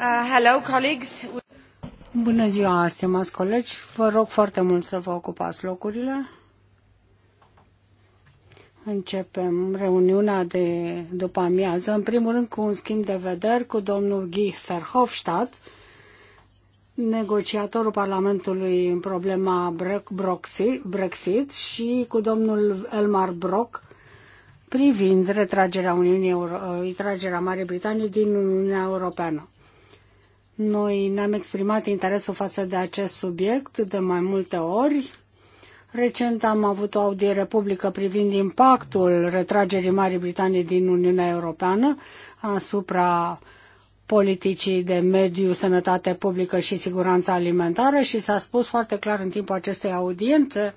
Uh, hello, colleagues. Bună ziua, stimați colegi. Vă rog foarte mult să vă ocupați locurile. Începem reuniunea de după amiază, în primul rând cu un schimb de vederi cu domnul Guy Verhofstadt, negociatorul Parlamentului în problema Brexit și cu domnul Elmar Brock, privind retragerea Uniunii Euro- uh, retragerea Marii Britanii din Uniunea Europeană. Noi ne-am exprimat interesul față de acest subiect de mai multe ori. Recent am avut o audiere publică privind impactul retragerii Marii Britanii din Uniunea Europeană asupra politicii de mediu, sănătate publică și siguranță alimentară și s-a spus foarte clar în timpul acestei audiențe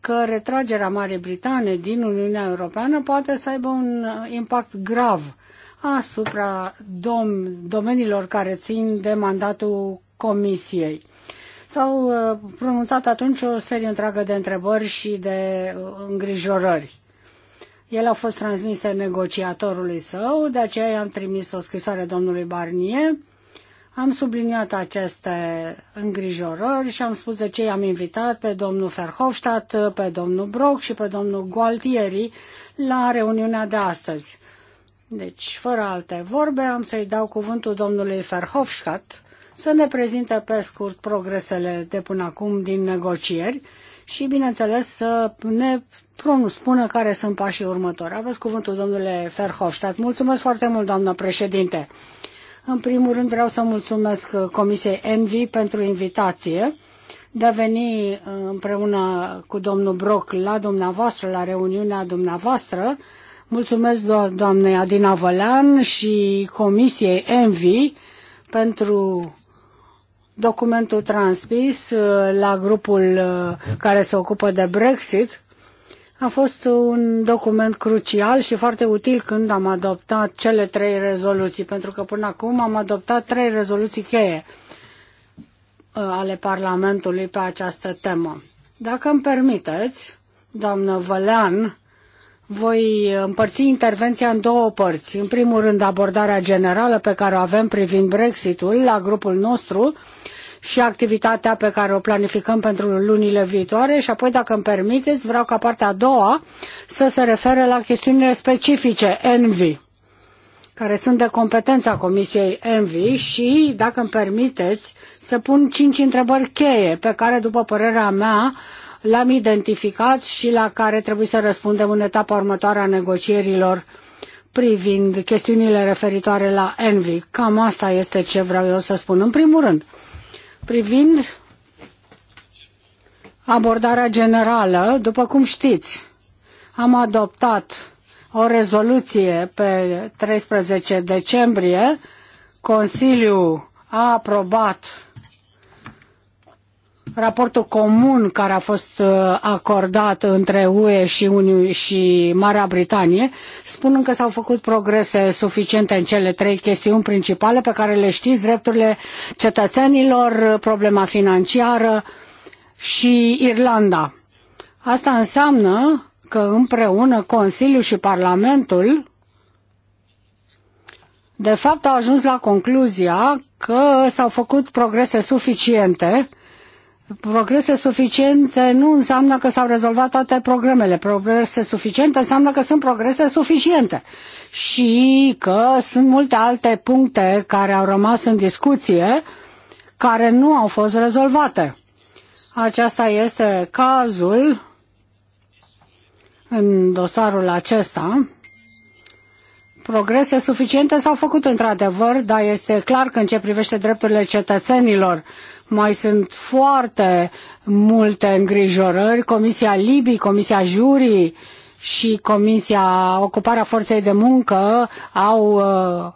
că retragerea Marii Britanii din Uniunea Europeană poate să aibă un impact grav asupra dom- domeniilor care țin de mandatul Comisiei. S-au uh, pronunțat atunci o serie întreagă de întrebări și de uh, îngrijorări. Ele au fost transmise negociatorului său, de aceea i-am trimis o scrisoare domnului Barnier. Am subliniat aceste îngrijorări și am spus de ce i-am invitat pe domnul Verhofstadt, pe domnul Brock și pe domnul Gualtieri la reuniunea de astăzi. Deci, fără alte vorbe, am să-i dau cuvântul domnului Verhofstadt să ne prezinte pe scurt progresele de până acum din negocieri și, bineînțeles, să ne spună care sunt pașii următori. Aveți cuvântul, domnule Ferhofstadt. Mulțumesc foarte mult, doamnă președinte. În primul rând vreau să mulțumesc Comisiei Envi pentru invitație de a veni uh, împreună cu domnul Brock la dumneavoastră, la reuniunea dumneavoastră, Mulțumesc do doamnei Adina Vălean și Comisiei ENVI pentru documentul transmis uh, la grupul uh, care se ocupă de Brexit. A fost un document crucial și foarte util când am adoptat cele trei rezoluții, pentru că până acum am adoptat trei rezoluții cheie uh, ale Parlamentului pe această temă. Dacă îmi permiteți, doamnă Vălean, voi împărți intervenția în două părți. În primul rând, abordarea generală pe care o avem privind Brexitul la grupul nostru și activitatea pe care o planificăm pentru lunile viitoare și apoi, dacă îmi permiteți, vreau ca partea a doua să se refere la chestiunile specifice ENVI, care sunt de competența Comisiei ENVI și, dacă îmi permiteți, să pun cinci întrebări cheie pe care, după părerea mea, l-am identificat și la care trebuie să răspundem în etapa următoare a negocierilor privind chestiunile referitoare la Envi. Cam asta este ce vreau eu să spun. În primul rând, privind abordarea generală, după cum știți, am adoptat o rezoluție pe 13 decembrie. Consiliul a aprobat raportul comun care a fost uh, acordat între UE și, și Marea Britanie, spun că s-au făcut progrese suficiente în cele trei chestiuni principale pe care le știți, drepturile cetățenilor, problema financiară și Irlanda. Asta înseamnă că împreună Consiliul și Parlamentul de fapt au ajuns la concluzia că s-au făcut progrese suficiente progrese suficiente nu înseamnă că s-au rezolvat toate problemele. Progrese suficiente înseamnă că sunt progrese suficiente și că sunt multe alte puncte care au rămas în discuție care nu au fost rezolvate. Aceasta este cazul în dosarul acesta progrese suficiente s-au făcut într-adevăr, dar este clar că în ce privește drepturile cetățenilor mai sunt foarte multe îngrijorări. Comisia Libii, Comisia Jurii și Comisia Ocuparea Forței de Muncă au uh,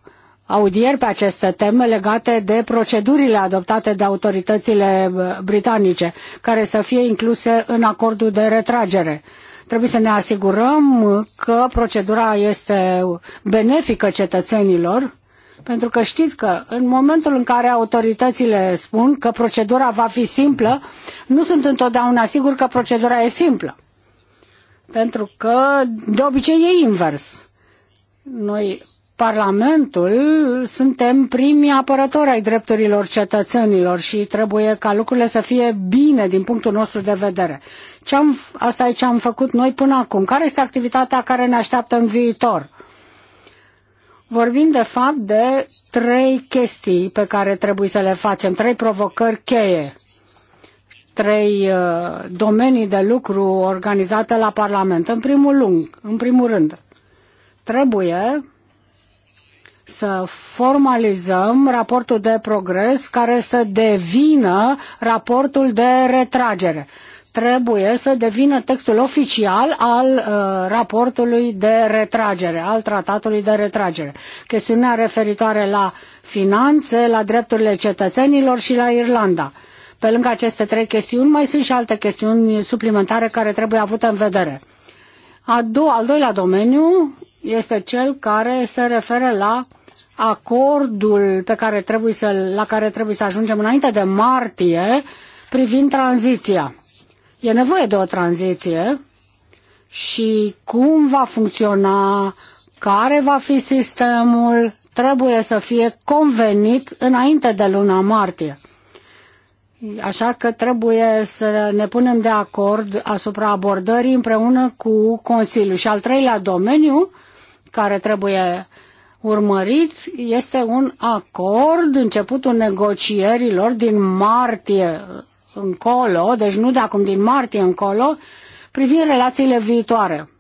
audieri pe aceste teme legate de procedurile adoptate de autoritățile uh, britanice, care să fie incluse în acordul de retragere. Trebuie să ne asigurăm că procedura este benefică cetățenilor, pentru că știți că în momentul în care autoritățile spun că procedura va fi simplă, nu sunt întotdeauna sigur că procedura e simplă. Pentru că de obicei e invers. Noi Parlamentul suntem primii apărători ai drepturilor cetățenilor și trebuie ca lucrurile să fie bine din punctul nostru de vedere. Ce am, asta e ce am făcut noi până acum. Care este activitatea care ne așteaptă în viitor? Vorbim de fapt de trei chestii pe care trebuie să le facem, trei provocări cheie, trei uh, domenii de lucru organizate la Parlament. În primul, lung, în primul rând, trebuie să formalizăm raportul de progres care să devină raportul de retragere. Trebuie să devină textul oficial al uh, raportului de retragere, al tratatului de retragere. Chestiunea referitoare la finanțe, la drepturile cetățenilor și la Irlanda. Pe lângă aceste trei chestiuni, mai sunt și alte chestiuni suplimentare care trebuie avute în vedere. A do- al doilea domeniu este cel care se referă la acordul pe care trebuie să, la care trebuie să ajungem înainte de martie privind tranziția. E nevoie de o tranziție și cum va funcționa, care va fi sistemul, trebuie să fie convenit înainte de luna martie. Așa că trebuie să ne punem de acord asupra abordării împreună cu Consiliul. Și al treilea domeniu care trebuie urmărit este un acord, începutul negocierilor din martie încolo, deci nu de acum, din martie încolo, privind relațiile viitoare.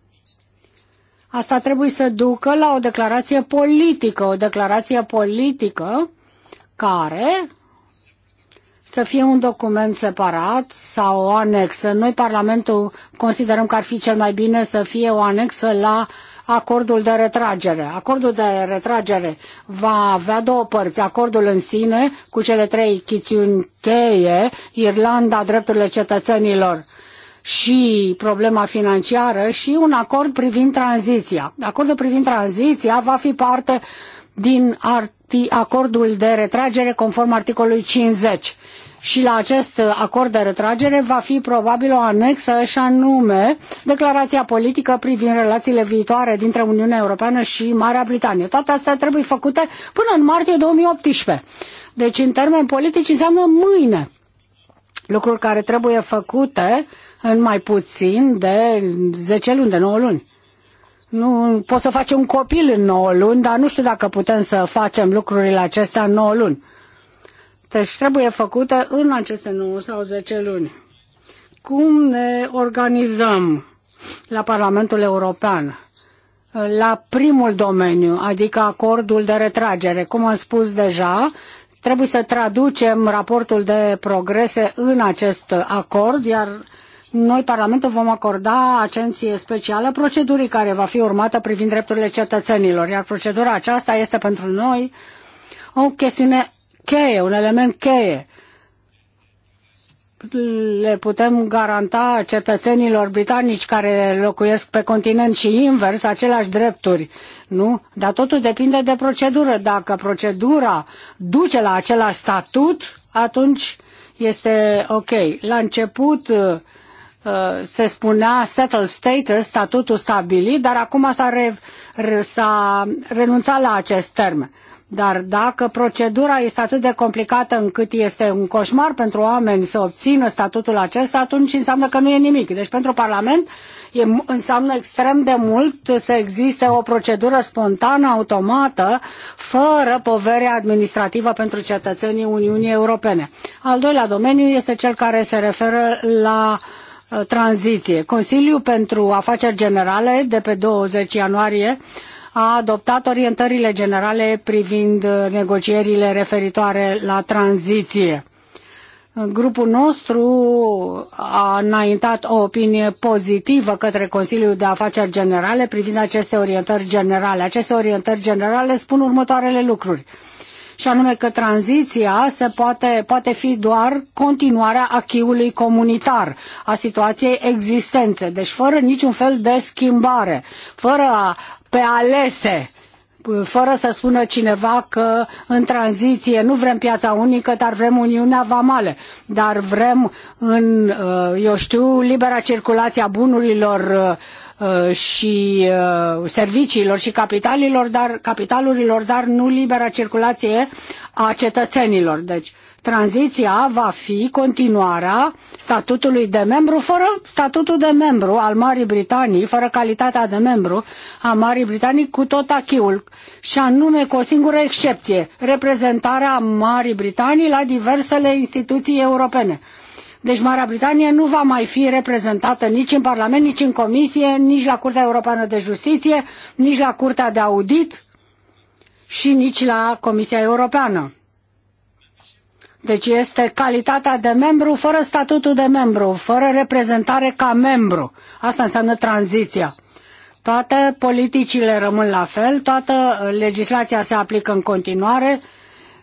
Asta trebuie să ducă la o declarație politică, o declarație politică care să fie un document separat sau o anexă. Noi, Parlamentul, considerăm că ar fi cel mai bine să fie o anexă la acordul de retragere. Acordul de retragere va avea două părți. Acordul în sine cu cele trei chițiuni cheie, Irlanda, drepturile cetățenilor și problema financiară și un acord privind tranziția. Acordul privind tranziția va fi parte din acordul de retragere conform articolului 50 și la acest acord de retragere va fi probabil o anexă și anume declarația politică privind relațiile viitoare dintre Uniunea Europeană și Marea Britanie. Toate astea trebuie făcute până în martie 2018. Deci, în termeni politici, înseamnă mâine. Lucruri care trebuie făcute în mai puțin de 10 luni, de 9 luni. Nu poți să faci un copil în 9 luni, dar nu știu dacă putem să facem lucrurile acestea în 9 luni. Deci trebuie făcută în aceste 9 sau 10 luni. Cum ne organizăm la Parlamentul European? La primul domeniu, adică acordul de retragere. Cum am spus deja, trebuie să traducem raportul de progrese în acest acord, iar noi, Parlamentul, vom acorda atenție specială procedurii care va fi urmată privind drepturile cetățenilor, iar procedura aceasta este pentru noi o chestiune cheie, un element cheie. Le putem garanta cetățenilor britanici care locuiesc pe continent și invers aceleași drepturi, nu? Dar totul depinde de procedură. Dacă procedura duce la același statut, atunci este ok. La început uh, se spunea settled status, statutul stabilit, dar acum s-a, re, re, renunțat la acest termen. Dar dacă procedura este atât de complicată încât este un coșmar pentru oameni să obțină statutul acesta, atunci înseamnă că nu e nimic. Deci pentru Parlament e, înseamnă extrem de mult să existe o procedură spontană, automată, fără povere administrativă pentru cetățenii Uniunii Europene. Al doilea domeniu este cel care se referă la uh, tranziție. Consiliul pentru Afaceri Generale de pe 20 ianuarie a adoptat orientările generale privind uh, negocierile referitoare la tranziție. Grupul nostru a înaintat o opinie pozitivă către Consiliul de Afaceri Generale privind aceste orientări generale. Aceste orientări generale spun următoarele lucruri și anume că tranziția se poate, poate fi doar continuarea achiului comunitar, a situației existențe, deci fără niciun fel de schimbare, fără a pe alese fără să spună cineva că în tranziție nu vrem piața unică, dar vrem Uniunea Vamală, dar vrem în, uh, eu știu, libera circulație a bunurilor uh, uh, și serviciilor și capitalilor, dar, capitalurilor, dar nu libera circulație a cetățenilor. Deci Tranziția va fi continuarea statutului de membru fără statutul de membru al Marii Britanii, fără calitatea de membru a Marii Britanii cu tot achiul și anume cu o singură excepție, reprezentarea Marii Britanii la diversele instituții europene. Deci Marea Britanie nu va mai fi reprezentată nici în Parlament, nici în Comisie, nici la Curtea Europeană de Justiție, nici la Curtea de Audit și nici la Comisia Europeană. Deci este calitatea de membru fără statutul de membru, fără reprezentare ca membru. Asta înseamnă tranziția. Toate politicile rămân la fel, toată uh, legislația se aplică în continuare,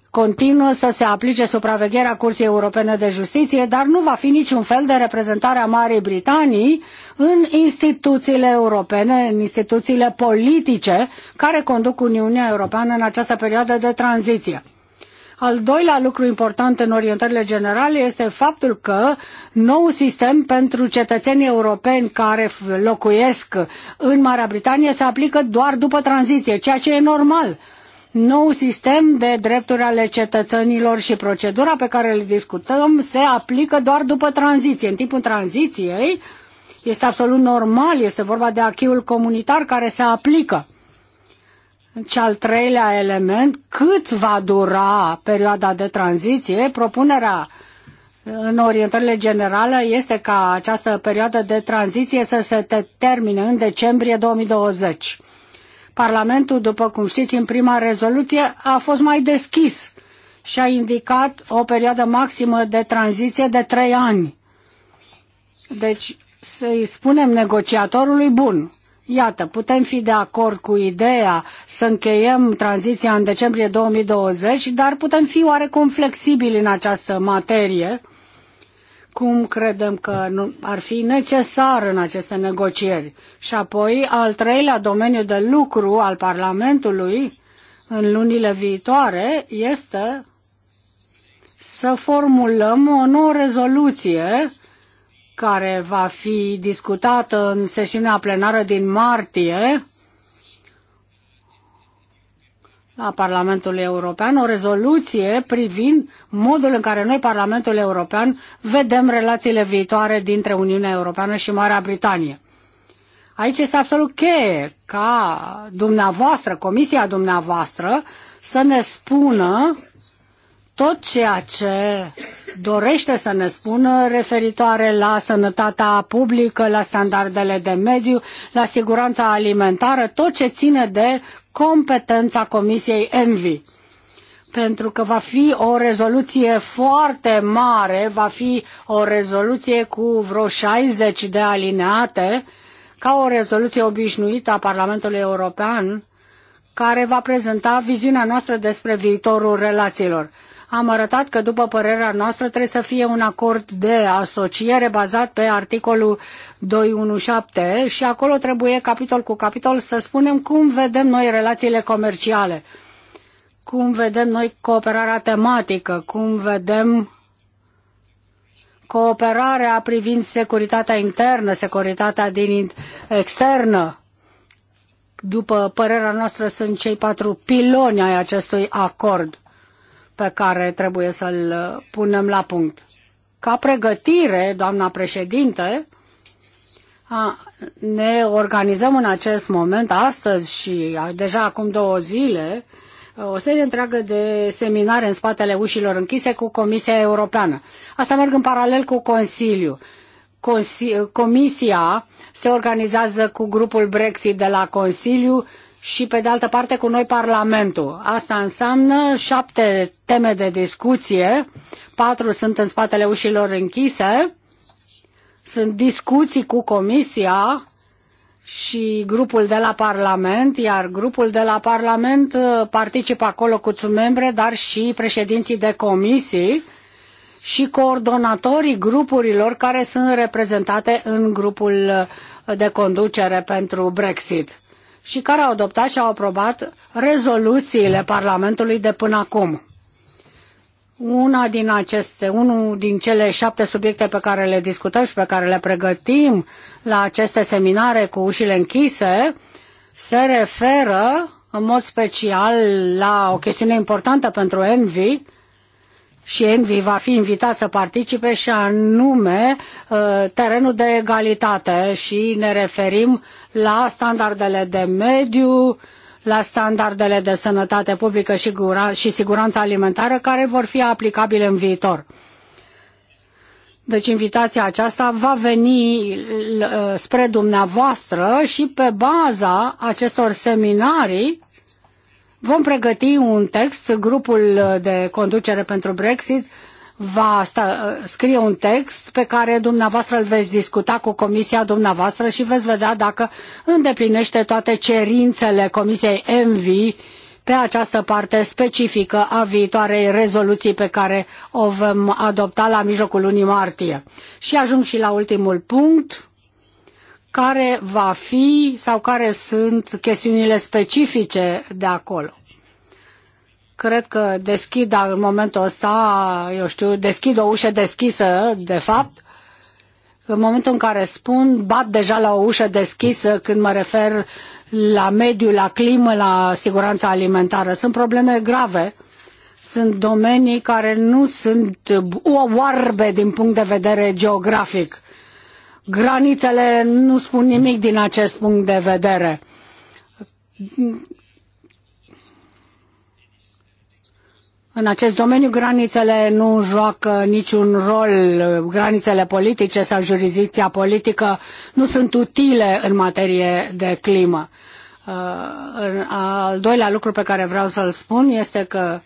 continuă să se aplice supravegherea Curții Europene de Justiție, dar nu va fi niciun fel de reprezentare a Marii Britanii în instituțiile europene, în instituțiile politice care conduc Uniunea Europeană în această perioadă de tranziție. Al doilea lucru important în orientările generale este faptul că nou sistem pentru cetățenii europeni care locuiesc în Marea Britanie se aplică doar după tranziție, ceea ce e normal nou sistem de drepturi ale cetățenilor și procedura pe care le discutăm se aplică doar după tranziție. În timpul tranziției este absolut normal, este vorba de achiul comunitar care se aplică. Și al treilea element, cât va dura perioada de tranziție, propunerea în orientările generală, este ca această perioadă de tranziție să se termine în decembrie 2020. Parlamentul, după cum știți, în prima rezoluție a fost mai deschis și a indicat o perioadă maximă de tranziție de trei ani. Deci să-i spunem negociatorului, bun, Iată, putem fi de acord cu ideea să încheiem tranziția în decembrie 2020, dar putem fi oarecum flexibili în această materie, cum credem că ar fi necesar în aceste negocieri. Și apoi, al treilea domeniu de lucru al Parlamentului în lunile viitoare este să formulăm o nouă rezoluție care va fi discutată în sesiunea plenară din martie la Parlamentul European, o rezoluție privind modul în care noi, Parlamentul European, vedem relațiile viitoare dintre Uniunea Europeană și Marea Britanie. Aici este absolut cheie ca dumneavoastră, comisia dumneavoastră, să ne spună tot ceea ce dorește să ne spună referitoare la sănătatea publică, la standardele de mediu, la siguranța alimentară, tot ce ține de competența Comisiei Envi. Pentru că va fi o rezoluție foarte mare, va fi o rezoluție cu vreo 60 de alineate, ca o rezoluție obișnuită a Parlamentului European, care va prezenta viziunea noastră despre viitorul relațiilor am arătat că, după părerea noastră, trebuie să fie un acord de asociere bazat pe articolul 217 și acolo trebuie, capitol cu capitol, să spunem cum vedem noi relațiile comerciale, cum vedem noi cooperarea tematică, cum vedem cooperarea privind securitatea internă, securitatea din externă. După părerea noastră, sunt cei patru piloni ai acestui acord pe care trebuie să-l punem la punct. Ca pregătire, doamna președinte, a, ne organizăm în acest moment, astăzi și deja acum două zile, o serie întreagă de seminare în spatele ușilor închise cu Comisia Europeană. Asta merg în paralel cu Consiliu. Comisia se organizează cu grupul Brexit de la Consiliu și, pe de altă parte, cu noi Parlamentul. Asta înseamnă șapte teme de discuție, patru sunt în spatele ușilor închise, sunt discuții cu Comisia și grupul de la Parlament, iar grupul de la Parlament uh, participă acolo cu membre, dar și președinții de comisii și coordonatorii grupurilor care sunt reprezentate în grupul uh, de conducere pentru Brexit și care au adoptat și au aprobat rezoluțiile Parlamentului de până acum. Una din aceste, unul din cele șapte subiecte pe care le discutăm și pe care le pregătim la aceste seminare cu ușile închise se referă în mod special la o chestiune importantă pentru Envi, și Envy va fi invitat să participe și anume uh, terenul de egalitate și ne referim la standardele de mediu, la standardele de sănătate publică și, gura, și siguranță alimentară care vor fi aplicabile în viitor. Deci invitația aceasta va veni uh, spre dumneavoastră și pe baza acestor seminarii Vom pregăti un text, grupul de conducere pentru Brexit va sta, scrie un text pe care dumneavoastră îl veți discuta cu comisia dumneavoastră și veți vedea dacă îndeplinește toate cerințele comisiei ENVI pe această parte specifică a viitoarei rezoluții pe care o vom adopta la mijlocul lunii martie. Și ajung și la ultimul punct care va fi sau care sunt chestiunile specifice de acolo. Cred că deschid în momentul ăsta, eu știu, deschid o ușă deschisă, de fapt, în momentul în care spun, bat deja la o ușă deschisă când mă refer la mediu, la climă, la siguranța alimentară. Sunt probleme grave, sunt domenii care nu sunt oarbe din punct de vedere geografic Granițele nu spun nimic din acest punct de vedere. În acest domeniu granițele nu joacă niciun rol, granițele politice sau jurisdicția politică nu sunt utile în materie de climă. Uh, al doilea lucru pe care vreau să-l spun este că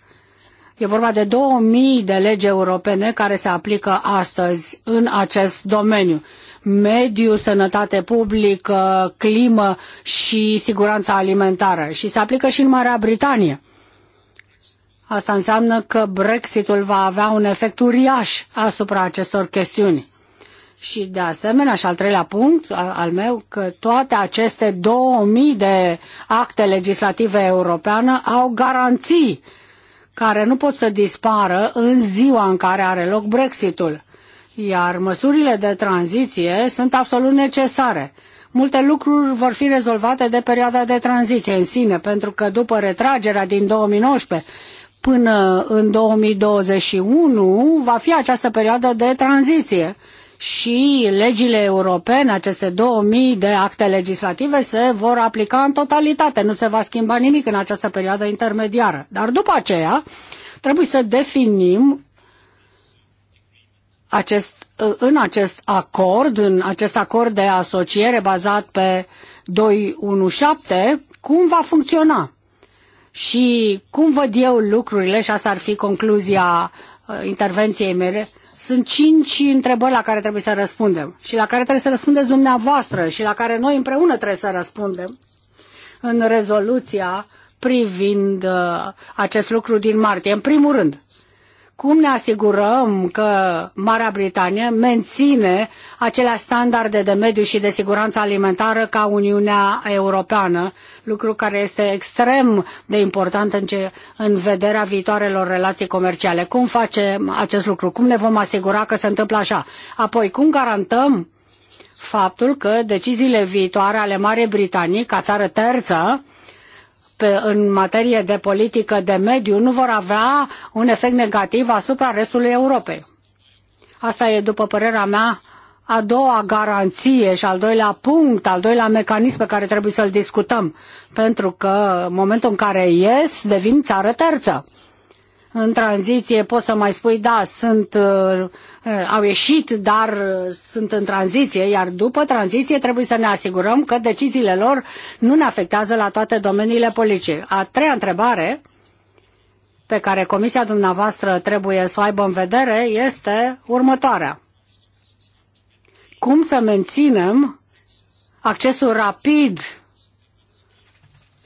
e vorba de 2000 de legi europene care se aplică astăzi în acest domeniu mediu, sănătate publică, climă și siguranța alimentară și se aplică și în Marea Britanie. Asta înseamnă că Brexitul va avea un efect uriaș asupra acestor chestiuni. Și de asemenea, și al treilea punct al meu, că toate aceste 2000 de acte legislative europeană au garanții care nu pot să dispară în ziua în care are loc Brexitul. Iar măsurile de tranziție sunt absolut necesare. Multe lucruri vor fi rezolvate de perioada de tranziție în sine, pentru că după retragerea din 2019 până în 2021 va fi această perioadă de tranziție și legile europene, aceste 2000 de acte legislative, se vor aplica în totalitate. Nu se va schimba nimic în această perioadă intermediară. Dar după aceea trebuie să definim acest, uh, în acest acord, în acest acord de asociere bazat pe 217, cum va funcționa și cum văd eu lucrurile și asta ar fi concluzia uh, intervenției mele, sunt cinci întrebări la care trebuie să răspundem și la care trebuie să răspundeți dumneavoastră și la care noi împreună trebuie să răspundem în rezoluția privind uh, acest lucru din martie. În primul rând, cum ne asigurăm că Marea Britanie menține aceleași standarde de mediu și de siguranță alimentară ca Uniunea Europeană, lucru care este extrem de important în, ce, în vederea viitoarelor relații comerciale? Cum facem acest lucru? Cum ne vom asigura că se întâmplă așa? Apoi, cum garantăm faptul că deciziile viitoare ale Marii Britanii, ca țară terță, pe, în materie de politică de mediu nu vor avea un efect negativ asupra restului Europei. Asta e, după părerea mea, a doua garanție și al doilea punct, al doilea mecanism pe care trebuie să-l discutăm, pentru că în momentul în care ies, devin țară terță în tranziție poți să mai spui, da, sunt, uh, uh, au ieșit, dar uh, sunt în tranziție, iar după tranziție trebuie să ne asigurăm că deciziile lor nu ne afectează la toate domeniile politice. A treia întrebare pe care comisia dumneavoastră trebuie să o aibă în vedere este următoarea. Cum să menținem accesul rapid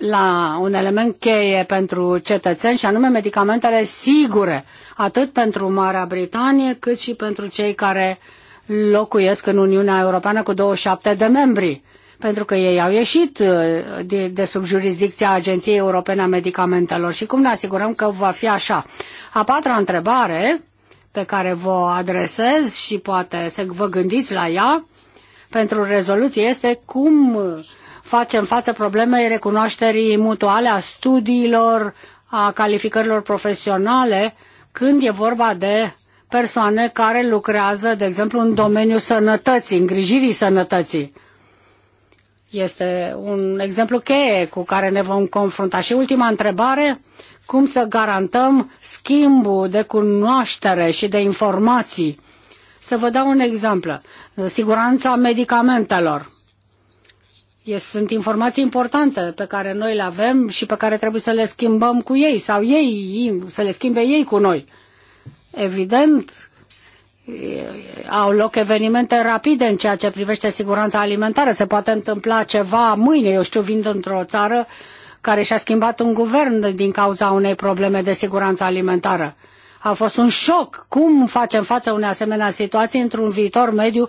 la un element cheie pentru cetățeni și anume medicamentele sigure, atât pentru Marea Britanie cât și pentru cei care locuiesc în Uniunea Europeană cu 27 de membri, pentru că ei au ieșit uh, de, de sub jurisdicția Agenției Europene a Medicamentelor și cum ne asigurăm că va fi așa. A patra întrebare pe care vă adresez și poate să vă gândiți la ea pentru rezoluție este cum facem față problemei recunoașterii mutuale a studiilor, a calificărilor profesionale, când e vorba de persoane care lucrează, de exemplu, în domeniul sănătății, îngrijirii sănătății. Este un exemplu cheie cu care ne vom confrunta. Și ultima întrebare, cum să garantăm schimbul de cunoaștere și de informații? Să vă dau un exemplu. Siguranța medicamentelor sunt informații importante pe care noi le avem și pe care trebuie să le schimbăm cu ei sau ei, să le schimbe ei cu noi. Evident, au loc evenimente rapide în ceea ce privește siguranța alimentară. Se poate întâmpla ceva mâine, eu știu, vind într-o țară care și-a schimbat un guvern din cauza unei probleme de siguranță alimentară a fost un șoc. Cum facem față unei asemenea situații într-un viitor mediu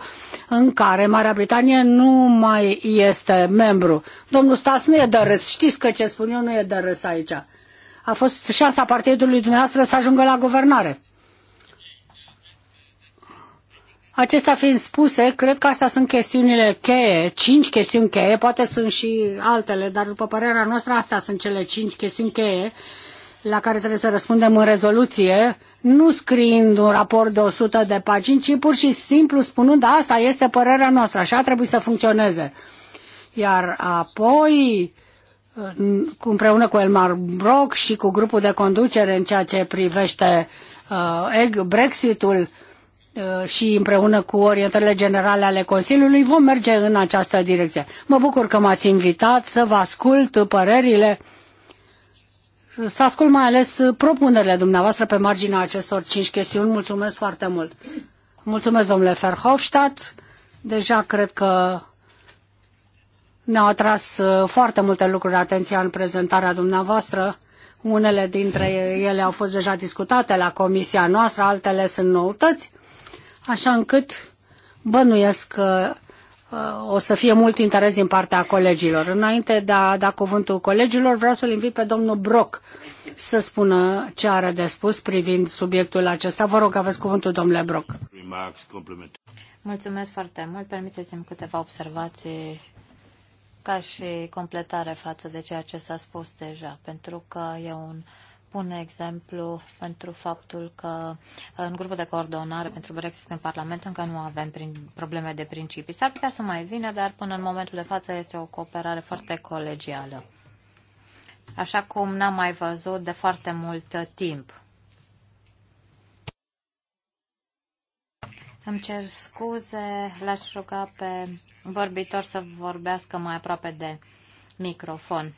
în care Marea Britanie nu mai este membru? Domnul Stas nu e de râs. Știți că ce spun eu nu e de râs aici. A fost șansa partidului dumneavoastră să ajungă la guvernare. Acestea fiind spuse, cred că astea sunt chestiunile cheie, cinci chestiuni cheie, poate sunt și altele, dar după părerea noastră astea sunt cele cinci chestiuni cheie la care trebuie să răspundem în rezoluție, nu scriind un raport de 100 de pagini, ci pur și simplu spunând asta este părerea noastră, așa trebuie să funcționeze. Iar apoi, împreună cu Elmar Brock și cu grupul de conducere în ceea ce privește uh, Brexitul uh, și împreună cu orientările generale ale Consiliului, vom merge în această direcție. Mă bucur că m-ați invitat să vă ascult părerile să ascult mai ales propunerile dumneavoastră pe marginea acestor cinci chestiuni. Mulțumesc foarte mult. Mulțumesc, domnule Ferhofstadt. Deja cred că ne-au atras uh, foarte multe lucruri atenția în prezentarea dumneavoastră. Unele dintre ele au fost deja discutate la comisia noastră, altele sunt noutăți, așa încât bănuiesc că o să fie mult interes din partea colegilor. Înainte de a da cuvântul colegilor, vreau să-l invit pe domnul Broc să spună ce are de spus privind subiectul acesta. Vă rog, aveți cuvântul, domnule Broc. Mulțumesc foarte mult. Permiteți-mi câteva observații ca și completare față de ceea ce s-a spus deja, pentru că e un uh, un exemplu pentru faptul că în grupul de coordonare pentru Brexit în Parlament încă nu avem prin probleme de principii. S-ar putea să mai vină, dar până în momentul de față este o cooperare foarte colegială. Așa cum n-am mai văzut de foarte mult timp. Îmi cer scuze, l-aș ruga pe vorbitor să vorbească mai aproape de microfon.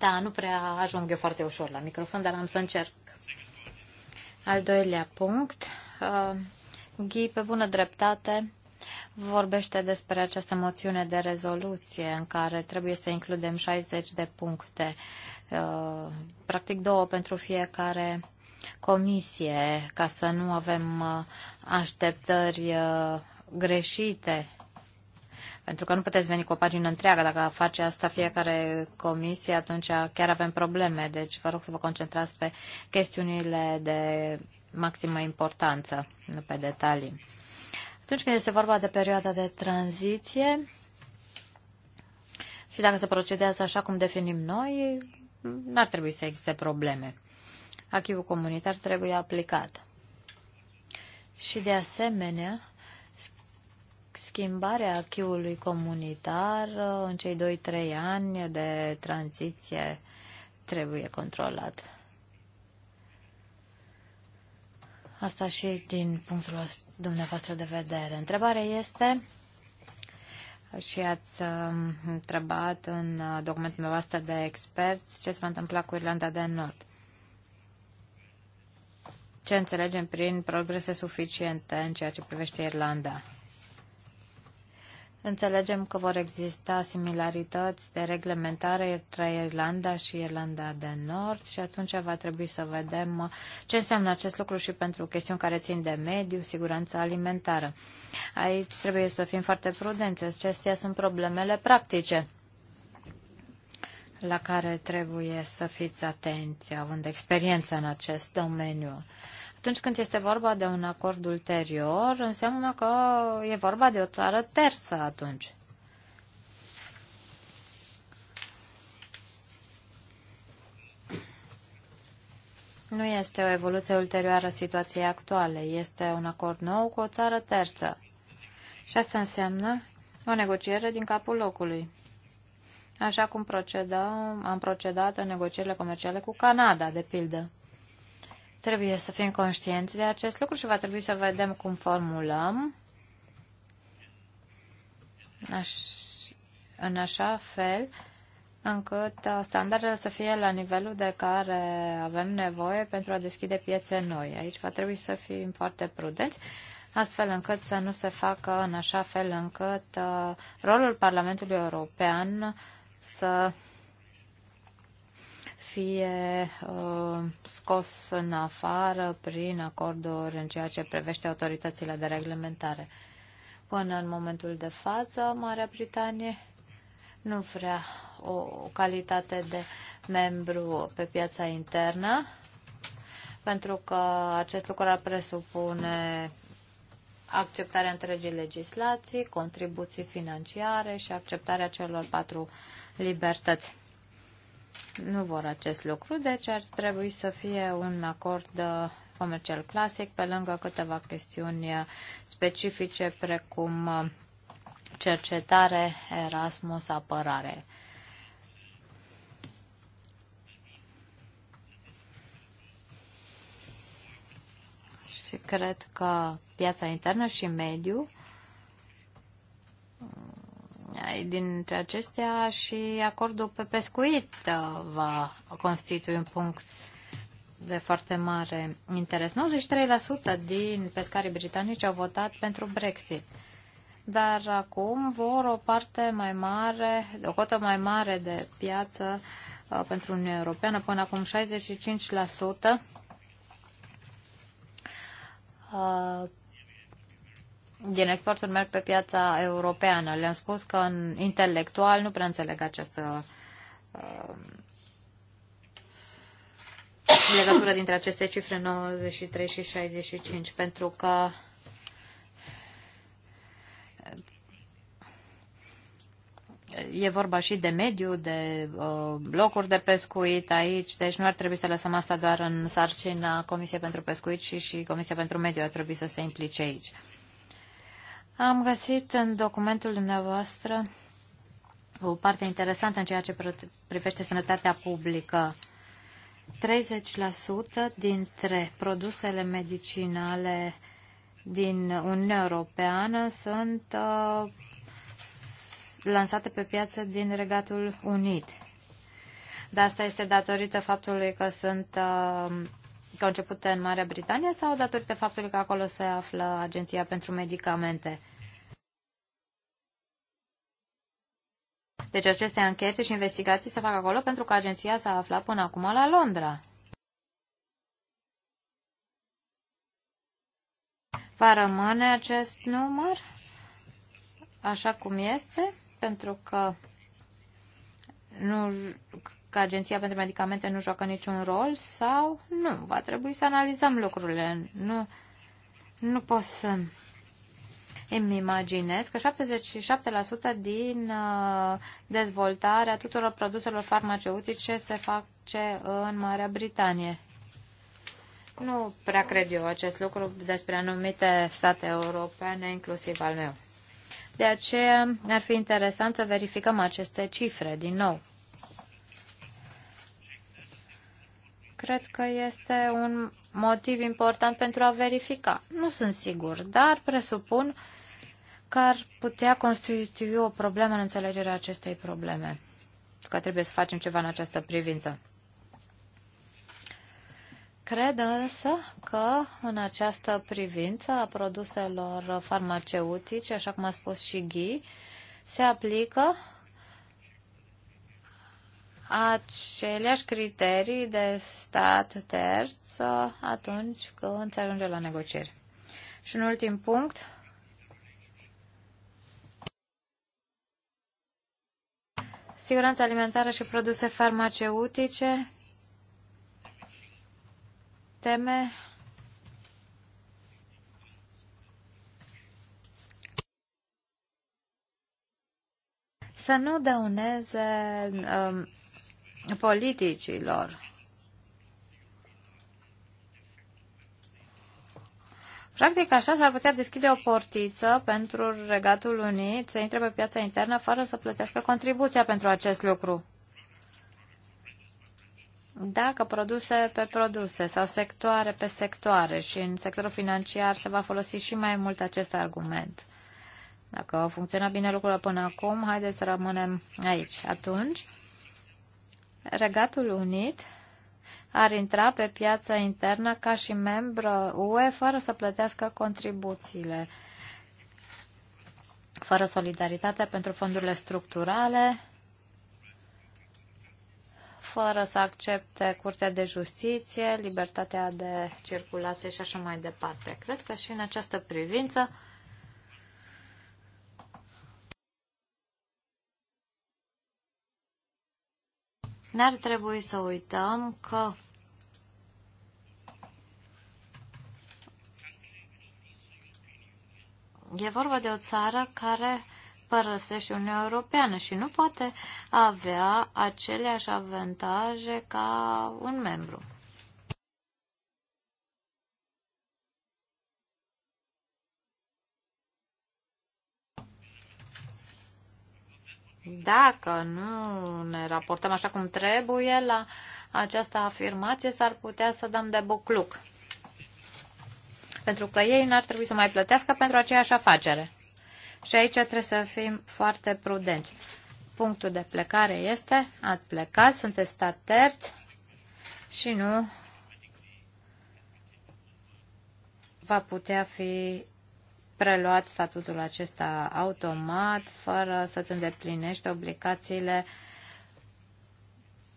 Da, nu prea ajung eu foarte ușor la microfon, dar am să încerc. Al doilea punct. Uh, Ghi, pe bună dreptate, vorbește despre această moțiune de rezoluție în care trebuie să includem 60 de puncte, uh, practic două pentru fiecare comisie, ca să nu avem uh, așteptări greșite pentru că nu puteți veni cu o pagină întreagă. Dacă face asta fiecare comisie, atunci chiar avem probleme. Deci vă rog să vă concentrați pe chestiunile de maximă importanță, nu pe detalii. Atunci când este vorba de perioada de tranziție și dacă se procedează așa cum definim noi, n-ar trebui să existe probleme. Achivul comunitar trebuie aplicat. Și de asemenea, schimbarea chiului comunitar uh, în cei 2-3 ani de tranziție trebuie controlat. Asta și din punctul dumneavoastră de vedere. Întrebarea este și ați um, întrebat în uh, documentul dumneavoastră de experți ce se va întâmpla cu Irlanda de Nord. Ce înțelegem prin progrese suficiente în ceea ce privește Irlanda? Înțelegem că vor exista similarități de reglementare între Irlanda și Irlanda de Nord și atunci va trebui să vedem ce înseamnă acest lucru și pentru chestiuni care țin de mediu, siguranță alimentară. Aici trebuie să fim foarte prudenți. Acestea sunt problemele practice la care trebuie să fiți atenți, având experiență în acest domeniu atunci când este vorba de un acord ulterior, înseamnă că e vorba de o țară terță atunci. Nu este o evoluție ulterioară a situației actuale, este un acord nou cu o țară terță. Și asta înseamnă o negociere din capul locului. Așa cum procedam, am procedat în negocierile comerciale cu Canada, de pildă. Trebuie să fim conștienți de acest lucru și va trebui să vedem cum formulăm aș, în așa fel încât uh, standardele să fie la nivelul de care avem nevoie pentru a deschide piețe noi. Aici va trebui să fim foarte prudenți, astfel încât să nu se facă în așa fel încât uh, rolul Parlamentului European să fie uh, scos în afară prin acorduri în ceea ce privește autoritățile de reglementare. Până în momentul de față, Marea Britanie nu vrea o calitate de membru pe piața internă, pentru că acest lucru ar presupune acceptarea întregii legislații, contribuții financiare și acceptarea celor patru libertăți nu vor acest lucru, deci ar trebui să fie un acord uh, comercial clasic, pe lângă câteva chestiuni uh, specifice, precum uh, cercetare, Erasmus, apărare. Și cred că piața internă și mediu dintre acestea și acordul pe pescuit uh, va constitui un punct de foarte mare interes. 93% din pescarii britanici au votat pentru Brexit. Dar acum vor o parte mai mare, o cotă mai mare de piață uh, pentru Uniunea Europeană, până acum 65% din exporturi merg pe piața europeană. Le-am spus că în intelectual nu prea înțeleg această uh, legătură dintre aceste cifre 93 și 65, pentru că uh, e vorba și de mediu, de uh, locuri de pescuit aici, deci nu ar trebui să lăsăm asta doar în sarcina Comisiei pentru Pescuit și și Comisia pentru Mediu ar trebui să se implice aici. Am găsit în documentul dumneavoastră o parte interesantă în ceea ce privește sănătatea publică. 30% dintre produsele medicinale din Uniunea Europeană sunt uh, lansate pe piață din Regatul Unit. Dar asta este datorită faptului că sunt uh, că au început în Marea Britanie sau datorită faptului că acolo se află Agenția pentru Medicamente? Deci aceste anchete și investigații se fac acolo pentru că agenția s-a aflat până acum la Londra. Va rămâne acest număr așa cum este, pentru că nu că Agenția pentru Medicamente nu joacă niciun rol sau nu. Va trebui să analizăm lucrurile. Nu, nu pot să îmi imaginez că 77% din uh, dezvoltarea tuturor produselor farmaceutice se face în Marea Britanie. Nu prea cred eu acest lucru despre anumite state europene, inclusiv al meu. De aceea ar fi interesant să verificăm aceste cifre din nou. Cred că este un motiv important pentru a verifica. Nu sunt sigur, dar presupun că ar putea constitui o problemă în înțelegerea acestei probleme. Că trebuie să facem ceva în această privință. Cred însă că în această privință a produselor farmaceutice, așa cum a spus și Ghi, se aplică aceleași criterii de stat terț atunci când se ajunge la negocieri. Și un ultim punct. Siguranța alimentară și produse farmaceutice. Teme să nu dăuneze um, politicilor. Practic așa s-ar putea deschide o portiță pentru Regatul Unit să intre pe piața internă fără să plătească contribuția pentru acest lucru. Dacă produse pe produse sau sectoare pe sectoare și în sectorul financiar se va folosi și mai mult acest argument. Dacă au funcționat bine lucrurile până acum, haideți să rămânem aici. Atunci, Regatul Unit ar intra pe piața internă ca și membru UE fără să plătească contribuțiile, fără solidaritate pentru fondurile structurale, fără să accepte Curtea de Justiție, libertatea de circulație și așa mai departe. Cred că și în această privință N-ar trebui să uităm că e vorba de o țară care părăsește Uniunea Europeană și nu poate avea aceleași avantaje ca un membru. Dacă nu ne raportăm așa cum trebuie la această afirmație, s-ar putea să dăm de bucluc. Pentru că ei n-ar trebui să mai plătească pentru aceeași afacere. Și aici trebuie să fim foarte prudenți. Punctul de plecare este, ați plecat, sunteți stat terț și nu va putea fi preluat statutul acesta automat, fără să-ți îndeplinești obligațiile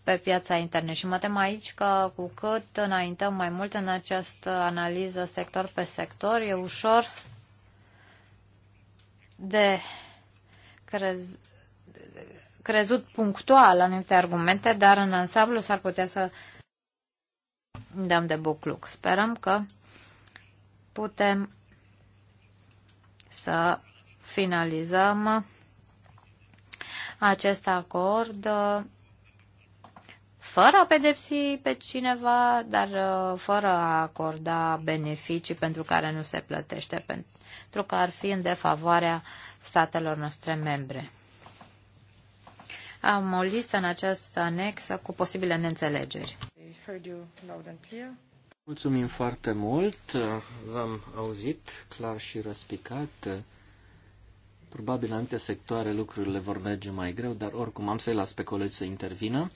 pe piața internă. Și mă tem aici că cu cât înaintăm mai mult în această analiză sector pe sector, e ușor de crez, crezut punctual anumite argumente, dar în ansamblu s-ar putea să dăm de bucluc. Sperăm că putem să finalizăm acest acord fără a pedepsi pe cineva, dar fără a acorda beneficii pentru care nu se plătește, pentru că ar fi în defavoarea statelor noastre membre. Am o listă în această anexă cu posibile neînțelegeri. Mulțumim foarte mult. V-am auzit clar și răspicat. Probabil în anumite sectoare lucrurile vor merge mai greu, dar oricum am să-i las pe colegi să intervină.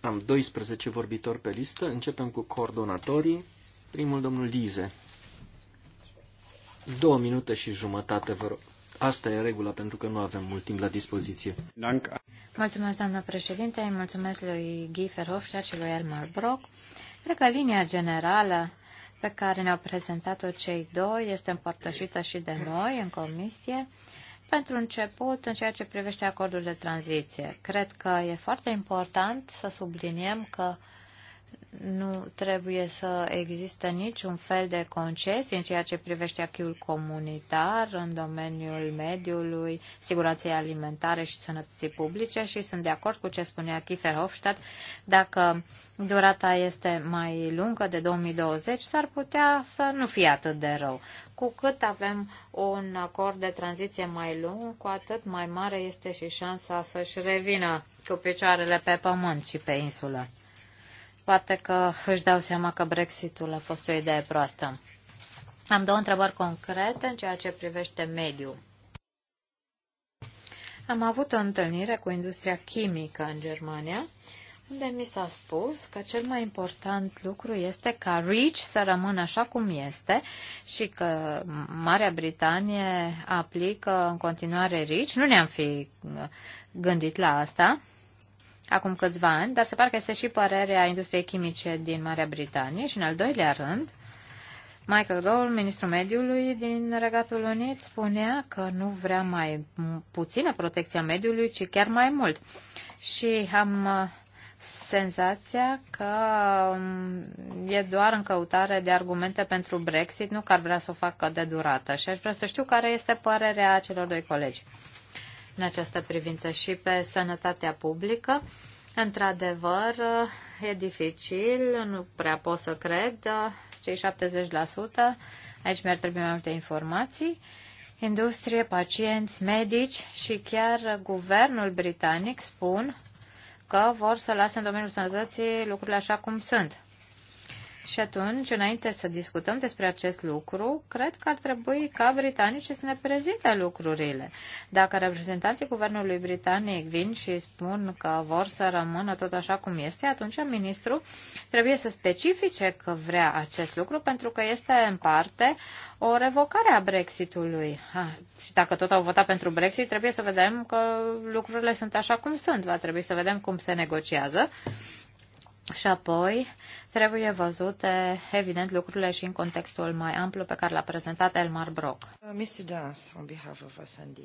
Am 12 vorbitori pe listă. Începem cu coordonatorii. Primul, domnul Lize. Două minute și jumătate, vă rog. Asta e regula, pentru că nu avem mult timp la dispoziție. Mulțumesc, doamnă președinte, mulțumesc lui Guy Verhofstadt și lui Elmar Brock. Cred că linia generală pe care ne-au prezentat-o cei doi este împărtășită și de noi în comisie. Pentru început, în ceea ce privește acordul de tranziție, cred că e foarte important să subliniem că uh, nu trebuie să existe niciun fel de concesie în ceea ce privește achiul comunitar în domeniul mediului, siguranței alimentare și sănătății publice și sunt de acord cu ce spunea Kiefer Hofstadt. Dacă durata este mai lungă de 2020, s-ar putea să nu fie atât de rău. Cu cât avem un acord de tranziție mai lung, cu atât mai mare este și șansa să-și revină cu picioarele pe pământ și pe insulă poate că își dau seama că Brexitul a fost o idee proastă. Am două întrebări concrete în ceea ce privește mediul. Am avut o întâlnire cu industria chimică în Germania, unde mi s-a spus că cel mai important lucru este ca REACH să rămână așa cum este și că Marea Britanie aplică în continuare REACH. Nu ne-am fi gândit la asta, acum câțiva ani, dar se pare că este și părerea industriei chimice din Marea Britanie și, în al doilea rând, Michael Gove, ministrul mediului din Regatul Unit, spunea că nu vrea mai puțină protecția mediului, ci chiar mai mult. Și am uh, senzația că um, e doar în căutare de argumente pentru Brexit, nu că ar vrea să o facă de durată. Și aș vrea să știu care este părerea celor doi colegi în această privință și pe sănătatea publică. Într-adevăr, e dificil, nu prea pot să cred, cei 70%, aici mi-ar trebui mai multe informații, industrie, pacienți, medici și chiar guvernul britanic spun că vor să lase în domeniul sănătății lucrurile așa cum sunt. Și atunci, înainte să discutăm despre acest lucru, cred că ar trebui ca britanicii să ne prezinte lucrurile. Dacă reprezentanții guvernului britanic vin și spun că vor să rămână tot așa cum este, atunci ministrul trebuie să specifice că vrea acest lucru, pentru că este în parte o revocare a Brexitului. Ha, și dacă tot au votat pentru Brexit, trebuie să vedem că lucrurile sunt așa cum sunt. Va trebui să vedem cum se negociază și apoi trebuie văzute, evident, lucrurile și în contextul mai amplu pe care l-a prezentat Elmar Brock. Uh, Mr. Das, on behalf of SND.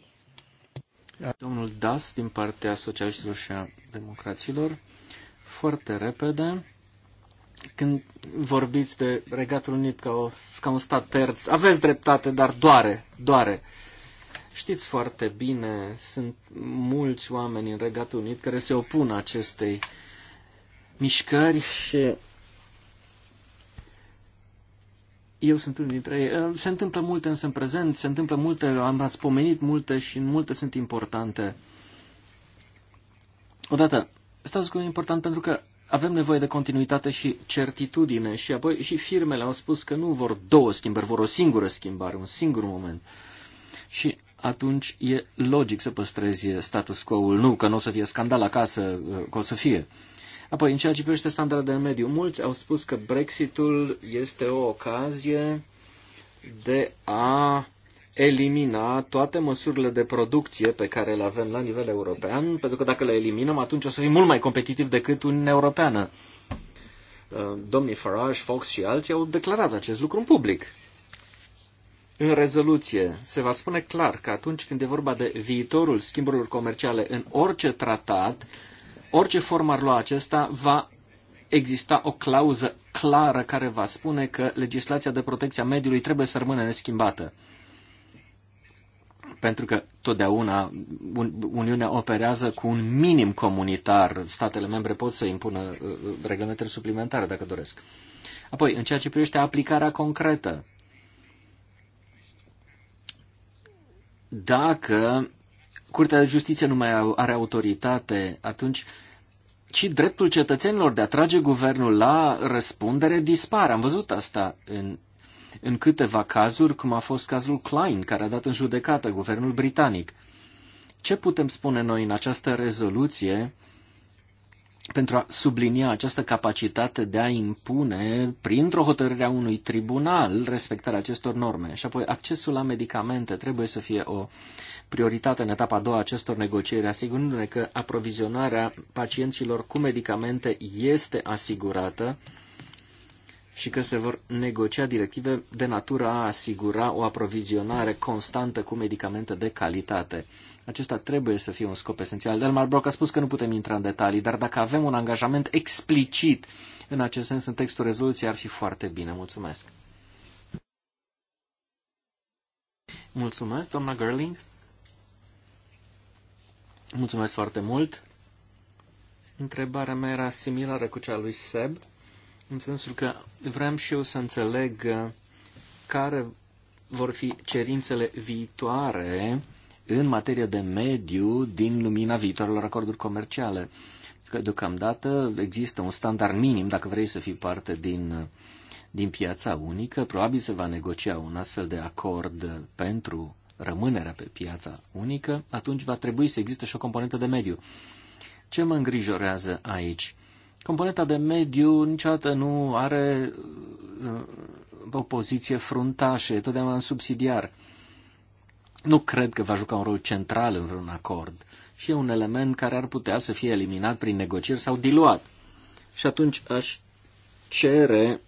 Da, domnul Das, din partea socialiștilor și a democraților, foarte repede, când vorbiți de Regatul Unit ca, o, ca un stat terț, aveți dreptate, dar doare, doare. Știți foarte bine, sunt mulți oameni în Regatul Unit care se opun acestei uh, mișcări și eu sunt unul dintre ei. Se întâmplă multe însă în prezent, se întâmplă multe, am ați pomenit multe și multe sunt importante. Odată, statul e important pentru că avem nevoie de continuitate și certitudine și apoi și firmele au spus că nu vor două schimbări, vor o singură schimbare, un singur moment. Și atunci e logic să păstrezi status quo-ul. Nu că nu o să fie scandal acasă, că o să fie. Uh, Apoi, în ceea ce privește standardele de mediu, mulți au spus că Brexitul este o ocazie de a elimina toate măsurile de producție pe care le avem la nivel european, pentru că dacă le eliminăm, atunci o să fim mult mai competitiv decât Uniunea Europeană. Uh, domnii Farage, Fox și alții au declarat acest lucru în public. În rezoluție se va spune clar că atunci când e vorba de viitorul schimburilor comerciale în orice tratat, Orice formă ar lua acesta, va exista o clauză clară care va spune că legislația de protecție a mediului trebuie să rămână neschimbată. Pentru că totdeauna Uniunea operează cu un minim comunitar. Statele membre pot să impună uh, uh, reglementări suplimentare dacă doresc. Apoi, în ceea ce privește aplicarea concretă, dacă Curtea de Justiție nu mai are autoritate, atunci ci dreptul cetățenilor de a trage guvernul la răspundere dispare. Am văzut asta în, în câteva cazuri, cum a fost cazul Klein, care a dat în judecată guvernul britanic. Ce putem spune noi în această rezoluție pentru a sublinia această capacitate de a impune, printr-o hotărâre a unui tribunal, respectarea acestor norme. Și apoi accesul la medicamente trebuie să fie o prioritate în etapa a doua acestor negocieri, asigurându-ne că aprovizionarea pacienților cu medicamente este asigurată și că se vor negocia directive de natură a asigura o aprovizionare constantă cu medicamente de calitate. Acesta trebuie să fie un scop esențial. Delmar Brock a spus că nu putem intra în detalii, dar dacă avem un angajament explicit în acest sens în textul rezoluției, ar fi foarte bine. Mulțumesc! Mulțumesc, doamna Gerling. Mulțumesc foarte mult. Întrebarea mea era similară cu cea lui Seb în sensul că vreau și eu să înțeleg uh, care vor fi cerințele viitoare în materie de mediu din lumina viitoarelor acorduri comerciale. Că deocamdată există un standard minim dacă vrei să fii parte din, uh, din piața unică. Probabil se va negocia un astfel de acord pentru rămânerea pe piața unică, atunci va trebui să existe și o componentă de mediu. Ce mă îngrijorează aici? Componenta de mediu niciodată nu are uh, o poziție fruntașă, e totdeauna în subsidiar. Nu cred că va juca un rol central în vreun acord și e un element care ar putea să fie eliminat prin negocieri sau diluat. Și atunci aș cere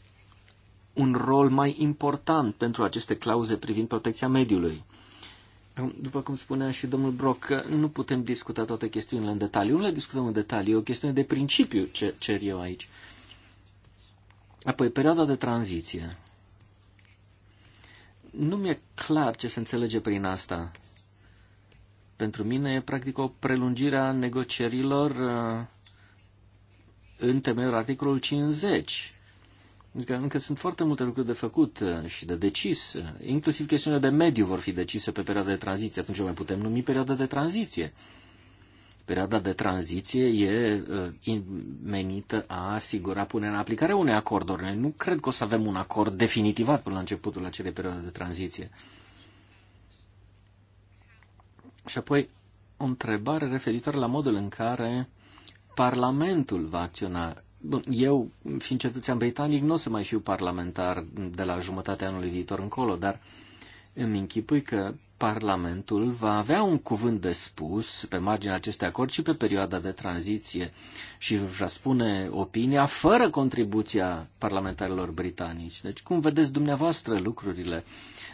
un rol mai important pentru aceste clauze privind protecția mediului. După cum spunea și domnul Brock, nu putem discuta toate chestiunile în detaliu. Nu le discutăm în detaliu, e o chestiune de principiu ce cer eu aici. Apoi, perioada de tranziție. Nu mi-e clar ce se înțelege prin asta. Pentru mine e practic o prelungire a negocierilor uh, în temeiul articolul 50 pentru că adică încă sunt foarte multe lucruri de făcut uh, și de decis. Uh, inclusiv chestiunile de mediu vor fi decise pe perioada de tranziție. Atunci o mai putem numi perioada de tranziție. Perioada de tranziție e uh, menită a asigura punerea în aplicare unei acorduri. Noi nu cred că o să avem un acord definitivat până la începutul acelei perioade de tranziție. Și apoi o întrebare referitoare la modul în care Parlamentul va acționa Bun, eu, fiind cetățean britanic, nu o să mai fiu parlamentar de la jumătatea anului viitor încolo, dar îmi închipui că Parlamentul va avea un cuvânt de spus pe marginea acestui acord și pe perioada de tranziție și va spune opinia fără contribuția parlamentarilor britanici. Deci cum vedeți dumneavoastră lucrurile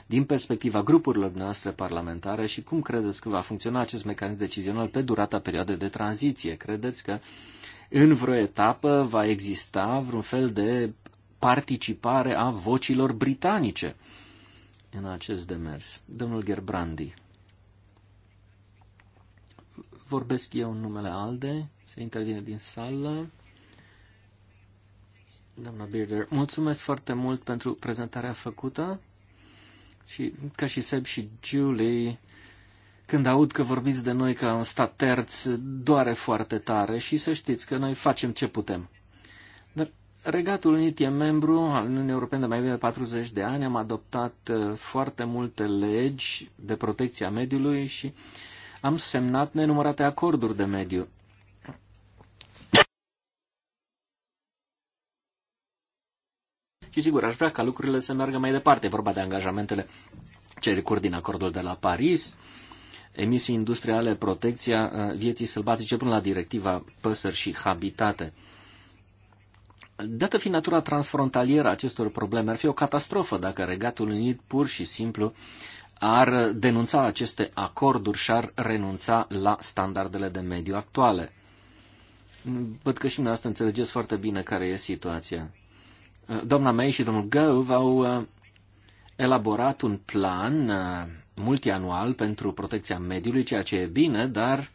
din perspectiva grupurilor noastre parlamentare și cum credeți că va funcționa acest mecanism decizional pe durata perioadei de tranziție? Credeți că uh, în vreo etapă va exista vreun fel de participare a vocilor britanice în acest demers. Domnul Gerbrandi. Vorbesc eu în numele ALDE, se intervine din sală. Doamna Birder, mulțumesc foarte mult pentru prezentarea făcută și ca și Seb și Julie, când aud că vorbiți de noi ca un stat terț, doare foarte tare și să știți că noi facem ce putem. Dar Regatul Unit e membru al Uniunii Europene de mai bine de 40 de ani, am adoptat uh, foarte multe legi de protecție a mediului și am semnat nenumărate acorduri de mediu. Și sigur, aș vrea ca lucrurile să meargă mai departe. E vorba de angajamentele ce recur din acordul de la Paris, emisii industriale, protecția uh, vieții sălbatice până la directiva păsări și habitate. Dată fiind natura transfrontalieră a acestor probleme, ar fi o catastrofă dacă Regatul Unit pur și simplu ar denunța aceste acorduri și ar renunța la standardele de mediu actuale. Văd că și dumneavoastră înțelegeți foarte bine care e situația. Doamna May și domnul Gove au uh, elaborat un plan uh, multianual pentru protecția mediului, ceea ce e bine, dar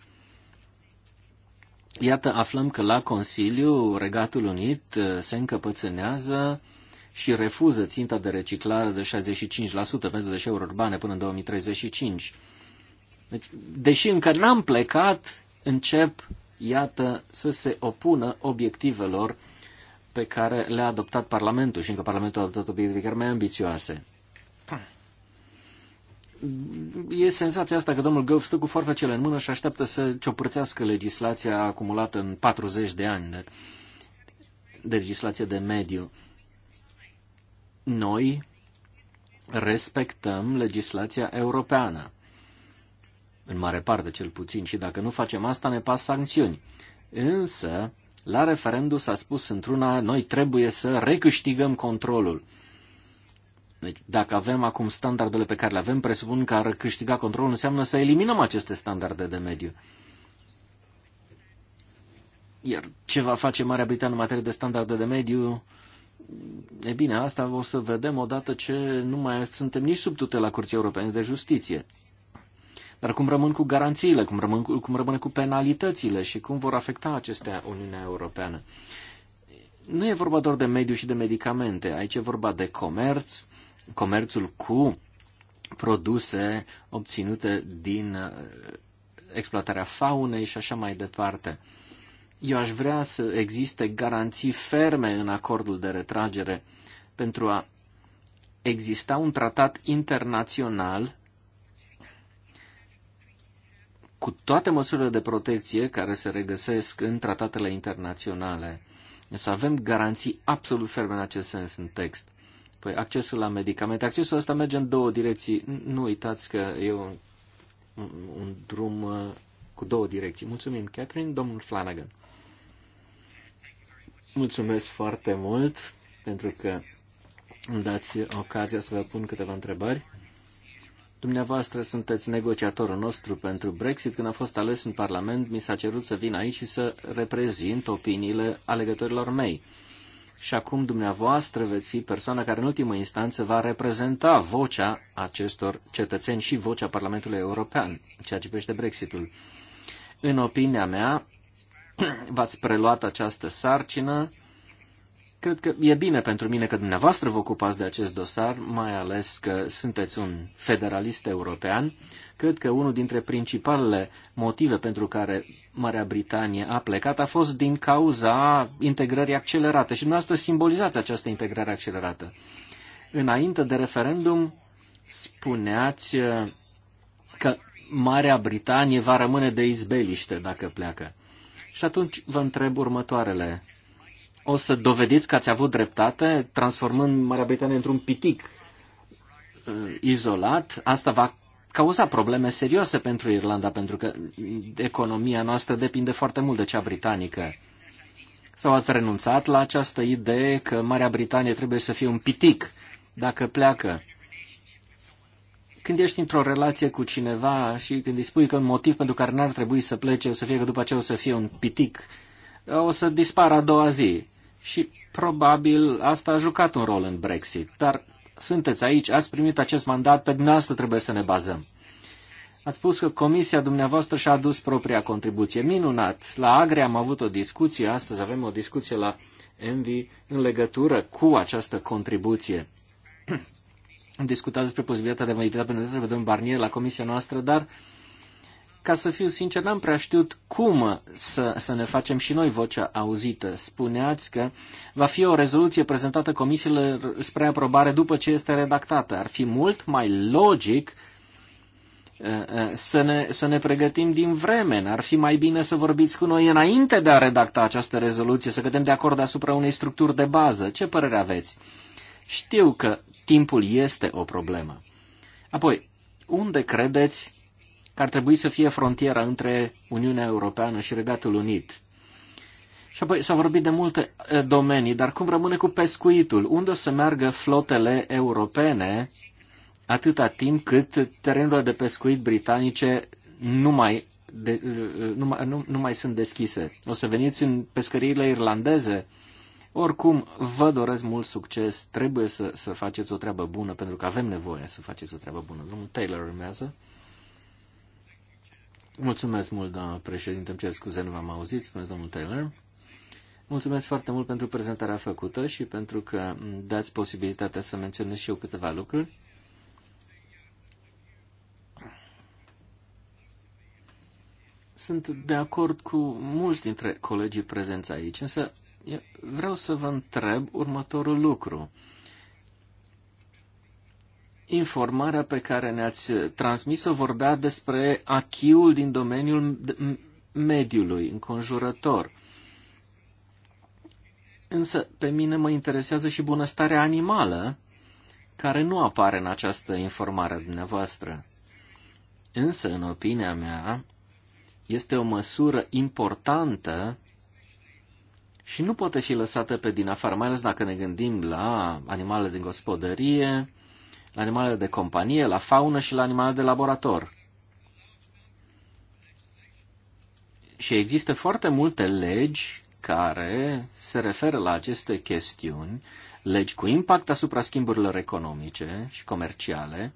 iată, aflăm că la Consiliu Regatul Unit uh, se încăpățânează și refuză ținta de reciclare de 65% pentru deșeuri urbane până în 2035. Deci, deși încă n-am plecat, încep, iată, să se opună obiectivelor pe care le-a adoptat Parlamentul și încă Parlamentul a adoptat obiective chiar mai ambițioase e senzația asta că domnul Găuf stă cu forfecele în mână și așteaptă să ciopărțească legislația acumulată în 40 de ani de, de legislație de mediu. Noi respectăm legislația europeană. În mare parte, cel puțin, și dacă nu facem asta, ne pas sancțiuni. Însă, la referendum s-a spus într-una, noi trebuie să recâștigăm controlul. Deci, dacă avem acum standardele pe care le avem, presupun că ar câștiga controlul înseamnă să eliminăm aceste standarde de mediu. Iar ce va face Marea Britanie în materie de standarde de mediu, e bine, asta o să vedem odată ce nu mai suntem nici sub tutela Curții Europene de Justiție. Dar cum rămân cu garanțiile, cum, rămân cu, cum rămâne cu penalitățile și cum vor afecta acestea Uniunea Europeană? Nu e vorba doar de mediu și de medicamente, aici e vorba de comerț, comerțul cu produse obținute din uh, exploatarea faunei și așa mai departe. Eu aș vrea să existe garanții ferme în acordul de retragere pentru a exista un tratat internațional cu toate măsurile de protecție care se regăsesc în tratatele internaționale. Să avem garanții absolut ferme în acest sens în text. Păi accesul la medicamente. Accesul ăsta merge în două direcții. Nu uitați că e un, un, un drum uh, cu două direcții. Mulțumim, Catherine. Domnul Flanagan. Mulțumesc foarte mult pentru că îmi dați ocazia să vă pun câteva întrebări. Dumneavoastră sunteți negociatorul nostru pentru Brexit. Când a fost ales în Parlament, mi s-a cerut să vin aici și să reprezint opiniile alegătorilor mei și acum dumneavoastră veți fi persoana care în ultimă instanță va reprezenta vocea acestor cetățeni și vocea Parlamentului European, ceea ce privește Brexitul. În opinia mea, v-ați preluat această sarcină. Cred că e bine pentru mine că dumneavoastră vă ocupați de acest dosar, mai ales că sunteți un federalist european Cred că unul dintre principalele motive pentru care Marea Britanie a plecat a fost din cauza integrării accelerate și dumneavoastră simbolizați această integrare accelerată. Înainte de referendum spuneați uh, că Marea Britanie va rămâne de izbeliște dacă pleacă. Și atunci vă întreb următoarele. O să dovediți că ați avut dreptate, transformând Marea Britanie într-un pitic uh, izolat? Asta va cauza probleme serioase pentru Irlanda, pentru că economia noastră depinde foarte mult de cea britanică. Sau ați renunțat la această idee că Marea Britanie trebuie să fie un pitic dacă pleacă? Când ești într-o relație cu cineva și când îi spui că un motiv pentru care n-ar trebui să plece o să fie că după aceea o să fie un pitic, o să dispară a doua zi. Și probabil asta a jucat un rol în Brexit, dar sunteți aici, ați primit acest mandat, pe dumneavoastră trebuie să ne bazăm. Ați spus că comisia dumneavoastră și-a adus propria contribuție. Minunat! La Agri am avut o discuție, astăzi avem o discuție la Envi în legătură cu această contribuție. Am discutat despre posibilitatea de a vă invita pe domnul Barnier, la comisia noastră, dar uh, ca să fiu sincer, n-am prea știut cum să, să ne facem și noi vocea auzită. Spuneați că va fi o rezoluție prezentată comisiile spre aprobare după ce este redactată. Ar fi mult mai logic uh, uh, să ne, să ne pregătim din vreme. Ar fi mai bine să vorbiți cu noi înainte de a redacta această rezoluție, să cădem de acord asupra unei structuri de bază. Ce părere aveți? Știu că timpul este o problemă. Apoi, unde credeți că ar trebui să fie frontiera între Uniunea Europeană și Regatul Unit. Și apoi s-a vorbit de multe eh, domenii, dar cum rămâne cu pescuitul? Unde o să meargă flotele europene atâta timp cât terenurile de pescuit britanice nu mai, de, eh, eh, nu, mai, nu, nu mai sunt deschise? O să veniți în pescăriile irlandeze? Oricum, vă doresc mult succes, trebuie să, să faceți o treabă bună, pentru că avem nevoie să faceți o treabă bună. Domnul Taylor urmează. Mulțumesc mult, doamna președinte. Îmi cer scuze, nu v-am auzit, spune domnul Taylor. Mulțumesc foarte mult pentru prezentarea făcută și pentru că dați posibilitatea să menționez și eu câteva lucruri. Sunt de acord cu mulți dintre colegii prezenți aici, însă vreau să vă întreb următorul lucru. Uh, informarea pe care ne-ați transmis-o vorbea despre achiul din domeniul mediului înconjurător. Însă pe mine mă interesează și bunăstarea animală, care nu apare în această informare dumneavoastră. Însă, în opinia mea, este o măsură importantă și nu poate fi lăsată pe din afară, mai ales dacă ne gândim la animale din gospodărie, la animalele de companie, la faună și la animalele de laborator. Și există foarte multe legi care se referă la aceste chestiuni, legi cu impact asupra schimburilor economice și comerciale,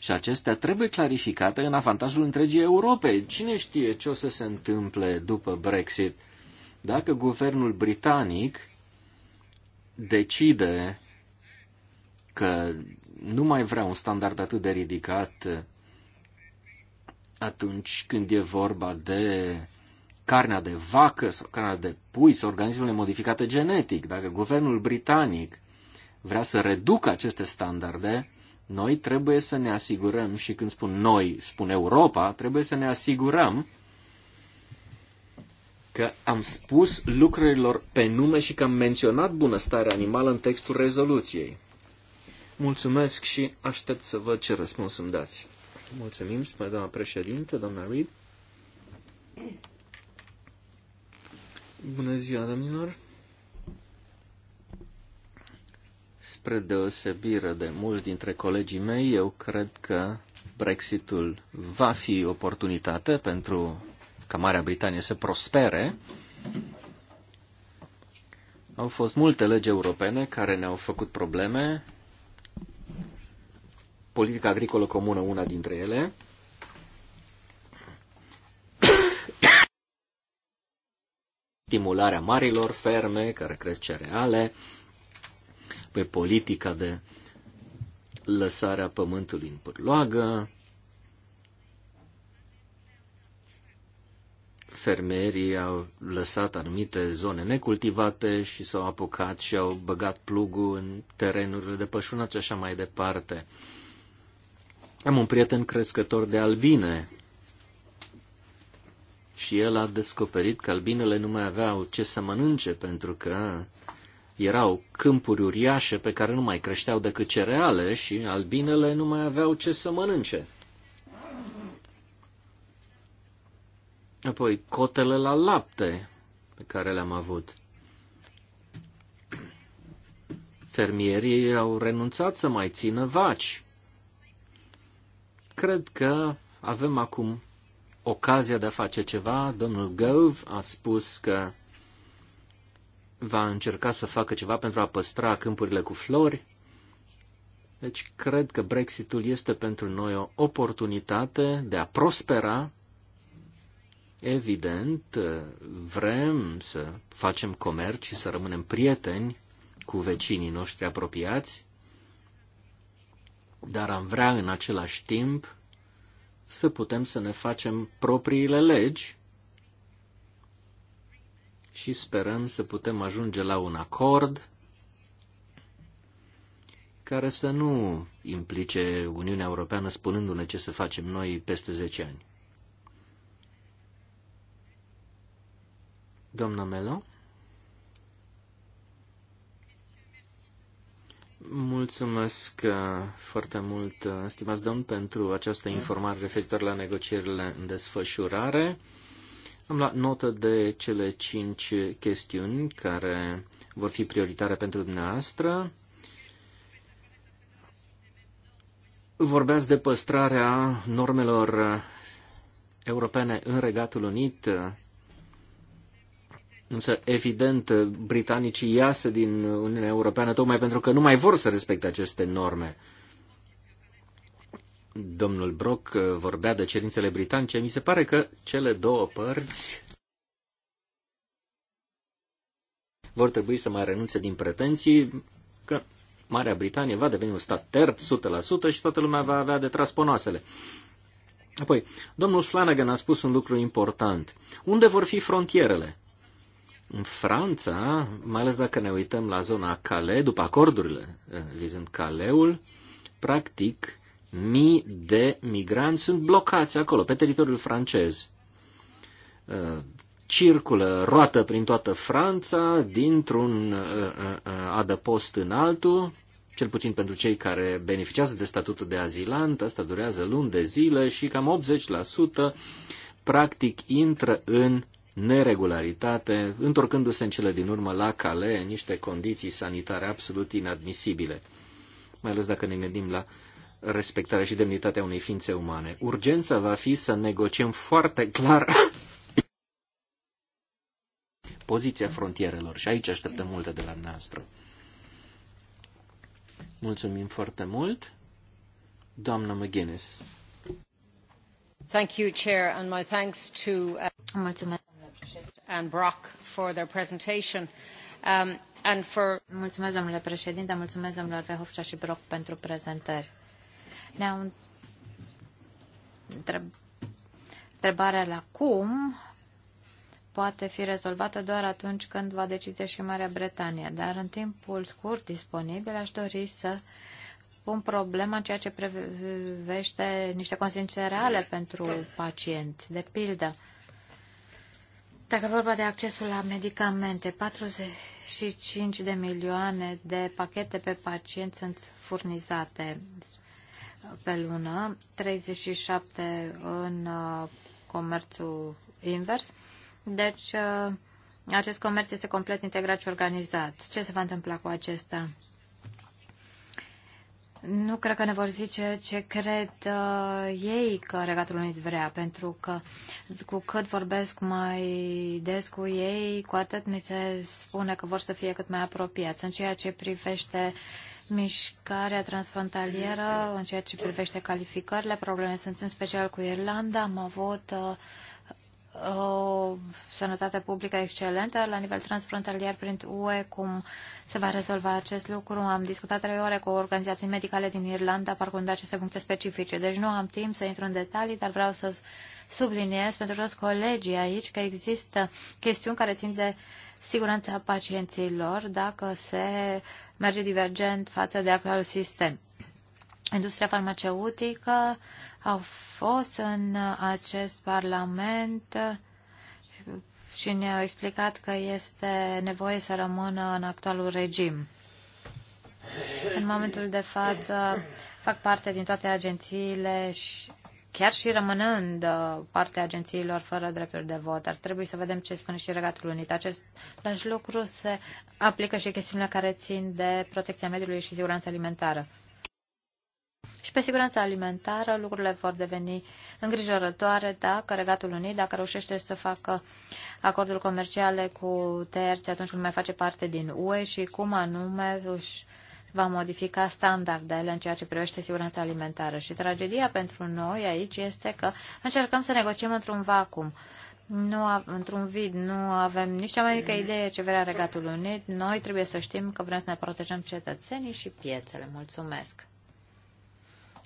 și acestea trebuie clarificate în avantajul întregii Europe. Cine știe ce o să se întâmple după Brexit? Dacă guvernul britanic decide că nu mai vrea un standard atât de ridicat atunci când e vorba de carnea de vacă sau carnea de pui sau organismele modificate genetic. Dacă guvernul britanic vrea să reducă aceste standarde, noi trebuie să ne asigurăm, și când spun noi, spun Europa, trebuie să ne asigurăm că am spus lucrurilor pe nume și că am menționat bunăstarea animală în textul rezoluției. Mulțumesc și aștept să văd ce răspuns îmi dați. Mulțumim, spune doamna președinte, doamna Reid. Bună ziua, domnilor! Spre deosebire de mulți dintre colegii mei, eu cred că Brexitul va fi oportunitate pentru ca Marea Britanie să prospere. Au fost multe legi europene care ne-au făcut probleme, politica agricolă comună, una dintre ele. Stimularea marilor ferme care cresc cereale, pe politica de lăsarea pământului în pârloagă, fermerii au lăsat anumite zone necultivate și s-au apucat și au băgat plugul în terenurile de pășunat și așa mai departe. Am un prieten crescător de albine și el a descoperit că albinele nu mai aveau ce să mănânce pentru că erau câmpuri uriașe pe care nu mai creșteau decât cereale și albinele nu mai aveau ce să mănânce. Apoi cotele la lapte pe care le-am avut. Fermierii au renunțat să mai țină vaci Cred că avem acum ocazia de a face ceva. Domnul Gove a spus că va încerca să facă ceva pentru a păstra câmpurile cu flori. Deci cred că Brexitul este pentru noi o oportunitate de a prospera. Evident, vrem să facem comerț și să rămânem prieteni cu vecinii noștri apropiați, dar am vrea în același timp să putem să ne facem propriile legi și sperăm să putem ajunge la un acord care să nu implice Uniunea Europeană spunându-ne ce să facem noi peste 10 ani. Doamna Melo? Mulțumesc uh, foarte mult, uh, stimați domn, pentru această informare referitor la negocierile în desfășurare. Am luat notă de cele cinci chestiuni care vor fi prioritare pentru dumneavoastră. Vorbeați de păstrarea normelor uh, europene în Regatul Unit Însă, evident, britanicii iasă din Uniunea Europeană tocmai pentru că nu mai vor să respecte aceste norme. Domnul Brock uh, vorbea de cerințele britanice. Mi se pare că cele două părți vor trebui să mai renunțe din pretenții că Marea Britanie va deveni un stat terp 100% și toată lumea va avea de tras ponoasele. Apoi, domnul Flanagan a spus un lucru important. Unde vor fi frontierele? În Franța, mai ales dacă ne uităm la zona Calais, după acordurile eh, vizând Caleul, practic mii de migranți sunt blocați acolo, pe teritoriul francez. Eh, circulă, roată prin toată Franța, dintr-un eh, adăpost în altul, cel puțin pentru cei care beneficiază de statutul de azilant, asta durează luni de zile și cam 80% practic intră în neregularitate, întorcându-se în cele din urmă la cale niște condiții sanitare absolut inadmisibile, mai ales dacă ne gândim la respectarea și demnitatea unei ființe umane. Urgența va fi să negociem foarte clar poziția frontierelor și aici așteptăm multe de la noastră. Mulțumim foarte mult. Doamna McGuinness. Thank you, Chair, and my thanks to... Uh, Mulțumesc. Um, mulțumesc, domnule președinte, mulțumesc, domnilor Verhofstadt și Brock, pentru prezentări. Ne-au întrebarea la cum poate fi rezolvată doar atunci când va decide și Marea Bretanie, dar în timpul scurt disponibil aș dori să pun problema în ceea ce privește niște consecințe reale pentru pacienți. De pildă, dacă vorba de accesul la medicamente, 45 de milioane de pachete pe pacient sunt furnizate pe lună, 37 în uh, comerțul invers. Deci, uh, acest comerț este complet integrat și organizat. Ce se va întâmpla cu acesta? Nu cred că ne vor zice ce cred uh, ei că Regatul Unit vrea, pentru că cu cât vorbesc mai des cu ei, cu atât mi se spune că vor să fie cât mai apropiați. În ceea ce privește mișcarea transfrontalieră, în ceea ce privește calificările, probleme sunt în special cu Irlanda. Am avut uh, o sănătate publică excelentă la nivel transfrontalier prin UE, cum se va rezolva acest lucru. Am discutat trei ore cu organizații medicale din Irlanda, parcurând aceste puncte specifice. Deci nu am timp să intru în detalii, dar vreau să subliniez pentru toți colegii aici că există chestiuni care țin de siguranța pacienților dacă se merge divergent față de actualul sistem. Industria farmaceutică au fost în acest Parlament și ne-au explicat că este nevoie să rămână în actualul regim. În momentul de față fac parte din toate agențiile și chiar și rămânând uh, partea agențiilor fără drepturi de vot, ar trebui să vedem ce spune și Regatul Unit. Acest lucru se aplică și chestiunile care țin de protecția mediului și siguranța alimentară. Și pe siguranța alimentară lucrurile vor deveni îngrijorătoare dacă Regatul Unit, dacă reușește să facă acorduri comerciale cu terți atunci când mai face parte din UE și cum anume își va modifica standardele în ceea ce privește siguranța alimentară. Și tragedia pentru noi aici este că încercăm să negociem într-un vacum. Nu, într-un vid, nu avem nici cea mai mică idee ce vrea Regatul Unit. Noi trebuie să știm că vrem să ne protejăm cetățenii și piețele. Mulțumesc!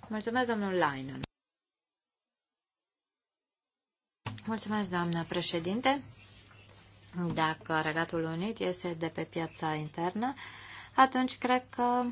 Mulțumesc, domnul Leinen. Mulțumesc, doamnă președinte. Dacă Regatul Unit este de pe piața internă, atunci cred că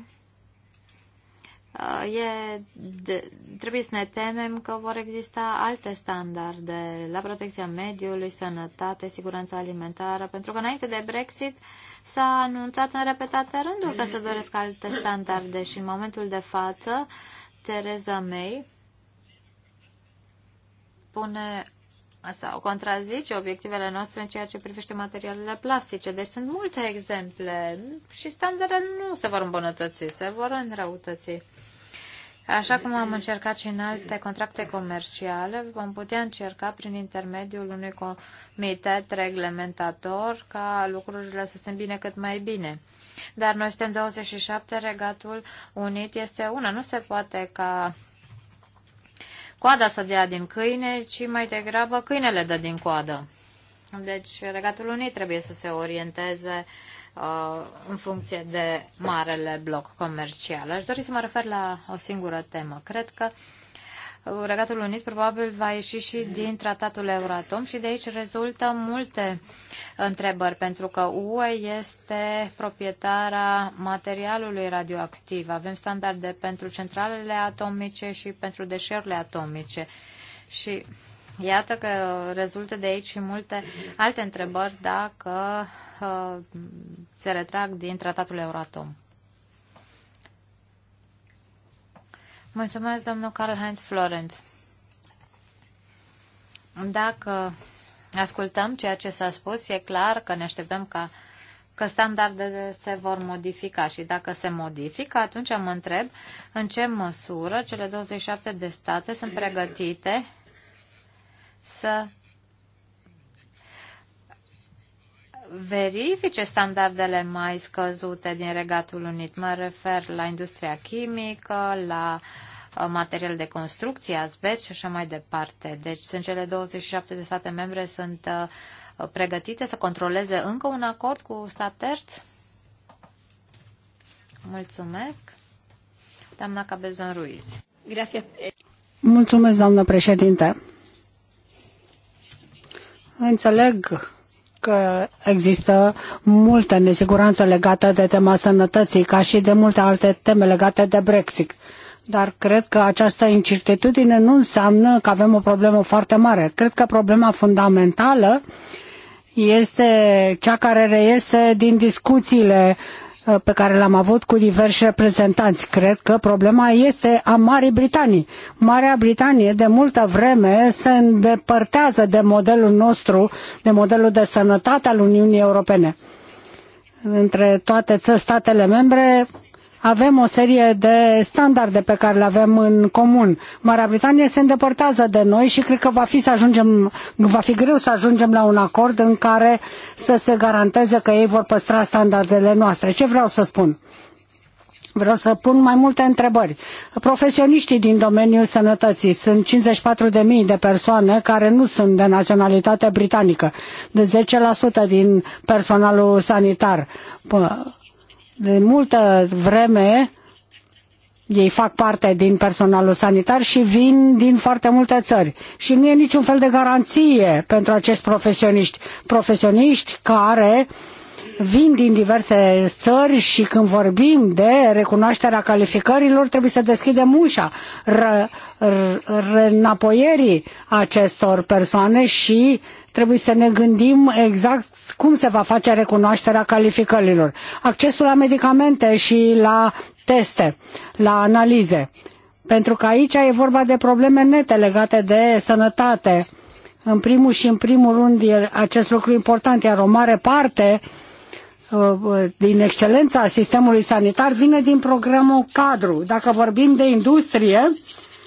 uh, e de, trebuie să ne temem că vor exista alte standarde la protecția mediului, sănătate, siguranța alimentară, pentru că înainte de Brexit s-a anunțat în repetate rânduri că se doresc alte standarde și în momentul de față uh, Tereza May pune sau contrazice obiectivele noastre în ceea ce privește materialele plastice. Deci sunt multe exemple și standardele nu se vor îmbunătăți, se vor înrăutăți. Așa cum am încercat și în alte contracte comerciale, vom putea încerca prin intermediul unui comitet reglementator ca lucrurile să se bine cât mai bine. Dar noi suntem 27, Regatul Unit este una. Nu se poate ca coada să dea din câine, ci mai degrabă câinele dă din coadă. Deci Regatul Unit trebuie să se orienteze uh, Uh, în funcție de marele bloc comercial. Aș dori să mă refer la o singură temă. Cred că uh, Regatul Unit probabil va ieși și din tratatul Euratom și de aici rezultă multe întrebări, pentru că UE este proprietara materialului radioactiv. Avem standarde pentru centralele atomice și pentru deșeurile atomice. Și Iată că rezultă de aici și multe alte întrebări dacă uh, se retrag din tratatul Euratom. Mulțumesc, domnul Karl-Heinz Florent. Dacă ascultăm ceea ce s-a spus, e clar că ne așteptăm ca că standardele se vor modifica și dacă se modifică, atunci mă întreb în ce măsură cele 27 de state sunt pregătite să verifice standardele mai scăzute din Regatul Unit. Mă refer la industria chimică, la uh, material de construcție, azbest și așa mai departe. Deci sunt cele 27 de state membre sunt uh, pregătite să controleze încă un acord cu stat terț? Mulțumesc. Doamna Cabezon Ruiz. Mulțumesc, doamnă președinte. Înțeleg că există multă nesiguranță legată de tema sănătății, ca și de multe alte teme legate de Brexit. Dar cred că această incertitudine nu înseamnă că avem o problemă foarte mare. Cred că problema fundamentală este cea care reiese din discuțiile Uh, pe care l-am avut cu diversi reprezentanți. Cred că problema este a Marii Britanii. Marea Britanie de multă vreme se îndepărtează de modelul nostru, de modelul de sănătate al Uniunii Europene. Între toate statele membre, avem o serie de standarde pe care le avem în comun. Marea Britanie se îndepărtează de noi și cred că va fi, să ajungem, va fi greu să ajungem la un acord în care să se garanteze că ei vor păstra standardele noastre. Ce vreau să spun? Vreau să pun mai multe întrebări. Profesioniștii din domeniul sănătății sunt 54.000 de persoane care nu sunt de naționalitate britanică, de 10% din personalul sanitar de multă vreme ei fac parte din personalul sanitar și vin din foarte multe țări. Și nu e niciun fel de garanție pentru acești profesioniști. Profesioniști care uh, vin din diverse țări și când vorbim de recunoașterea calificărilor, trebuie să deschidem ușa reînapoierii acestor persoane și trebuie să ne gândim exact cum se va face recunoașterea calificărilor. Accesul la medicamente și la teste, la analize. Pentru că aici e vorba de probleme nete legate de sănătate. În primul și în primul rând acest lucru important, iar o mare parte uh, Uh, uh, din excelența sistemului sanitar vine din programul cadru. Dacă vorbim de industrie,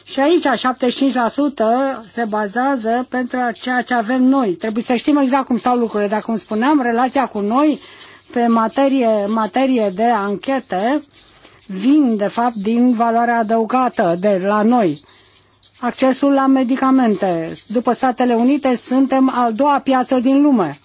și aici 75% se bazează pentru ceea ce avem noi. Trebuie să știm exact cum stau lucrurile. Dacă cum spuneam, relația cu noi pe materie, materie de anchete vin, de fapt, din valoarea adăugată de la noi. Accesul la medicamente. După Statele Unite suntem al doua piață din lume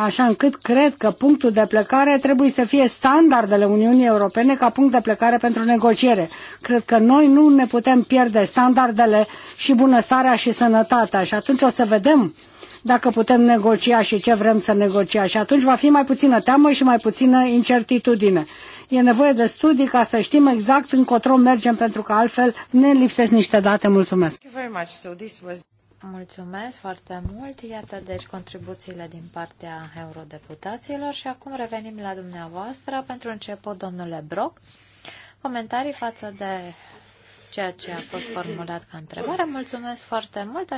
așa încât cred că punctul de plecare trebuie să fie standardele Uniunii Europene ca punct de plecare pentru negociere. Cred că noi nu ne putem pierde standardele și bunăstarea și sănătatea și atunci o să vedem dacă putem negocia și ce vrem să negocia și atunci va fi mai puțină teamă și mai puțină incertitudine. E nevoie de studii ca să știm exact încotro mergem pentru că altfel ne lipsesc niște date. Mulțumesc! Mulțumesc foarte mult. Iată deci contribuțiile din partea eurodeputaților și acum revenim la dumneavoastră. Pentru început, domnule Broc, comentarii față de ceea ce a fost formulat ca întrebare. Mulțumesc foarte mult.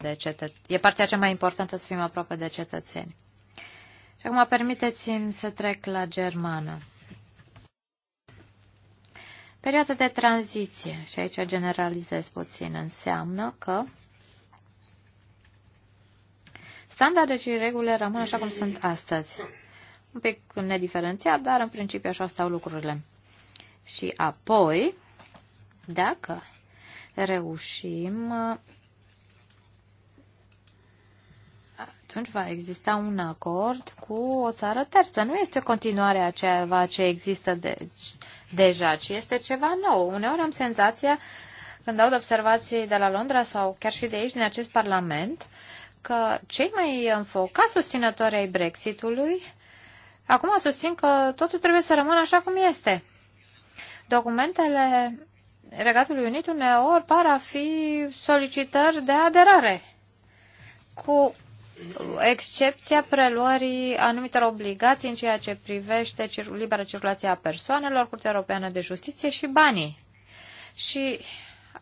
de cetățeni. E partea cea mai importantă să fim aproape de cetățeni. Și acum permiteți-mi să trec la germană. Perioada de tranziție, și aici generalizez puțin, înseamnă că standarde și regulile rămân așa cum sunt astăzi. Un pic nediferențiat, dar în principiu așa stau lucrurile. Și apoi, dacă reușim atunci va exista un acord cu o țară terță. Nu este o continuare a ceva ce există de, deja, ci este ceva nou. Uneori am senzația, când aud observații de la Londra sau chiar și de aici, din acest parlament, că cei mai înfocați susținători ai Brexitului acum susțin că totul trebuie să rămână așa cum este. Documentele Regatului Unit uneori par a fi solicitări de aderare cu excepția preluării anumitor obligații în ceea ce privește cir- libera circulație a persoanelor, Curtea Europeană de Justiție și banii. Și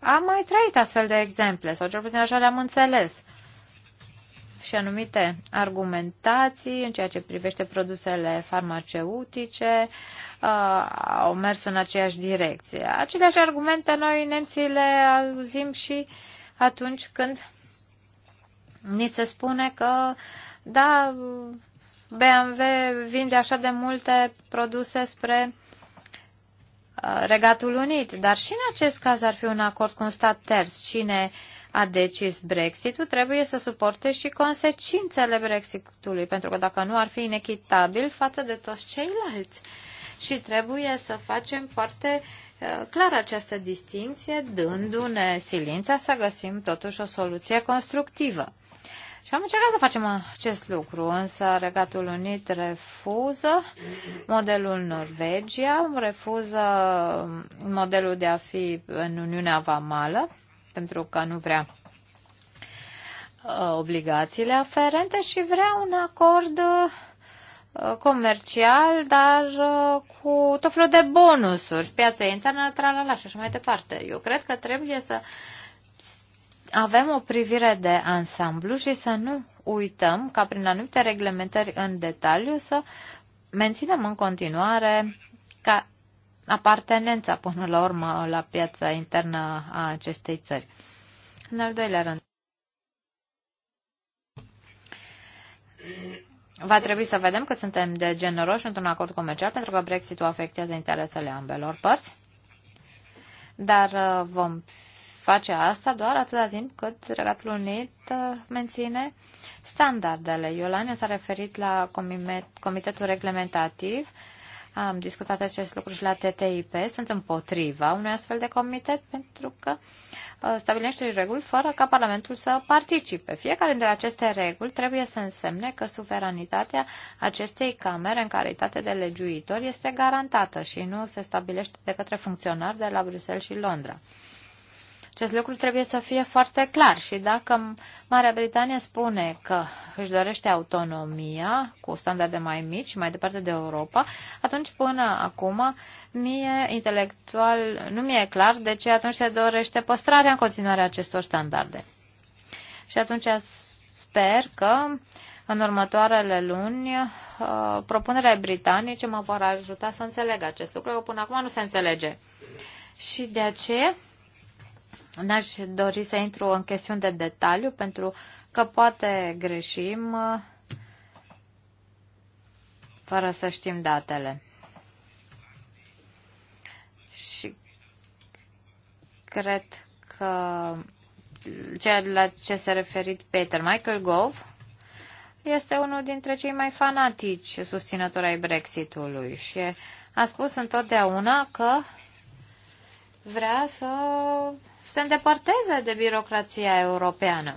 am mai trăit astfel de exemple, sau cel puțin așa le-am înțeles. Și anumite argumentații în ceea ce privește produsele farmaceutice uh, au mers în aceeași direcție. Aceleași argumente noi, nemții, le auzim și atunci când Ni se spune că, da, BMW vinde așa de multe produse spre uh, Regatul Unit, dar și în acest caz ar fi un acord cu un stat terț. Cine a decis Brexitul trebuie să suporte și consecințele Brexitului, pentru că dacă nu ar fi inechitabil față de toți ceilalți. Și trebuie să facem foarte uh, clar această distinție, dându-ne silința să găsim totuși o soluție constructivă. Și am încercat să facem acest lucru, însă Regatul Unit refuză modelul Norvegia, refuză modelul de a fi în Uniunea Vamală, pentru că nu vrea uh, obligațiile aferente și vrea un acord uh, comercial, dar uh, cu tot felul de bonusuri, piața internă, tralala și așa mai departe. Eu cred că trebuie să uh, avem o privire de ansamblu și să nu uităm ca prin anumite reglementări în detaliu să menținem în continuare ca apartenența până la urmă la piața internă a acestei țări. În al doilea rând, va trebui să vedem că suntem de generoși într-un acord comercial pentru că Brexit-ul afectează interesele ambelor părți, dar uh, vom face asta doar atâta timp cât Regatul Unit uh, menține standardele. Iolania s-a referit la Comitetul Reglementativ. Am discutat acest lucru și la TTIP. Sunt împotriva unui astfel de comitet pentru că uh, stabilește reguli fără ca Parlamentul să participe. Fiecare dintre aceste reguli trebuie să însemne că suveranitatea acestei camere în calitate de legiuitor este garantată și nu se stabilește de către funcționari de la Bruxelles și Londra. Acest lucru trebuie să fie foarte clar și dacă Marea Britanie spune că își dorește autonomia cu standarde mai mici și mai departe de Europa, atunci până acum mie intelectual nu mi-e clar de ce atunci se dorește păstrarea în continuare a acestor standarde. Și atunci sper că în următoarele luni uh, propunerea britanice mă vor ajuta să înțeleg acest lucru, că până acum nu se înțelege. Și de aceea N-aș dori să intru în chestiuni de detaliu pentru că poate greșim fără să știm datele. Și cred că ceea la ce s-a referit Peter Michael Gove este unul dintre cei mai fanatici susținători ai Brexitului și a spus întotdeauna că vrea să se îndepărteze de birocrația europeană.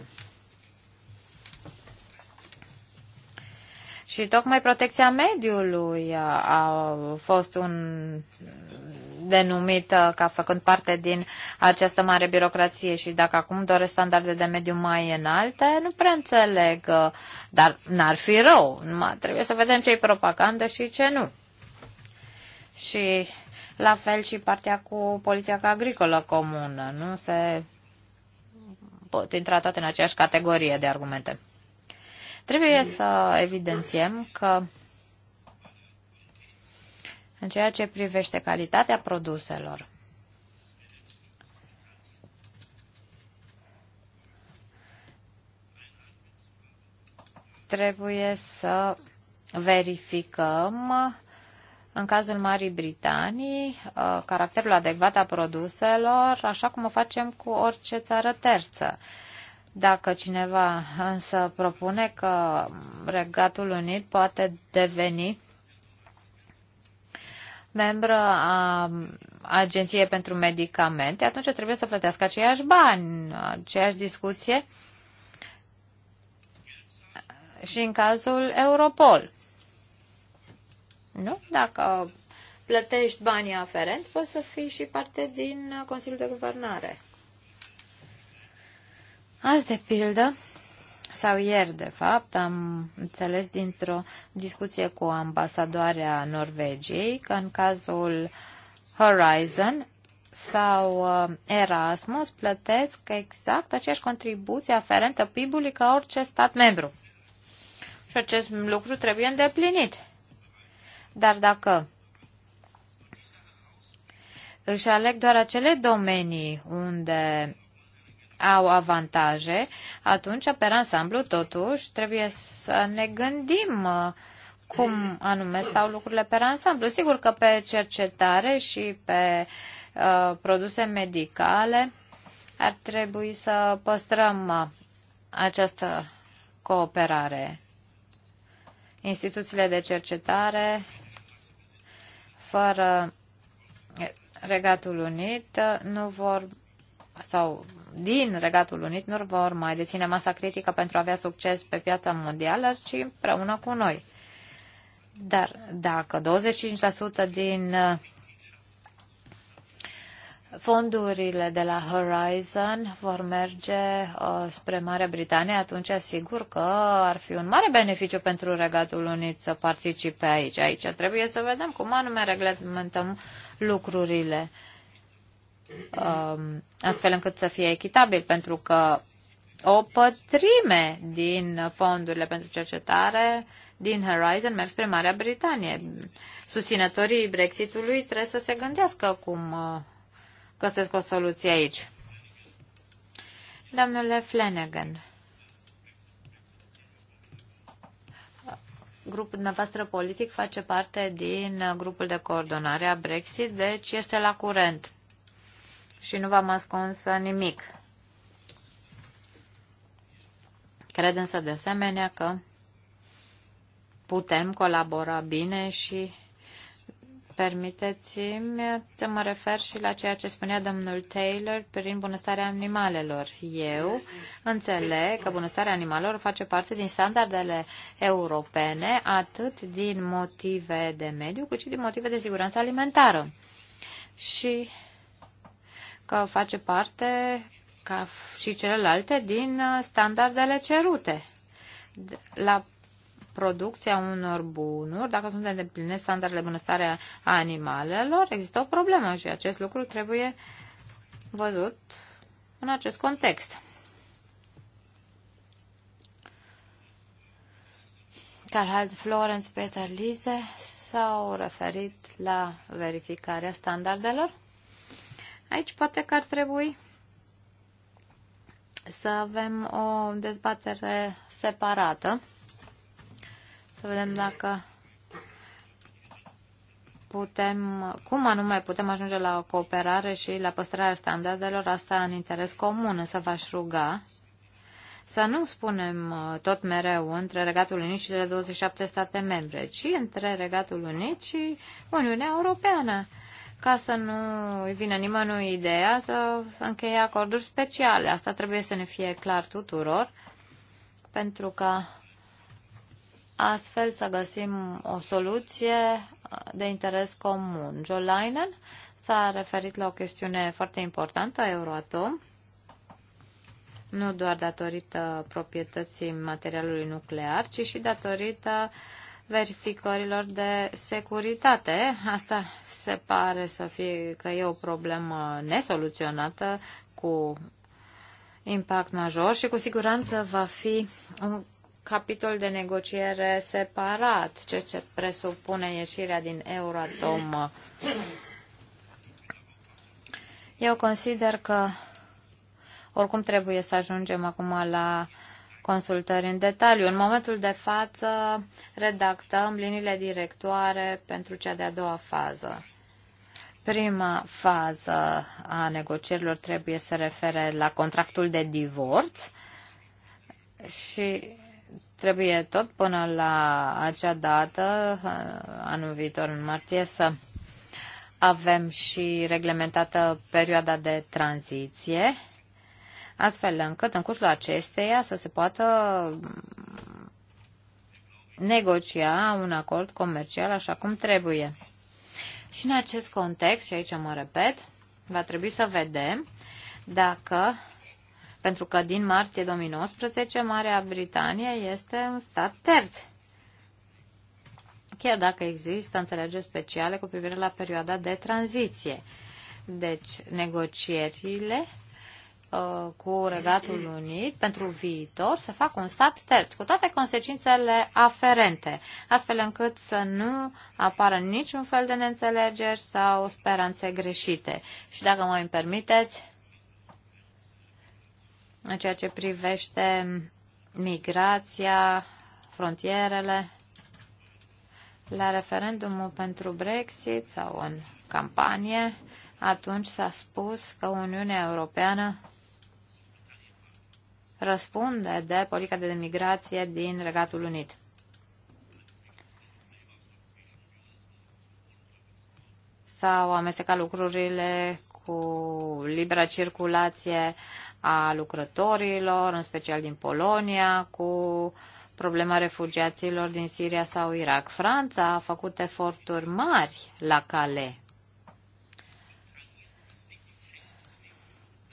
Și tocmai protecția mediului a fost un denumit ca făcând parte din această mare birocrație și dacă acum doresc standarde de mediu mai înalte, nu prea înțeleg, dar n-ar fi rău. Numai trebuie să vedem ce e propagandă și ce nu. Și la fel și partea cu poliția agricolă comună. Nu se pot intra toate în aceeași categorie de argumente. Trebuie să evidențiem că în ceea ce privește calitatea produselor, trebuie să verificăm în cazul Marii Britanii, uh, caracterul adecvat a produselor, așa cum o facem cu orice țară terță. Dacă cineva însă propune că Regatul Unit poate deveni membră a Agenției pentru Medicamente, atunci trebuie să plătească aceiași bani, aceeași discuție și în cazul Europol. Nu? Dacă plătești banii aferent, poți să fii și parte din Consiliul de Guvernare. Azi, de pildă, sau ieri, de fapt, am înțeles dintr-o discuție cu ambasadoarea Norvegiei că în cazul Horizon sau uh, Erasmus plătesc exact aceeași contribuție aferentă PIB-ului ca orice stat membru. Și acest lucru trebuie îndeplinit. Dar dacă își aleg doar acele domenii unde au avantaje, atunci, pe ansamblu, totuși, trebuie să ne gândim uh, cum anume stau lucrurile pe ansamblu. Sigur că pe cercetare și pe uh, produse medicale ar trebui să păstrăm uh, această cooperare. Instituțiile de cercetare fără Regatul Unit nu vor sau din Regatul Unit nu vor mai deține masa critică pentru a avea succes pe piața mondială, ci împreună cu noi. Dar dacă 25% din fondurile de la Horizon vor merge uh, spre Marea Britanie, atunci sigur că ar fi un mare beneficiu pentru Regatul Unit să participe aici. Aici trebuie să vedem cum anume reglementăm lucrurile uh, astfel încât să fie echitabil, pentru că o pătrime din fondurile pentru cercetare din Horizon merg spre Marea Britanie. Susținătorii Brexitului trebuie să se gândească cum uh, găsesc o soluție aici. Domnule Flanagan, grupul dumneavoastră politic face parte din grupul de coordonare a Brexit, deci este la curent și nu v-am ascuns nimic. Cred însă de asemenea că putem colabora bine și permiteți-mi să mă refer și la ceea ce spunea domnul Taylor privind bunăstarea animalelor. Eu înțeleg că bunăstarea animalelor face parte din standardele europene, atât din motive de mediu, cât și din motive de siguranță alimentară. Și că face parte ca și celelalte din standardele cerute la producția unor bunuri, dacă sunt se îndeplinesc standardele bunăstare a animalelor, există o problemă și acest lucru trebuie văzut în acest context. Carhaz Florence, Peter Lise s-au referit la verificarea standardelor. Aici poate că ar trebui să avem o dezbatere separată să vedem dacă putem, cum anume putem ajunge la o cooperare și la păstrarea standardelor, asta în interes comun, să v-aș ruga să nu spunem uh, tot mereu între Regatul Unit și cele 27 state membre, ci între Regatul Unit și Uniunea Europeană, ca să nu îi vină nimănui ideea să încheie acorduri speciale. Asta trebuie să ne fie clar tuturor, pentru că astfel să găsim o soluție de interes comun. Jolainen s-a referit la o chestiune foarte importantă a Euroatom, nu doar datorită proprietății materialului nuclear, ci și datorită verificărilor de securitate. Asta se pare să fie că e o problemă nesoluționată cu impact major și cu siguranță va fi un capitol de negociere separat, ce, ce presupune ieșirea din Euratom. Eu consider că oricum trebuie să ajungem acum la consultări în detaliu. În momentul de față redactăm liniile directoare pentru cea de-a doua fază. Prima fază a negocierilor trebuie să refere la contractul de divorț și Trebuie tot până la acea dată, anul viitor în martie, să avem și reglementată perioada de tranziție, astfel încât în cursul acesteia să se poată negocia un acord comercial așa cum trebuie. Și în acest context, și aici mă repet, va trebui să vedem dacă pentru că din martie 2019 Marea Britanie este un stat terț. Chiar dacă există înțelegeri speciale cu privire la perioada de tranziție. Deci, negocierile uh, cu Regatul Unit pentru viitor să facă un stat terț, cu toate consecințele aferente, astfel încât să nu apară niciun fel de neînțelegeri sau speranțe greșite. Și dacă mă îmi permiteți, în ceea ce privește migrația, frontierele. La referendumul pentru Brexit sau în campanie, atunci s-a spus că Uniunea Europeană răspunde de politica de migrație din Regatul Unit. S-au amestecat lucrurile cu libera circulație a lucrătorilor, în special din Polonia, cu problema refugiaților din Siria sau Irak. Franța a făcut eforturi mari la cale.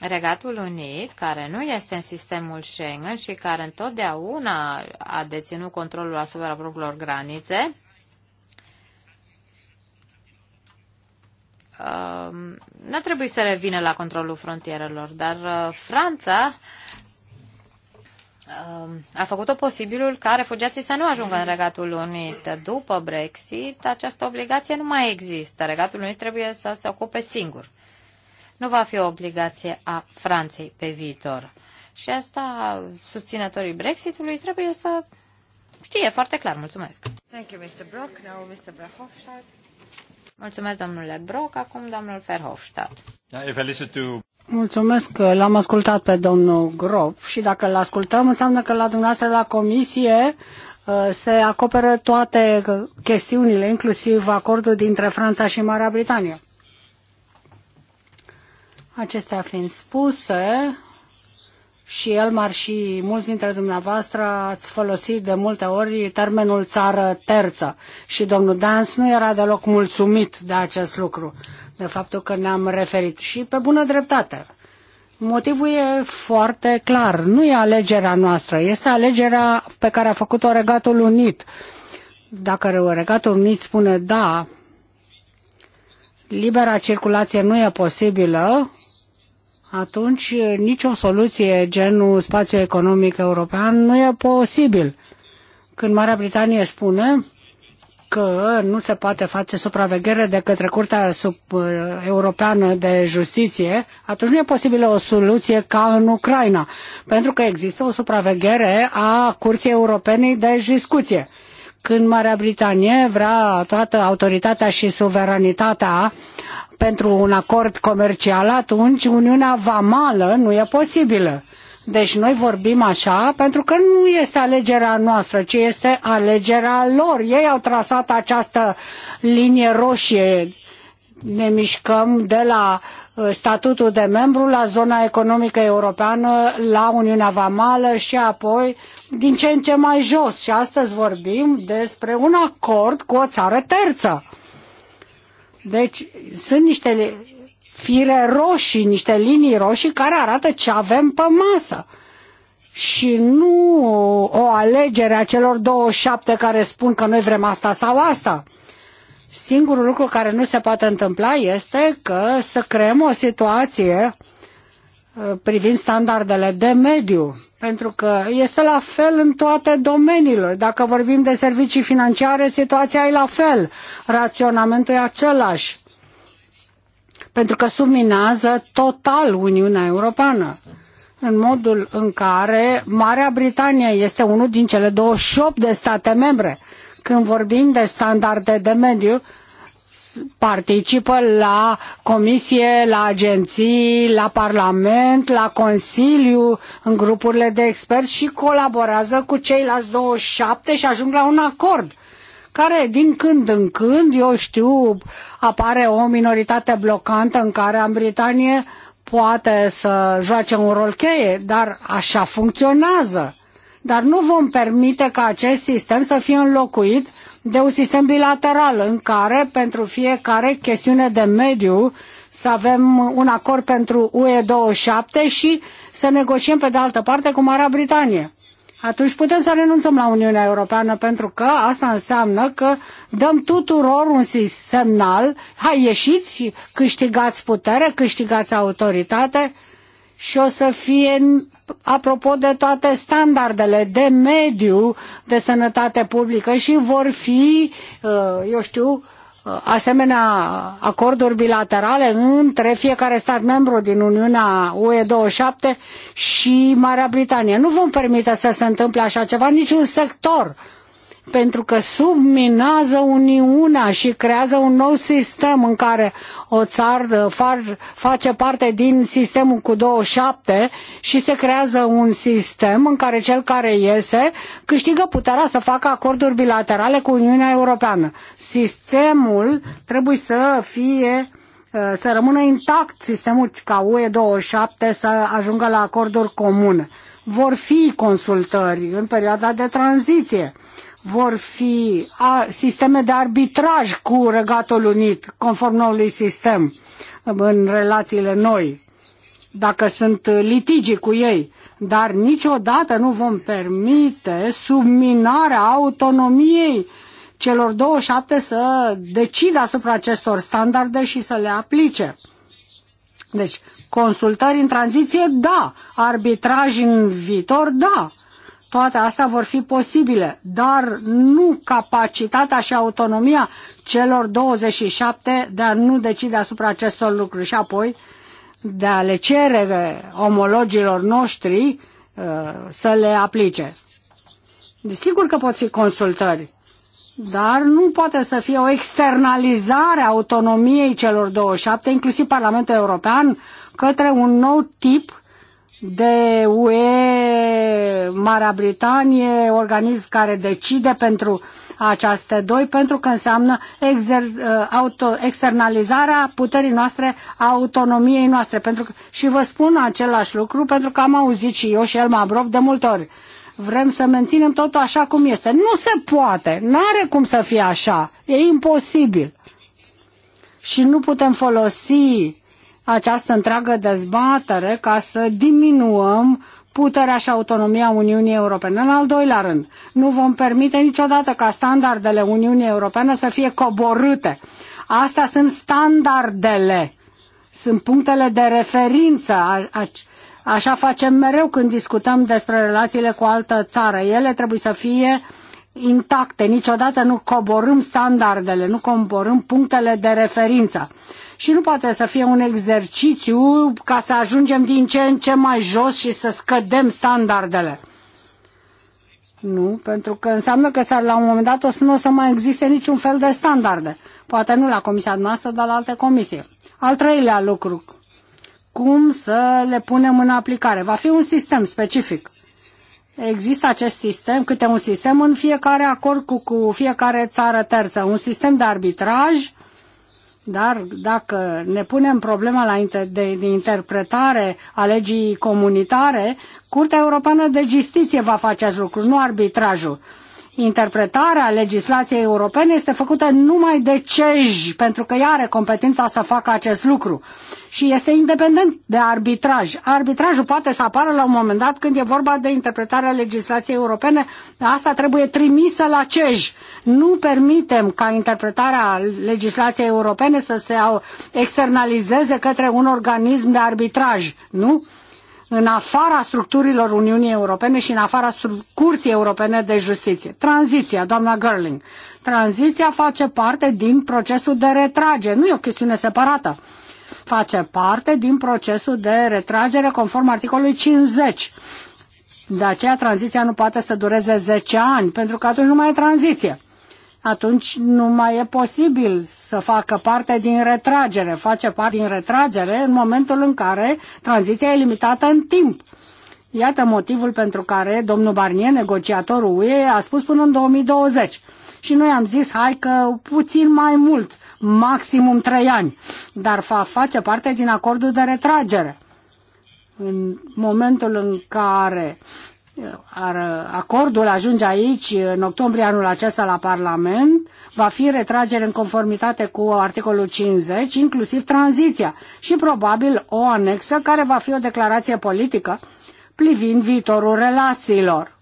Regatul Unit, care nu este în sistemul Schengen și care întotdeauna a deținut controlul asupra propriilor granițe, Um, nu a trebuit să revină la controlul frontierelor, dar uh, Franța um, a făcut-o posibilul ca refugiații să nu ajungă în Regatul Unit. După Brexit, această obligație nu mai există. Regatul Unit trebuie să se ocupe singur. Nu va fi o obligație a Franței pe viitor. Și asta susținătorii Brexitului trebuie să știe foarte clar. Mulțumesc. Thank you, Mr. Brock. Now, Mr. Mulțumesc, domnule Broc. Acum, domnul Verhofstadt. Da, Mulțumesc că l-am ascultat pe domnul Grop și dacă îl ascultăm înseamnă că la dumneavoastră la comisie uh, se acoperă toate uh, chestiunile, inclusiv acordul dintre Franța și Marea Britanie. Acestea fiind spuse, și Elmar și mulți dintre dumneavoastră ați folosit de multe ori termenul țară terță și domnul Dans nu era deloc mulțumit de acest lucru, de faptul că ne-am referit și pe bună dreptate. Motivul e foarte clar, nu e alegerea noastră, este alegerea pe care a făcut-o Regatul Unit. Dacă Regatul Unit spune da, libera circulație nu e posibilă, atunci eh, nicio soluție genul spațiu economic european nu e posibil. Când Marea Britanie spune că nu se poate face supraveghere de către Curtea Sub eh, Europeană de Justiție, atunci nu e posibilă o soluție ca în Ucraina, pentru că există o supraveghere a Curții Europene de Justiție când Marea Britanie vrea toată autoritatea și suveranitatea pentru un acord comercial, atunci Uniunea Vamală nu e posibilă. Deci noi vorbim așa pentru că nu este alegerea noastră, ci este alegerea lor. Ei au trasat această linie roșie. Ne mișcăm de la Uh, statutul de membru la zona economică europeană, la Uniunea Vamală și apoi din ce în ce mai jos. Și astăzi vorbim despre un acord cu o țară terță. Deci sunt niște fire roșii, niște linii roșii care arată ce avem pe masă și nu o alegere a celor două șapte care spun că noi vrem asta sau asta. Singurul lucru care nu se poate întâmpla este că să creăm o situație uh, privind standardele de mediu, pentru că este la fel în toate domeniile. Dacă vorbim de servicii financiare, situația e la fel, raționamentul e același, pentru că subminează total Uniunea Europeană în modul în care Marea Britanie este unul din cele 28 de state membre când vorbim de standarde de mediu, participă la comisie, la agenții, la parlament, la consiliu, în grupurile de experți și colaborează cu ceilalți 27 și ajung la un acord care din când în când, eu știu, apare o minoritate blocantă în care în Britanie poate să joace un rol cheie, dar așa funcționează dar nu vom permite ca acest sistem să fie înlocuit de un sistem bilateral în care pentru fiecare chestiune de mediu să avem un acord pentru UE27 și să negociem pe de altă parte cu Marea Britanie. Atunci putem să renunțăm la Uniunea Europeană pentru că asta înseamnă că dăm tuturor un semnal, hai ieșiți, câștigați putere, câștigați autoritate și o să fie apropo de toate standardele de mediu, de sănătate publică și vor fi, uh, eu știu, uh, asemenea acorduri bilaterale între fiecare stat membru din Uniunea UE27 și Marea Britanie. Nu vom permite să se întâmple așa ceva, niciun sector pentru că subminează Uniunea și creează un nou sistem în care o țară far, face parte din sistemul cu 27 și se creează un sistem în care cel care iese câștigă puterea să facă acorduri bilaterale cu Uniunea Europeană. Sistemul trebuie să fie uh, să rămână intact sistemul ca UE27 să ajungă la acorduri comune. Vor fi consultări în perioada de tranziție vor fi a, sisteme de arbitraj cu Regatul Unit, conform noului sistem, în relațiile noi, dacă sunt litigii cu ei. Dar niciodată nu vom permite subminarea autonomiei celor 27 să decidă asupra acestor standarde și să le aplice. Deci, consultări în tranziție, da. Arbitraj în viitor, da toate astea vor fi posibile, dar nu capacitatea și autonomia celor 27 de a nu decide asupra acestor lucruri și apoi de a le cere omologilor noștri uh, să le aplice. Sigur că pot fi consultări, dar nu poate să fie o externalizare a autonomiei celor 27, inclusiv Parlamentul European, către un nou tip de UE, Marea Britanie, organism care decide pentru aceste doi, pentru că înseamnă exer- uh, auto, externalizarea puterii noastre, autonomiei noastre. Pentru că, și vă spun același lucru, pentru că am auzit și eu și el abrop de multe ori. Vrem să menținem totul așa cum este. Nu se poate, nu are cum să fie așa, e imposibil. Și nu putem folosi această întreagă dezbatere ca să diminuăm puterea și autonomia Uniunii Europene. În al doilea rând, nu vom permite niciodată ca standardele Uniunii Europene să fie coborâte. Astea sunt standardele, sunt punctele de referință. Așa facem mereu când discutăm despre relațiile cu altă țară. Ele trebuie să fie intacte. Niciodată nu coborâm standardele, nu coborâm punctele de referință și nu poate să fie un exercițiu ca să ajungem din ce în ce mai jos și să scădem standardele. Nu, pentru că înseamnă că la un moment dat o să nu o să mai existe niciun fel de standarde. Poate nu la comisia noastră, dar la alte comisii. Al treilea lucru, cum să le punem în aplicare. Va fi un sistem specific. Există acest sistem, câte un sistem în fiecare acord cu, cu fiecare țară terță, un sistem de arbitraj dar dacă ne punem problema la inter- de, de interpretare a legii comunitare, Curtea Europeană de Justiție va face acest lucru, nu arbitrajul interpretarea legislației europene este făcută numai de CEJ, pentru că ea are competența să facă acest lucru. Și este independent de arbitraj. Arbitrajul poate să apară la un moment dat când e vorba de interpretarea legislației europene. Asta trebuie trimisă la CEJ. Nu permitem ca interpretarea legislației europene să se externalizeze către un organism de arbitraj. Nu? în afara structurilor Uniunii Europene și în afara Curții Europene de Justiție. Tranziția, doamna Gerling. Tranziția face parte din procesul de retragere. Nu e o chestiune separată. Face parte din procesul de retragere conform articolului 50. De aceea tranziția nu poate să dureze 10 ani, pentru că atunci nu mai e tranziție atunci nu mai e posibil să facă parte din retragere. Face parte din retragere în momentul în care tranziția e limitată în timp. Iată motivul pentru care domnul Barnier, negociatorul UE, a spus până în 2020. Și noi am zis, hai că puțin mai mult, maximum trei ani, dar face parte din acordul de retragere. În momentul în care acordul ajunge aici în octombrie anul acesta la Parlament, va fi retragere în conformitate cu articolul 50, inclusiv tranziția și probabil o anexă care va fi o declarație politică privind viitorul relațiilor.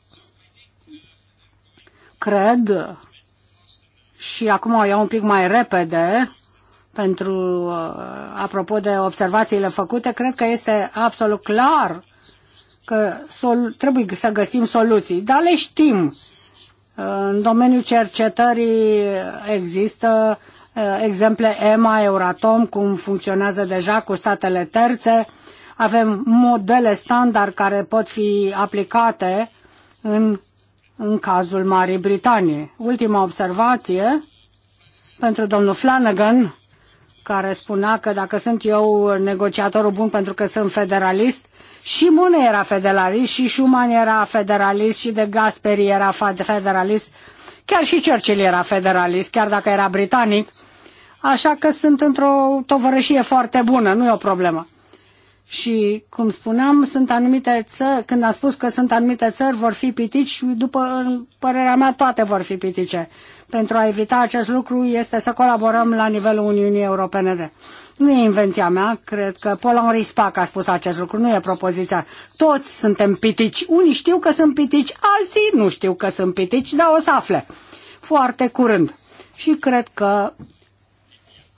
Cred, și acum o iau un pic mai repede, pentru, uh, apropo de observațiile făcute, cred că este absolut clar că trebuie să găsim soluții, dar le știm. În domeniul cercetării există uh, exemple EMA, Euratom, cum funcționează deja cu statele terțe. Avem modele standard care pot fi aplicate în, în cazul Marii Britanie. Ultima observație pentru domnul Flanagan, care spunea că dacă sunt eu negociatorul bun pentru că sunt federalist, și Mune era federalist, și Schumann era federalist, și de Gasperi era federalist, chiar și Churchill era federalist, chiar dacă era britanic. Așa că sunt într-o tovărășie foarte bună, nu e o problemă. Și, cum spuneam, sunt anumite țări, când am spus că sunt anumite țări, vor fi pitici, după părerea mea, toate vor fi pitice pentru a evita acest lucru este să colaborăm la nivelul Uniunii Europene. De. Nu e invenția mea, cred că Paul Henri Spac a spus acest lucru, nu e propoziția. Toți suntem pitici, unii știu că sunt pitici, alții nu știu că sunt pitici, dar o să afle foarte curând. Și cred că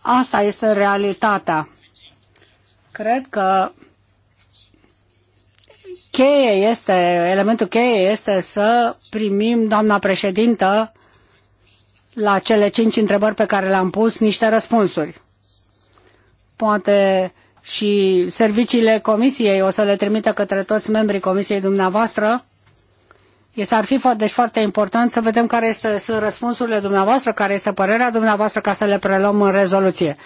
asta este realitatea. Cred că cheie este, elementul cheie este să primim, doamna președintă, la cele cinci întrebări pe care le-am pus niște răspunsuri. Poate și serviciile comisiei o să le trimită către toți membrii comisiei dumneavoastră. Este ar fi deci foarte important să vedem care este, sunt răspunsurile dumneavoastră, care este părerea dumneavoastră ca să le preluăm în rezoluție.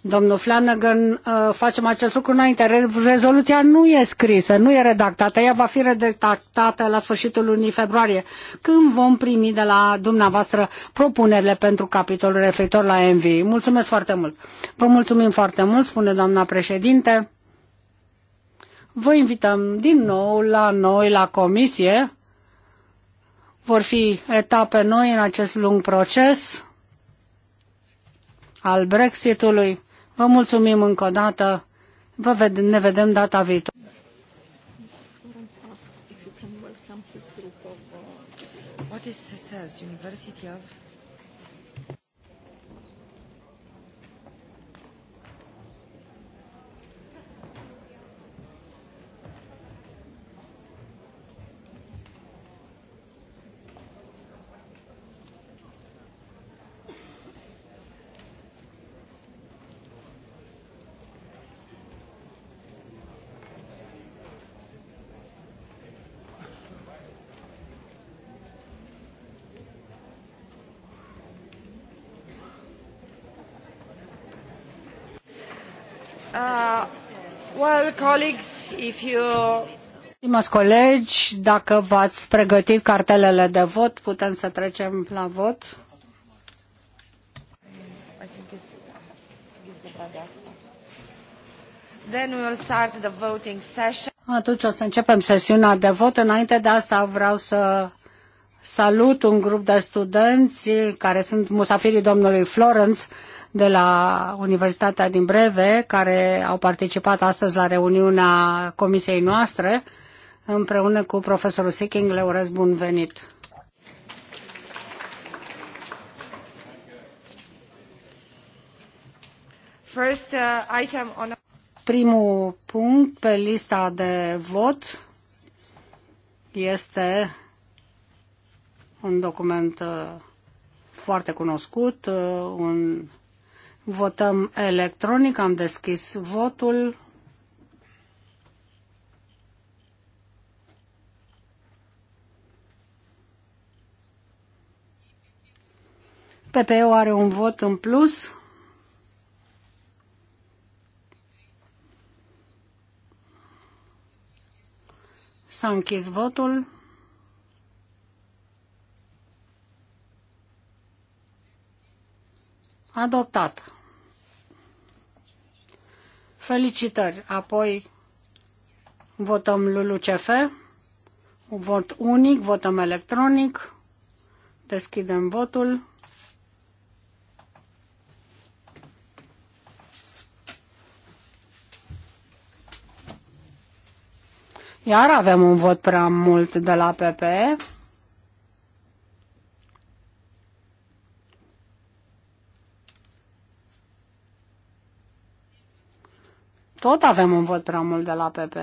Domnul Flanagan, uh, facem acest lucru înainte. Rezoluția nu e scrisă, nu e redactată. Ea va fi redactată la sfârșitul lunii februarie, când vom primi de la dumneavoastră propunerile pentru capitolul referitor la MV. Mulțumesc foarte mult. Vă mulțumim foarte mult, spune doamna președinte. Vă invităm din nou la noi, la comisie. Vor fi etape noi în acest lung proces al Brexitului. Vă mulțumim încă o dată. Vă ved- ne vedem data viitoare. What is University of? Uh, well, colleagues, if you... Stimați colegi, dacă v-ați pregătit cartelele de vot, putem să trecem la vot. Then we will start the voting session. Atunci o să începem sesiunea de vot. Înainte de asta vreau să salut un grup de studenți care sunt musafirii domnului Florence, de la Universitatea din Breve, care au participat astăzi la reuniunea comisiei noastre, împreună cu profesorul Sicking. Le urez bun venit! First, uh, item on... Primul punct pe lista de vot este un document uh, foarte cunoscut, uh, un Votăm electronic, am deschis votul. PPO are un vot în plus. S-a închis votul. Adoptat. Felicitări. Apoi votăm LULUCF. Vot unic, votăm electronic. Deschidem votul. Iar avem un vot prea mult de la PPE. Tot avem un vot prea mult de la PP.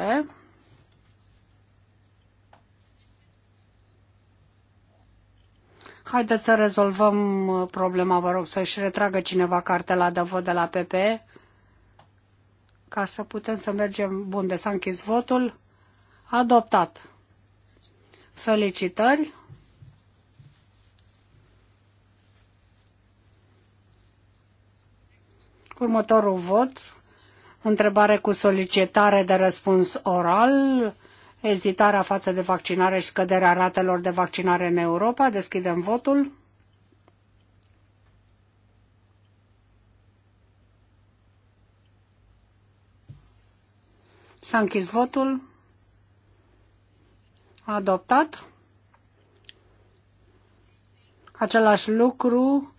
Haideți să rezolvăm uh, problema, vă rog, să-și retragă cineva cartela de vot de la PP ca să putem să mergem. Bun, de s-a închis votul. Adoptat. Felicitări. Următorul vot Întrebare cu solicitare de răspuns oral, ezitarea față de vaccinare și scăderea ratelor de vaccinare în Europa. Deschidem votul. S-a închis votul. Adoptat. Același lucru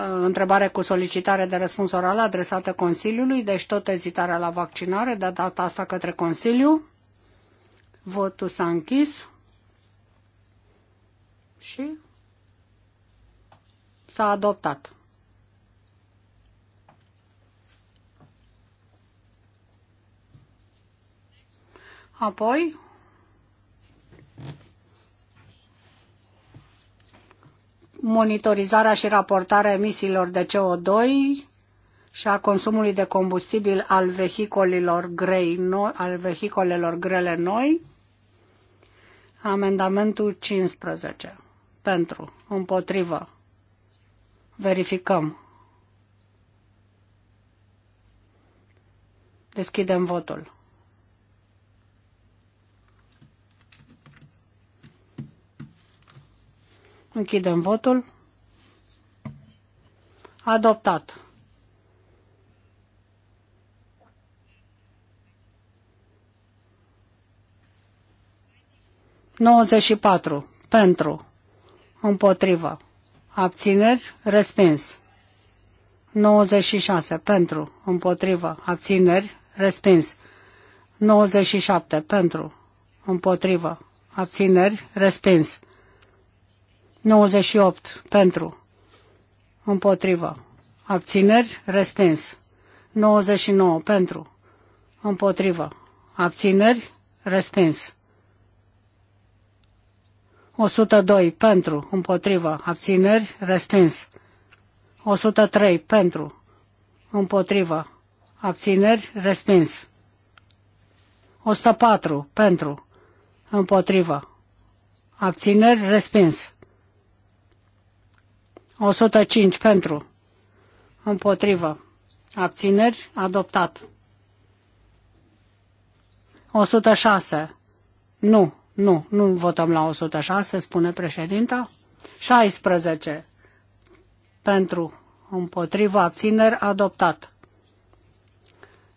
întrebare cu solicitare de răspuns oral adresată Consiliului, deci tot ezitarea la vaccinare, de data asta către Consiliu. Votul s-a închis și s-a adoptat. Apoi, monitorizarea și raportarea emisiilor de CO2 și a consumului de combustibil al vehicolelor, grei noi, al vehicolelor grele noi. Amendamentul 15. Pentru. Împotrivă. Verificăm. Deschidem votul. Închidem votul. Adoptat. Nouăzeci și patru. Pentru. Împotrivă. Abțineri. Respins. 96. Pentru. Împotrivă. Abțineri. Respins. 97. Pentru. Împotrivă. Abțineri. Respins. 98 pentru. Împotrivă. Abțineri. Respins. 99 pentru. Împotrivă. Abțineri. Respins. 102 pentru. Împotrivă. Abțineri. Respins. 103 pentru. Împotrivă. Abțineri. Respins. 104 pentru. Împotrivă. Abțineri. Respins. 105 pentru. Împotrivă. Abțineri. Adoptat. 106. Nu, nu, nu votăm la 106, spune președinta. 16. Pentru. Împotrivă. Abțineri. Adoptat.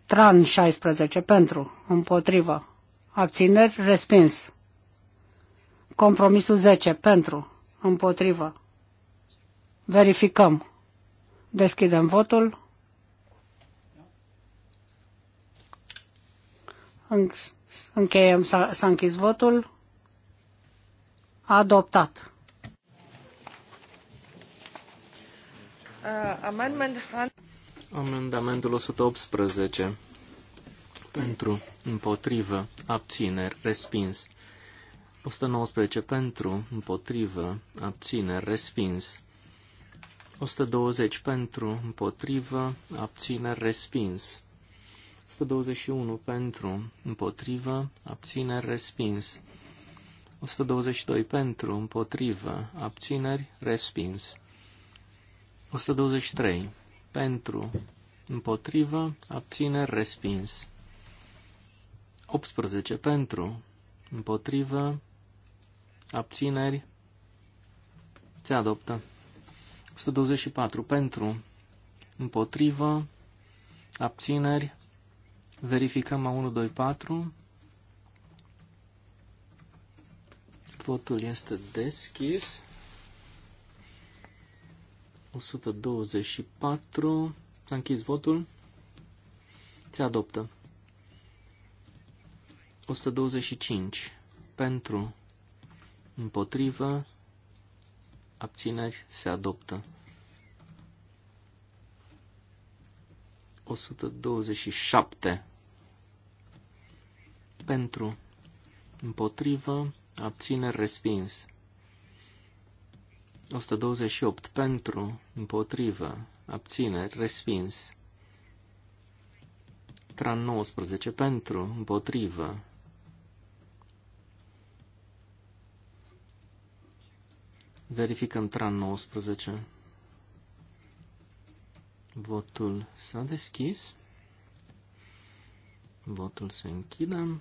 Tran 16. Pentru. Împotrivă. Abțineri. Respins. Compromisul 10. Pentru. Împotrivă. Verificăm. Deschidem votul. Încheiem, s-a închis votul. Adoptat. Uh, Amendamentul 118. Pentru, împotrivă, abțineri, respins. 119 pentru, împotrivă, abțineri, respins. 120 pentru, împotrivă, abțineri, respins. 121 pentru, împotrivă, abțineri, respins. 122 pentru, împotrivă, abțineri, respins. 123 pentru, împotrivă, abțineri, respins. 18 pentru, împotrivă, abțineri, se adoptă. 124 pentru, împotrivă, abțineri, verificăm a 4. Votul este deschis. 124. S-a închis votul. Se adoptă. 125. Pentru. Împotrivă abțineri, se adoptă. 127 pentru, împotrivă, abțineri, respins. 128 pentru, împotrivă, abțineri, respins. Tran 19 pentru, împotrivă, Verificăm tran 19. Votul s-a deschis. Votul se închide.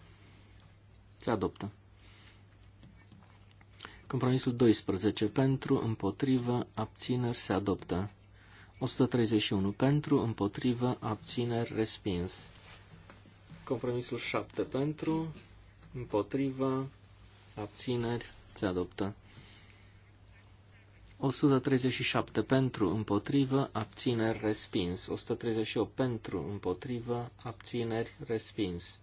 Se adoptă. Compromisul 12 pentru, împotrivă, abțineri se adoptă. 131 pentru, împotrivă, abțineri respins. Compromisul 7 pentru, împotrivă, abțineri se adoptă. 137 pentru, împotrivă, abțineri, respins. 138 pentru, împotrivă, abțineri, respins.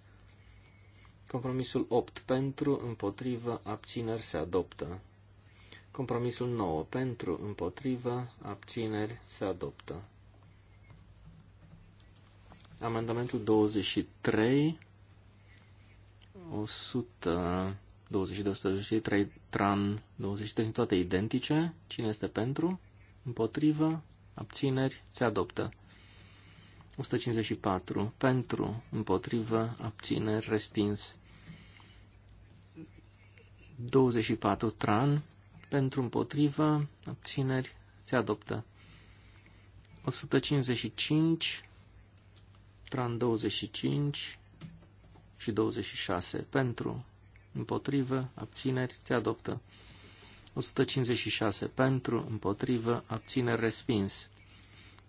Compromisul 8 pentru, împotrivă, abțineri, se adoptă. Compromisul 9 pentru, împotrivă, abțineri, se adoptă. Amendamentul 23, 100. 22-123, tran 23 sunt toate identice. Cine este pentru? Împotrivă? Abțineri? Se adoptă. 154. Pentru, împotrivă, abțineri, respins. 24. Tran. Pentru, împotrivă, abțineri, se adoptă. 155. Tran 25 și 26. Pentru, împotrivă, abțineri, se adoptă. 156 pentru, împotrivă, abțineri, respins.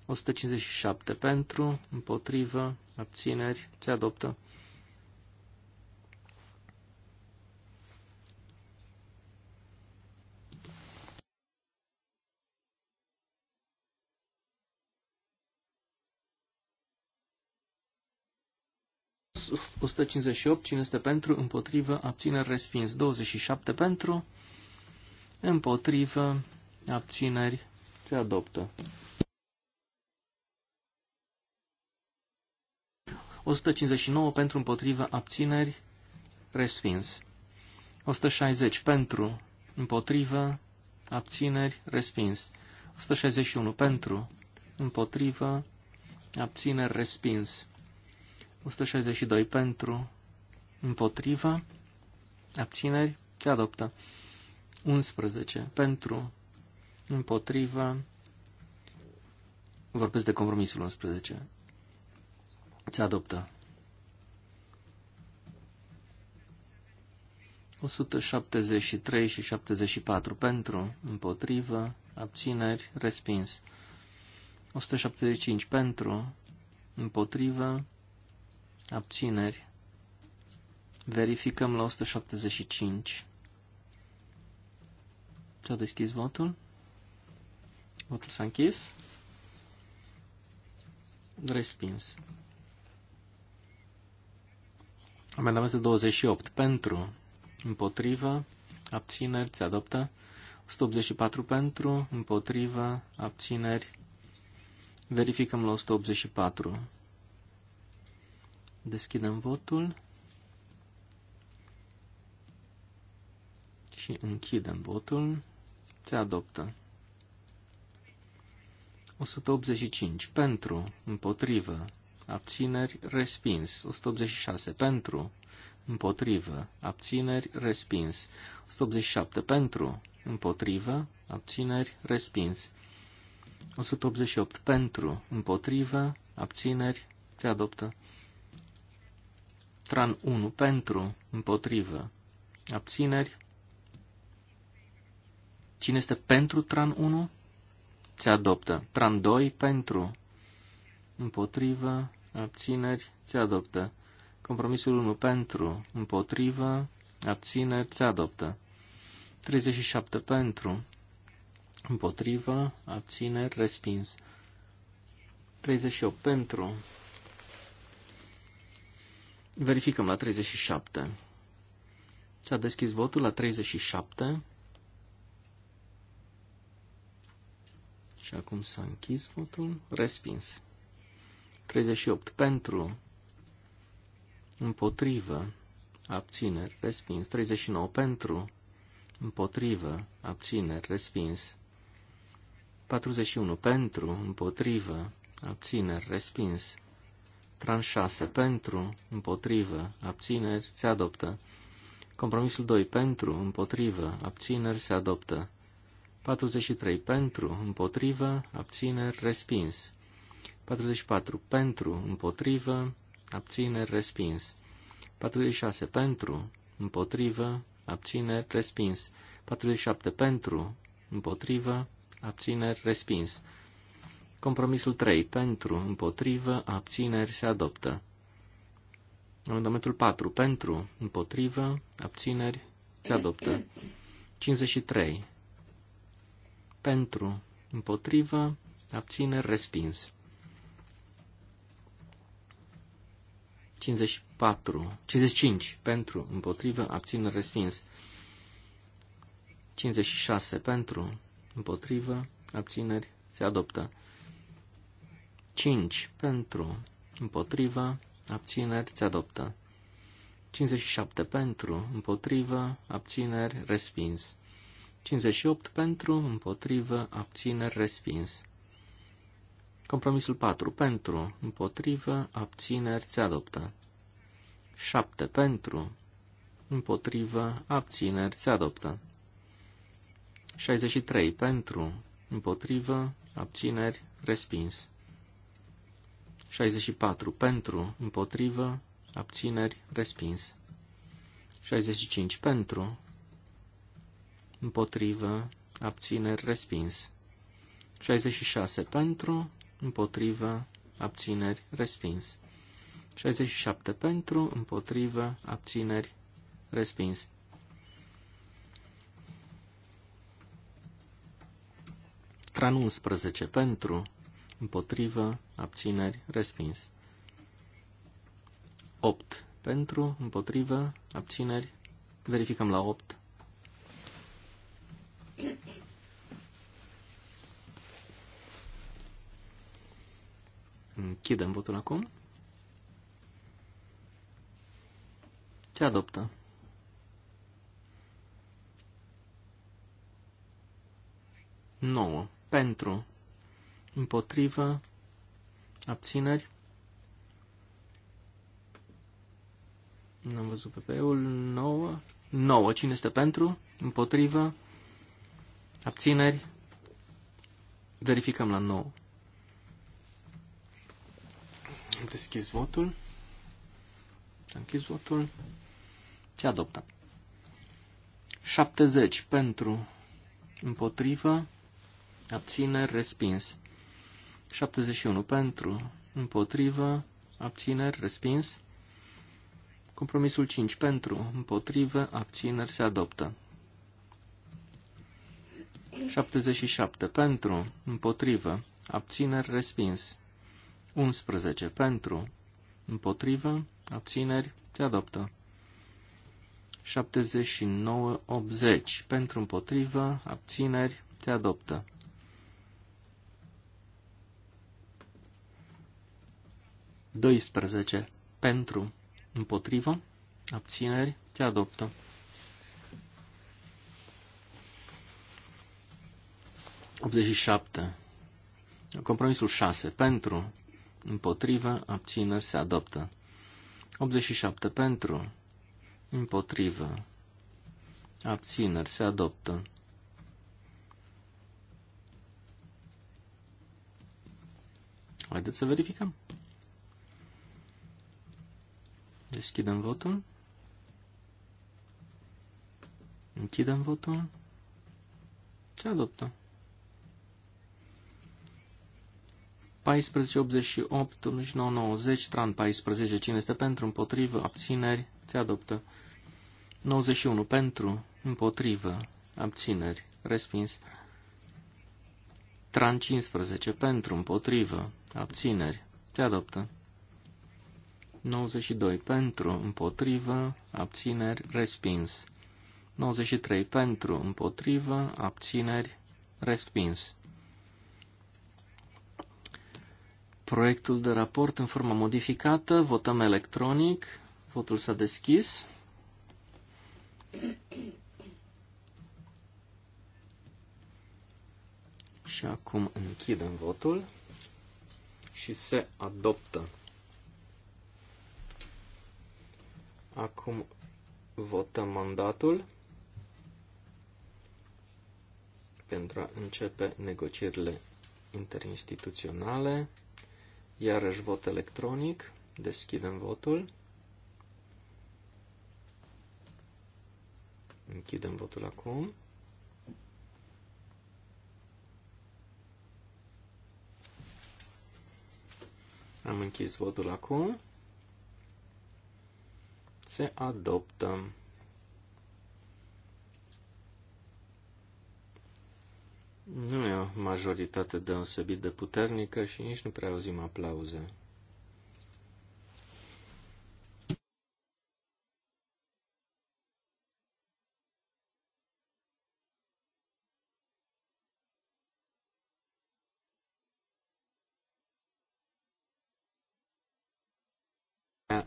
157 pentru, împotrivă, abțineri, se adoptă. 158, cine este pentru, împotrivă, abțineri, respins. 27 pentru, împotrivă, abțineri, se adoptă. 159 pentru, împotrivă, abțineri, respins. 160 pentru, împotrivă, abțineri, respins. 161 pentru, împotrivă, abțineri, respins. 162 pentru, împotriva, abțineri, se adoptă. 11 pentru, împotriva, vorbesc de compromisul 11, se adoptă. 173 și 74 pentru, împotrivă, abțineri, respins. 175 pentru, împotrivă, abțineri, verificăm la 175. S-a deschis votul. Votul s-a închis. Respins. Amendamentul 28. Pentru, împotrivă, abțineri, se adoptă. 184 pentru, împotrivă, abțineri. Verificăm la 184. Deschidem votul și închidem votul. Se adoptă. 185 pentru, împotrivă, abțineri, respins. 186 pentru, împotrivă, abțineri, respins. 187 pentru, împotrivă, abțineri, respins. 188 pentru, împotrivă, abțineri, se adoptă. Tran 1 pentru, împotrivă, abțineri. Cine este pentru Tran 1? Se adoptă. Tran 2 pentru, împotrivă, abțineri, se adoptă. Compromisul 1 pentru, împotrivă, abțineri, se adoptă. 37 pentru, împotrivă, abțineri, respins. 38 pentru, Verificăm la 37. S-a deschis votul la 37. Și acum s-a închis votul. Respins. 38. Pentru. Împotrivă. Abțineri. Respins. 39. Pentru. Împotrivă. Abțineri. Respins. 41. Pentru. Împotrivă. Abțineri. Respins. Tranșase pentru, împotrivă, abțineri, se adoptă. Compromisul 2 pentru, împotrivă, abțineri, se adoptă. 43 pentru, împotrivă, abțineri, respins. 44 pentru, împotrivă, abțineri, respins. 46 pentru, împotrivă, abțineri, respins. 47 pentru, împotrivă, abțineri, respins. Compromisul 3. Pentru, împotrivă, abțineri se adoptă. Amendamentul 4. Pentru, împotrivă, abțineri se adoptă. 53. Pentru, împotrivă, abțineri respins. 54, 55 pentru, împotrivă, abțineri respins. 56 pentru, împotrivă, abțineri se adoptă. 5 pentru, împotriva, abțineri, se adoptă. 57 pentru, împotrivă, abțineri, respins. 58 pentru, împotrivă, abțineri, respins. Compromisul 4 pentru, împotrivă, abțineri, se adoptă. 7 pentru, împotrivă, abțineri, se adoptă. 63 pentru, împotrivă, abțineri, respins. 64 pentru, împotrivă, abțineri, respins. 65 pentru, împotrivă, abțineri, respins. 66 pentru, împotrivă, abțineri, respins. 67 pentru, împotrivă, abțineri, respins. Tran 11 pentru, împotrivă, abțineri, respins. 8 pentru, împotrivă, abțineri, verificăm la 8. Închidem votul acum. Se adoptă. Nouă. Pentru împotrivă, abțineri. N-am văzut PP-ul, 9, 9, cine este pentru, împotrivă, abțineri, verificăm la 9. Am deschis votul, am închis votul, se adoptă. 70 pentru, împotrivă, abțineri, respins. 71 pentru, împotrivă, abțineri, respins. Compromisul 5 pentru, împotrivă, abțineri, se adoptă. 77 pentru, împotrivă, abțineri, respins. 11 pentru, împotrivă, abțineri, se adoptă. 79-80 pentru împotrivă, abțineri, se adoptă. 12 pentru, împotrivă, abțineri, se adoptă. Compromisul 6. Pentru, împotrivă, abțineri, se adoptă. 87. Pentru, împotrivă, abțineri, se adoptă. să verificăm. Deschidem votul. Închidem votul. Se adoptă. 14, 88, 99, 90, tran 14, cine este pentru, împotrivă, abțineri, se adoptă. 91, pentru, împotrivă, abțineri, respins. Tran 15, pentru, împotrivă, abțineri, se adoptă. 92 pentru, împotrivă, abțineri, respins. 93 pentru, împotrivă, abțineri, respins. Proiectul de raport în formă modificată, votăm electronic, votul s-a deschis. Și acum închidem votul și se adoptă Acum votăm mandatul pentru a începe negocierile interinstituționale. Iarăși vot electronic. Deschidem votul. Închidem votul acum. Am închis votul acum se adoptă. Nu e o majoritate deosebit de puternică și nici nu prea auzim aplauze.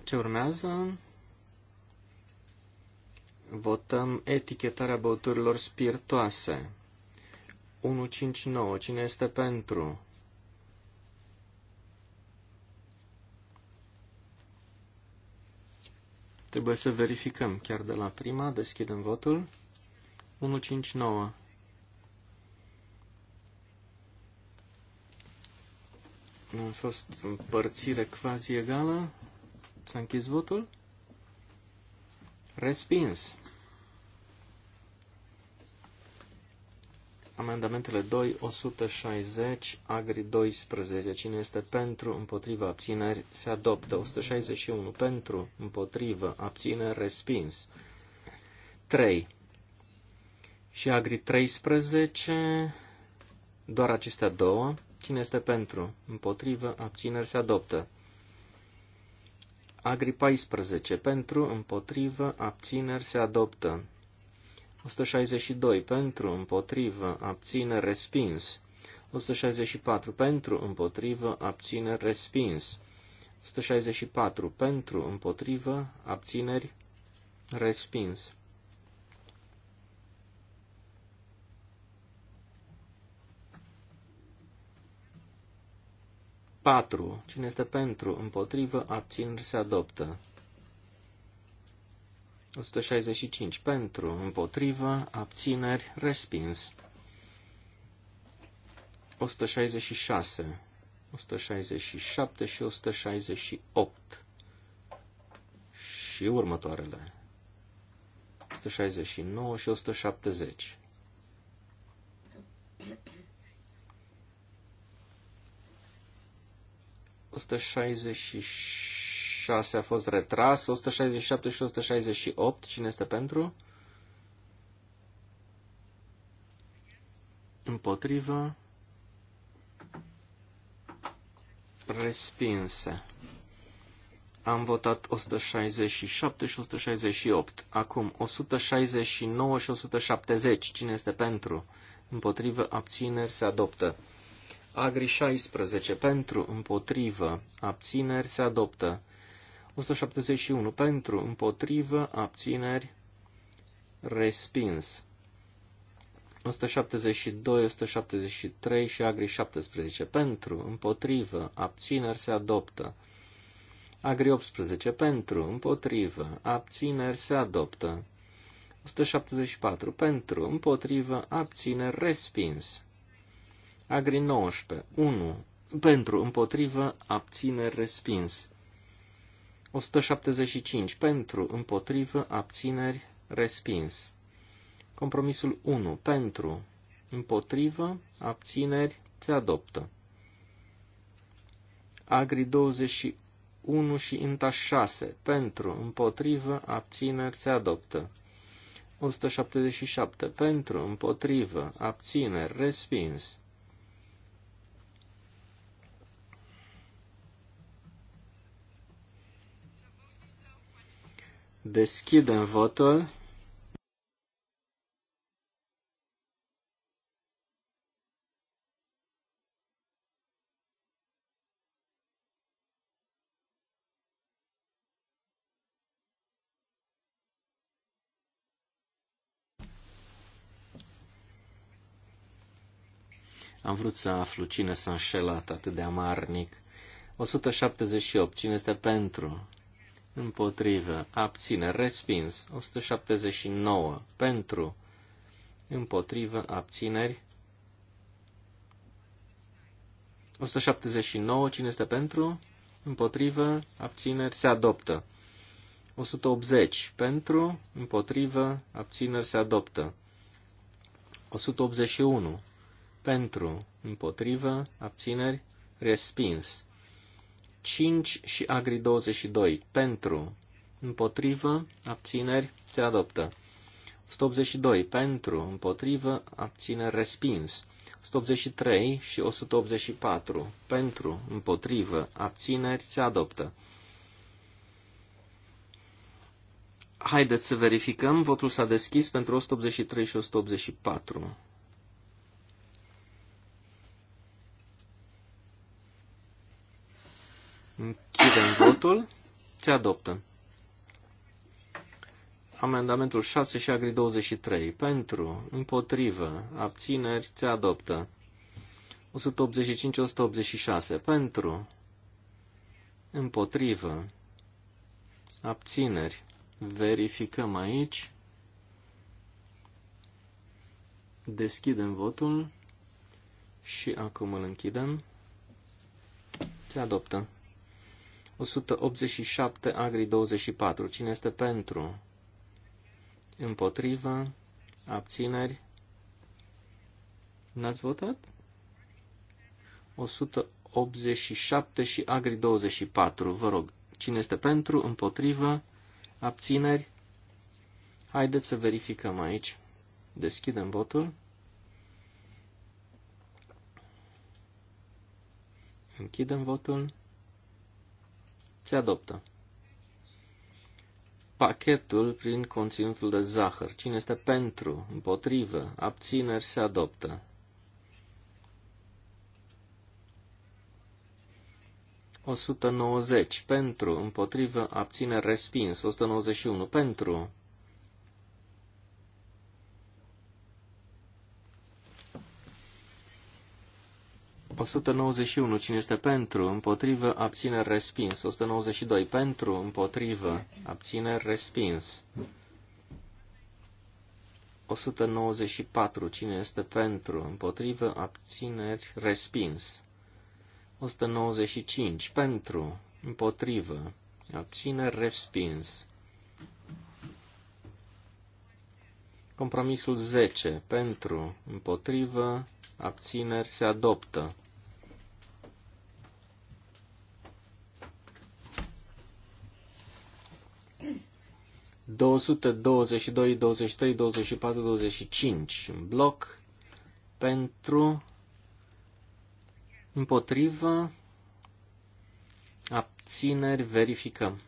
Ce urmează? Votăm etichetarea băuturilor spiritoase. 159. Cine este pentru? Trebuie să verificăm chiar de la prima. Deschidem votul. 159. A fost împărțire quasi egală. S-a închis votul. Respins. Amendamentele 2, 160, agri 12. Cine este pentru, împotrivă, abțineri, se adoptă. 161 pentru, împotrivă, abțineri, respins. 3. Și agri 13, doar acestea două. Cine este pentru, împotrivă, abțineri, se adoptă. Agri 14. Pentru, împotrivă, abțineri, se adoptă. 162 pentru, împotrivă, abține, respins. 164 pentru, împotrivă, abține, respins. 164 pentru, împotrivă, abțineri, respins. Patru. Cine este pentru, împotrivă, abțineri se adoptă. 165 pentru, împotrivă, abțineri, respins. 166, 167 și 168 și următoarele. 169 și 170. Osta 166 a fost retras, 167 și 168, cine este pentru? Împotrivă. Respinse. Am votat 167 și 168. Acum 169 și 170. Cine este pentru? Împotrivă abțineri se adoptă. Agri 16 pentru, împotrivă, abțineri se adoptă. 171 pentru, împotrivă, abțineri, respins. 172, 173 și Agri 17 pentru, împotrivă, abțineri se adoptă. Agri 18 pentru, împotrivă, abțineri se adoptă. 174 pentru, împotrivă, abțineri respins. Agri 19, 1 pentru, împotrivă, abțineri respins. 175 pentru, împotrivă, abțineri, respins. Compromisul 1 pentru, împotrivă, abțineri, se adoptă. Agri 21 și Inta 6 pentru, împotrivă, abțineri, se adoptă. 177 pentru, împotrivă, abțineri, respins. Deschidem votul. Am vrut să aflu cine s-a înșelat atât de amarnic. 178. Cine este pentru? împotrivă, abține, respins, 179, pentru, împotrivă, abțineri, 179, cine este pentru, împotrivă, abțineri, se adoptă. 180, pentru, împotrivă, abțineri, se adoptă. 181, pentru, împotrivă, abțineri, respins. 5 și Agri 22. Pentru, împotrivă, abțineri, se adoptă. 182. Pentru, împotrivă, abțineri, respins. 183 și 184. Pentru, împotrivă, abțineri, se adoptă. Haideți să verificăm. Votul s-a deschis pentru 183 și 184. Se adoptă. Amendamentul 6 și agri 23. Pentru, împotrivă, abțineri, se adoptă. 185-186. Pentru, împotrivă, abțineri. Verificăm aici. Deschidem votul și acum îl închidem. Se adoptă. 187 agri 24. Cine este pentru? Împotrivă? Abțineri? N-ați votat? 187 și agri 24. Vă rog, cine este pentru? Împotrivă? Abțineri? Haideți să verificăm aici. Deschidem votul. Închidem votul. Se adoptă. Pachetul prin conținutul de zahăr. Cine este pentru, împotrivă, abțineri, se adoptă. O 190 pentru, împotrivă, abține, respins. 191 pentru, 191. Cine este pentru, împotrivă, abține, respins. 192. Pentru, împotrivă, abține respins. 194. Cine este pentru, împotrivă, abțineri, respins. 195. Pentru, împotrivă, abțineri, respins. Compromisul 10. Pentru, împotrivă, abțineri, se adoptă. 222, 23, 24, 25 în bloc pentru împotrivă abțineri verificăm.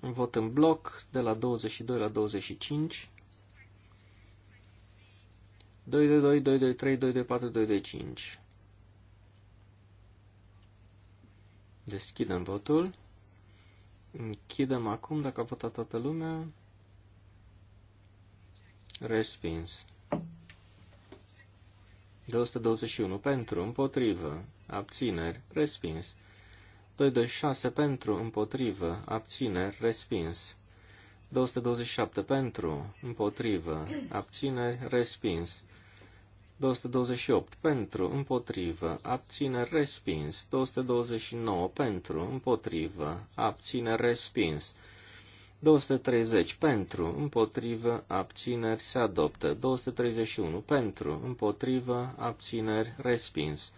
Vot în bloc de la 22 la 25. 222, 223, 224, 225. Deschidem votul. Închidem acum, dacă a votat toată lumea. Respins. 221 pentru, împotrivă, abțineri, respins. 226 pentru, împotrivă, abțineri, respins. 227 pentru, împotrivă, abțineri, respins. 228 pentru, împotrivă, abține, respins. 229 pentru, împotrivă, abține, respins. 230 pentru, împotrivă, abțineri, se adoptă. 231 pentru, împotrivă, abțineri, respins.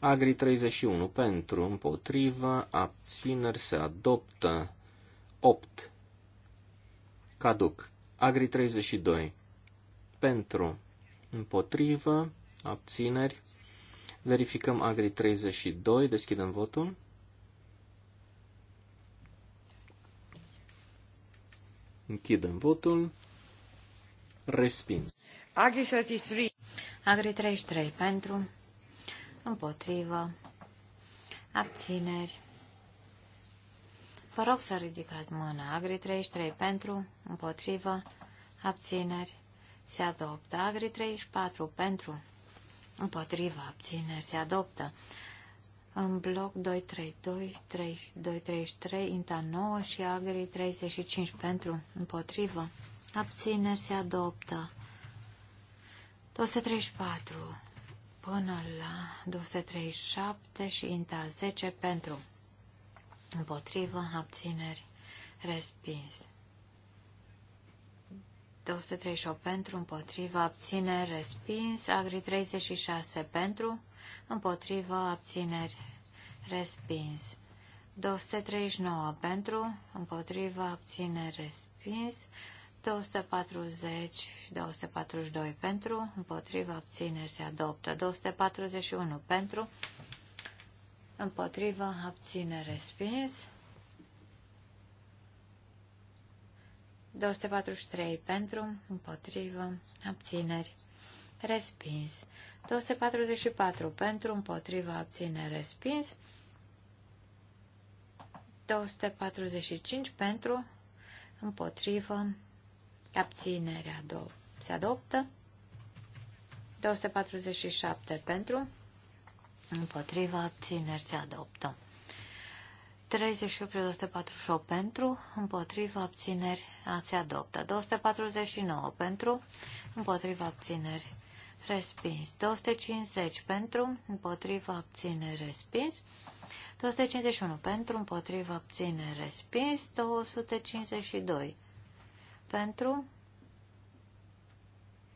Agri 31 pentru, împotrivă, abțineri, se adoptă. 8. Caduc. Agri 32 pentru, împotrivă, abțineri. Verificăm Agri 32, deschidem votul. Închidem votul. Respins. Agri 33. Agri 33 pentru, împotrivă, abțineri. Vă rog să ridicați mâna. Agri 33 pentru, împotrivă, abțineri se adoptă. Agri 34 pentru, împotriva, abțineri, se adoptă. În bloc 232, 233, INTA 9 și Agri 35 pentru, împotrivă, abțineri, se adoptă. 234 până la 237 și INTA 10 pentru, împotrivă, abțineri, respins. 238 pentru, împotriva, abțineri, respins. Agri 36 pentru, împotriva, abțineri, respins. 239 pentru, împotriva, abțineri, respins. 240 și 242 pentru, împotriva, abțineri, se adoptă. 241 pentru, împotriva, abțineri, respins. 243 pentru, împotrivă, abțineri, respins. 244 pentru, împotrivă, abțineri, respins. 245 pentru, împotrivă, abținerea se adoptă. 247 pentru, împotrivă, abțineri se adoptă. 38 248 pentru, împotriva abțineri se adoptă. 249 pentru, împotriva abțineri respins. 250 pentru, împotriva abțineri respins. 251 pentru, împotriva abțineri respins. 252 pentru,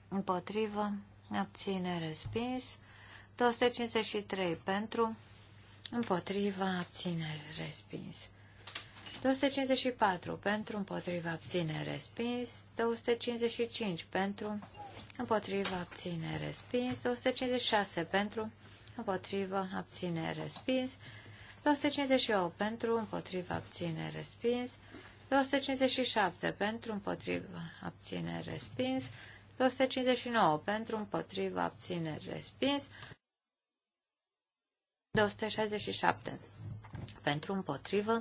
împotriva abțineri respins. 253 pentru, împotriva abține respins. 254 pentru împotriva abține respins, 255 pentru împotriva abține respins, 256 pentru împotriva abține respins, 258 pentru împotriva abține respins, 257 pentru împotriva abține respins, 259 pentru împotriva abține respins, 267. Pentru împotrivă,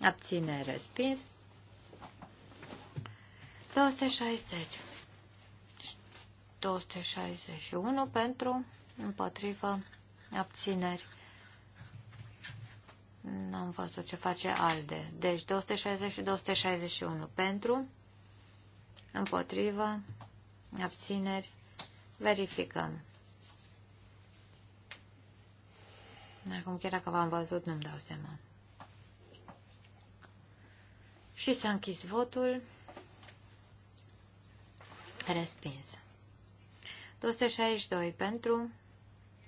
abține respins. 260. 261 pentru împotrivă abțineri. Nu am văzut ce face ALDE. Deci 260 și 261 pentru împotrivă abțineri. Verificăm. Acum chiar dacă v-am văzut, nu-mi dau seama. Și s-a închis votul. Respins. 262 pentru,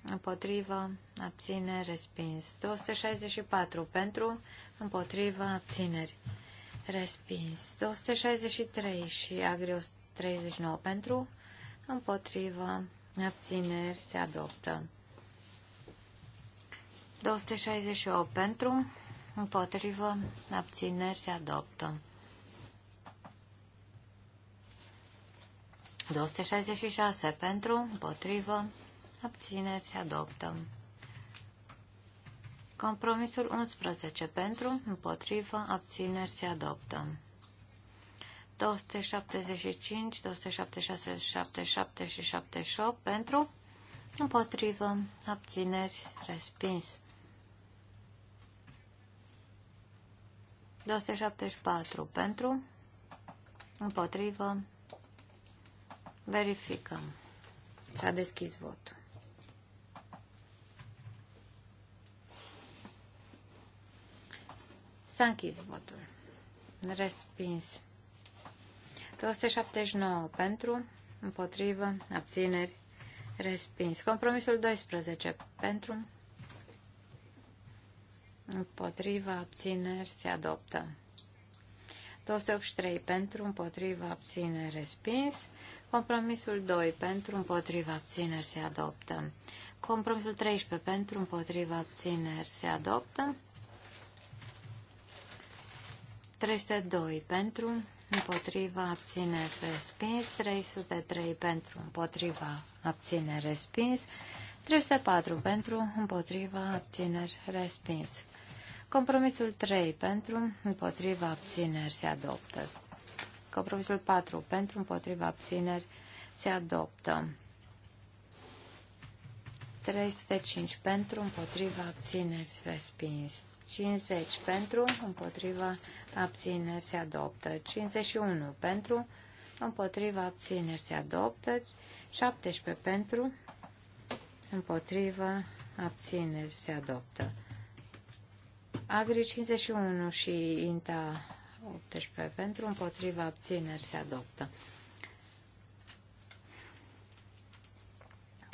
împotrivă, abține, respins. 264 pentru, împotrivă, abțineri, respins. 263 și agrios 39 pentru, împotrivă, abțineri, se adoptă. 268 pentru, împotrivă, abțineri se adoptă. 266 pentru, împotrivă, abțineri se adoptă. Compromisul 11 pentru, împotrivă, abțineri se adoptă. 275, 276, 77 și 78 pentru, împotrivă, abțineri, respins. 274 pentru, împotrivă, verificăm. S-a deschis votul. S-a închis votul. Respins. 279 pentru, împotrivă, abțineri, respins. Compromisul 12 pentru, împotriva abțineri se adoptă. 283 pentru, împotriva abțineri respins. Compromisul 2 pentru, împotriva abțineri se adoptă. Compromisul 13 pentru, împotriva abțineri se adoptă. 302 pentru, împotriva abțineri respins. 303 pentru, împotriva abțineri respins. 304 pentru, împotriva abțineri respins. Compromisul 3 pentru, împotriva abțineri se adoptă. Compromisul 4 pentru, împotriva abțineri se adoptă. 305 pentru, împotriva abțineri respins. 50 pentru, împotriva abțineri se adoptă. 51 pentru, împotriva abțineri se adoptă. 17 pentru, împotriva abțineri se adoptă. Agri 51 și INTA 18 pentru, împotriva abțineri se adoptă.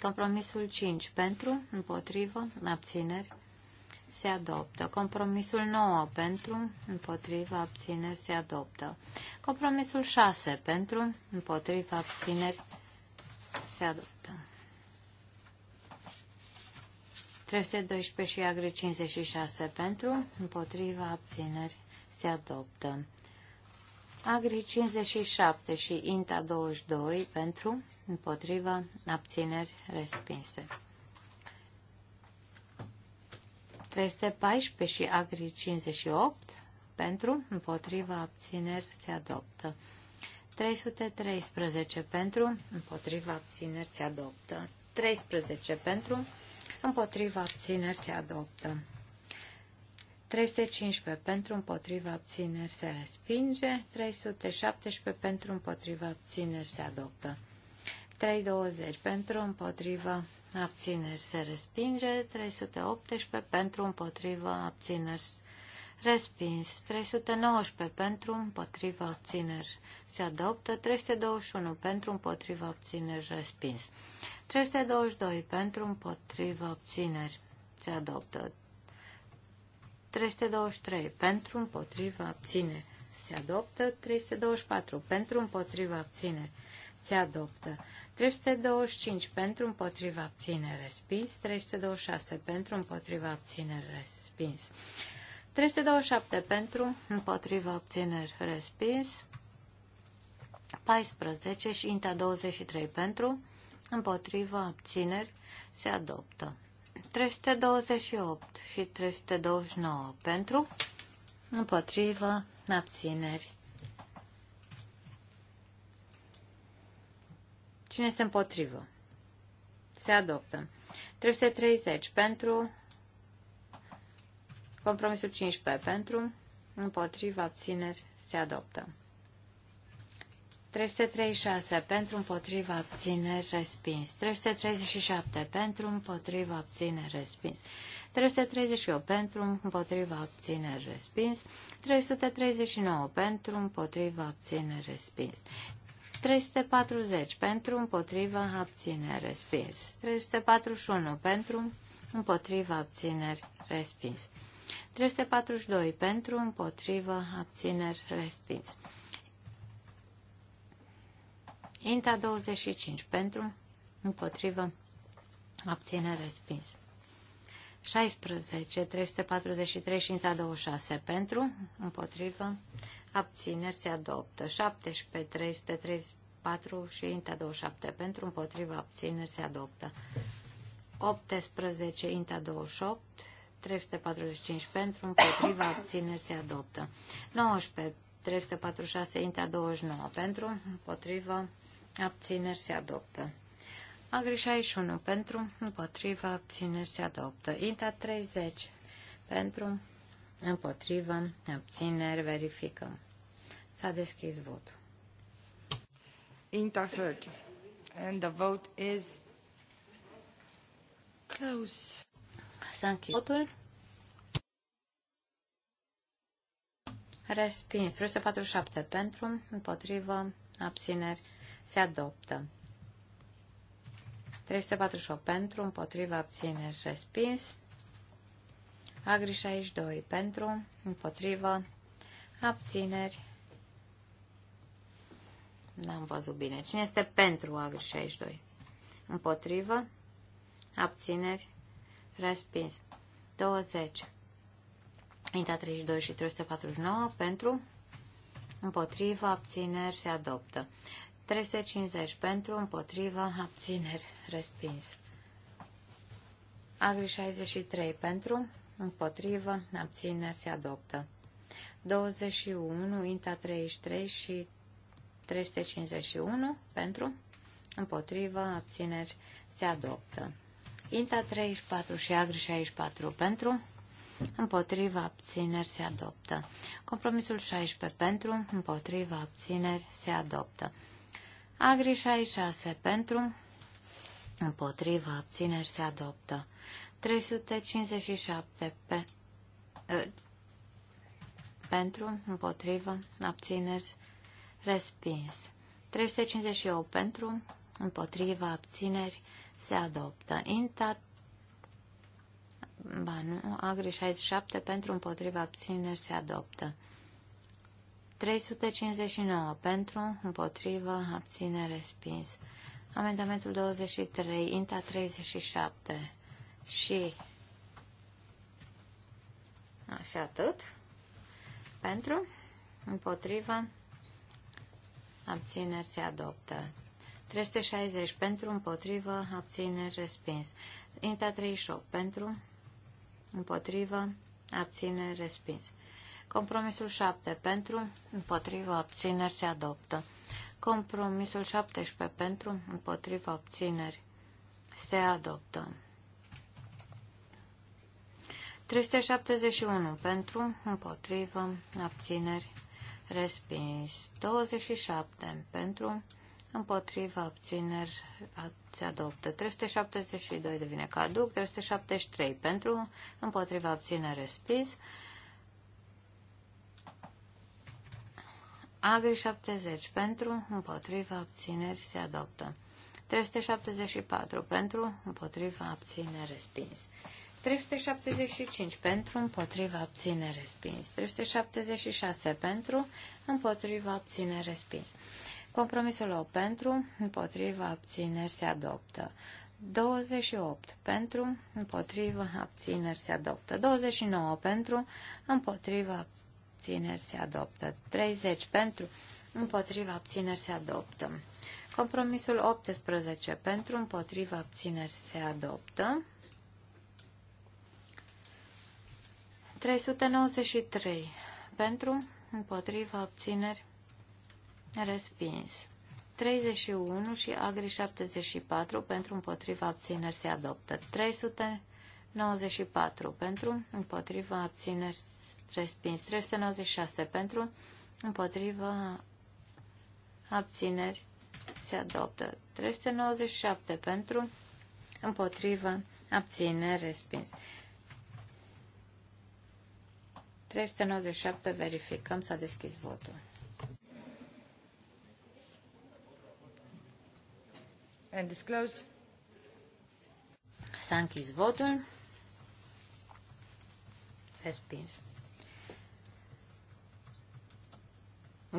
Compromisul 5 pentru, împotrivă, abțineri se adoptă. Compromisul 9 pentru, împotriva abțineri se adoptă. Compromisul 6 pentru, împotriva abțineri se adoptă. 312 și agri 56 pentru, împotriva abțineri se adoptă. Agri 57 și INTA 22 pentru, împotriva abțineri respinse. 314 și agri 58 pentru, împotriva abțineri se adoptă. 313 pentru, împotriva abțineri se adoptă. 13 pentru, împotriva abțineri se adoptă. 315 pentru împotriva abțineri se respinge, 317 pentru împotriva abțineri se adoptă. 320 pentru împotriva abțineri se respinge, 318 pentru împotriva abțineri respins, 319 pentru împotriva abțineri se adoptă, 321 pentru împotriva abțineri respins, 322 pentru împotriva abțineri se adoptă. 323 pentru împotriva abțineri se adoptă. 324 pentru împotriva abțineri se adoptă. 325 pentru împotriva abțineri. respins, 326 pentru împotriva abțineri. respins, 327 pentru împotriva abțineri. respins, 14 și inta 23 pentru împotriva abțineri se adoptă. 328 și 329 pentru, împotriva abțineri. Cine este împotrivă? Se adoptă. 330 pentru, compromisul 15 pentru, împotriva abțineri se adoptă. 336 pentru împotriva abțineri respins. 337 pentru împotriva abțineri respins. 338 pentru împotriva abțineri respins. 339 pentru împotriva abțineri respins. 340 pentru împotriva abțineri respins. 341 pentru împotriva abțineri respins. 342 pentru împotriva abțineri respins. Inta 25 pentru, împotrivă, abține respins. 16, 343 și Inta 26 pentru, împotrivă, abțineri se adoptă. 17, 334 și Inta 27 pentru, împotrivă, abțineri se adoptă. 18, Inta 28 345 pentru, împotriva, abțineri se adoptă. 19, 346, intea 29 pentru, împotriva, abțineri se adoptă. Agri 61 pentru, împotriva, abțineri se adoptă. Inta 30 pentru, împotriva, abțineri, verificăm. S-a deschis votul. Inta 30. And the vote is closed. S-a închis votul. Respins. 347 pentru, împotrivă, abțineri, se adoptă. 348 pentru, împotriva abțineri respins. Agri 62 pentru, împotriva abțineri. N-am văzut bine. Cine este pentru Agri 62? Împotrivă, abțineri, respins. 20. Inta 32 și 349 pentru, împotrivă, abțineri, se adoptă. 350 pentru, împotrivă, abțineri, respins. Agri 63 pentru, împotrivă, abțineri, se adoptă. 21, INTA 33 și 351 pentru, împotrivă, abțineri, se adoptă. INTA 34 și AGRI 64 pentru, împotriva abțineri se adoptă. Compromisul 16 pentru, împotriva abțineri se adoptă. Agri 66 pentru, împotrivă, abțineri se adoptă. 357 pe, ă, pentru, împotrivă, abțineri, respins. 358 pentru, împotrivă, abțineri, se adoptă. Inta, ba nu, agri 67 pentru, împotrivă, abțineri, se adoptă. 359 pentru, împotrivă, abține, respins. Amendamentul 23, INTA 37 și așa atât. Pentru, împotrivă, abțineri se adoptă. 360 pentru, împotrivă, abțineri, respins. INTA 38 pentru, împotrivă, abțineri, respins. Compromisul 7 pentru, împotriva abțineri se adoptă. Compromisul 17 pentru, împotriva abțineri se adoptă. 371 pentru, împotrivă, abțineri, respins. 27 pentru, împotrivă, abțineri, se adoptă. 372 devine caduc, 373 pentru, împotrivă, abțineri, respins. Agri 70 pentru, împotriva, abțineri se adoptă. 374 pentru, împotriva, abțineri respins. 375 pentru, împotriva, abțineri respins. 376 pentru, împotriva, abțineri respins. Compromisul 8 pentru, împotriva, abțineri se adoptă. 28 pentru, împotriva, abțineri se adoptă. 29 pentru, împotriva, abțineri se adoptă. 30 pentru, împotriva abțineri se adoptă. Compromisul 18 pentru, împotriva abțineri se adoptă. 393 pentru, împotriva abțineri respins. 31 și agri 74 pentru împotriva abțineri se adoptă. 394 pentru împotriva abțineri respins. 396 pentru, împotrivă, abțineri, se adoptă. 397 pentru, împotrivă, abțineri, respins. 397 verificăm, s-a deschis votul. And disclose. S-a închis votul. Respins.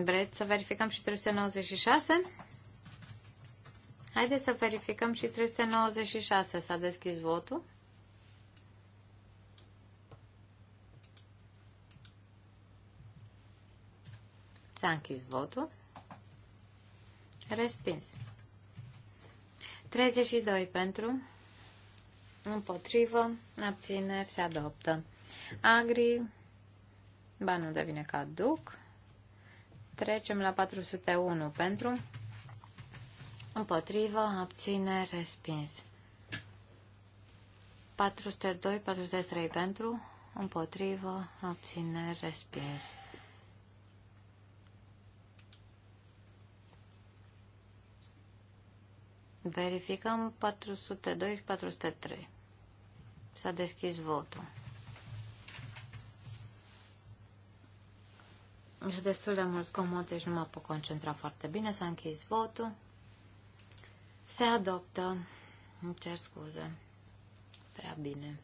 Vreți să verificăm și 396? Haideți să verificăm și 396. S-a deschis votul. S-a închis votul. Respins. 32 pentru. Împotrivă. Abțineri se adoptă. Agri. Banul devine caduc. Trecem la 401 pentru, împotrivă, abține, respins. 402, 403 pentru, împotrivă, abține, respins. Verificăm 402 și 403. S-a deschis votul. destul de mult comod, deci nu mă pot concentra foarte bine. S-a închis votul. Se adoptă. Îmi cer scuze. Prea bine.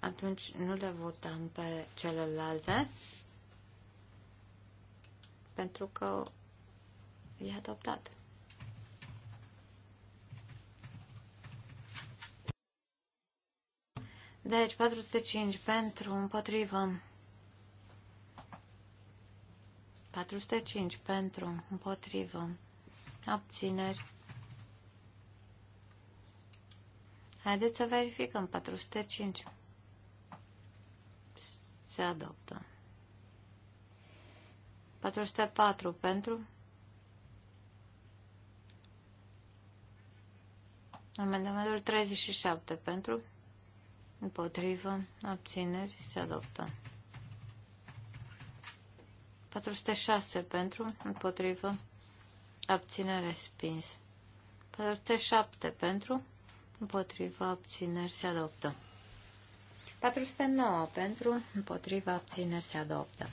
Atunci nu le votăm pe celelalte. Pentru că e adoptat. Deci 405 pentru împotrivă 405 pentru, împotrivă, abțineri. Haideți să verificăm. 405 se adoptă. 404 pentru. Amendamentul 37 pentru. Împotrivă, abțineri, se adoptă. 406 pentru, împotrivă, abțineri respins. 407 pentru, împotrivă, abțineri se adoptă. 409 pentru, împotrivă, abțineri se adoptă.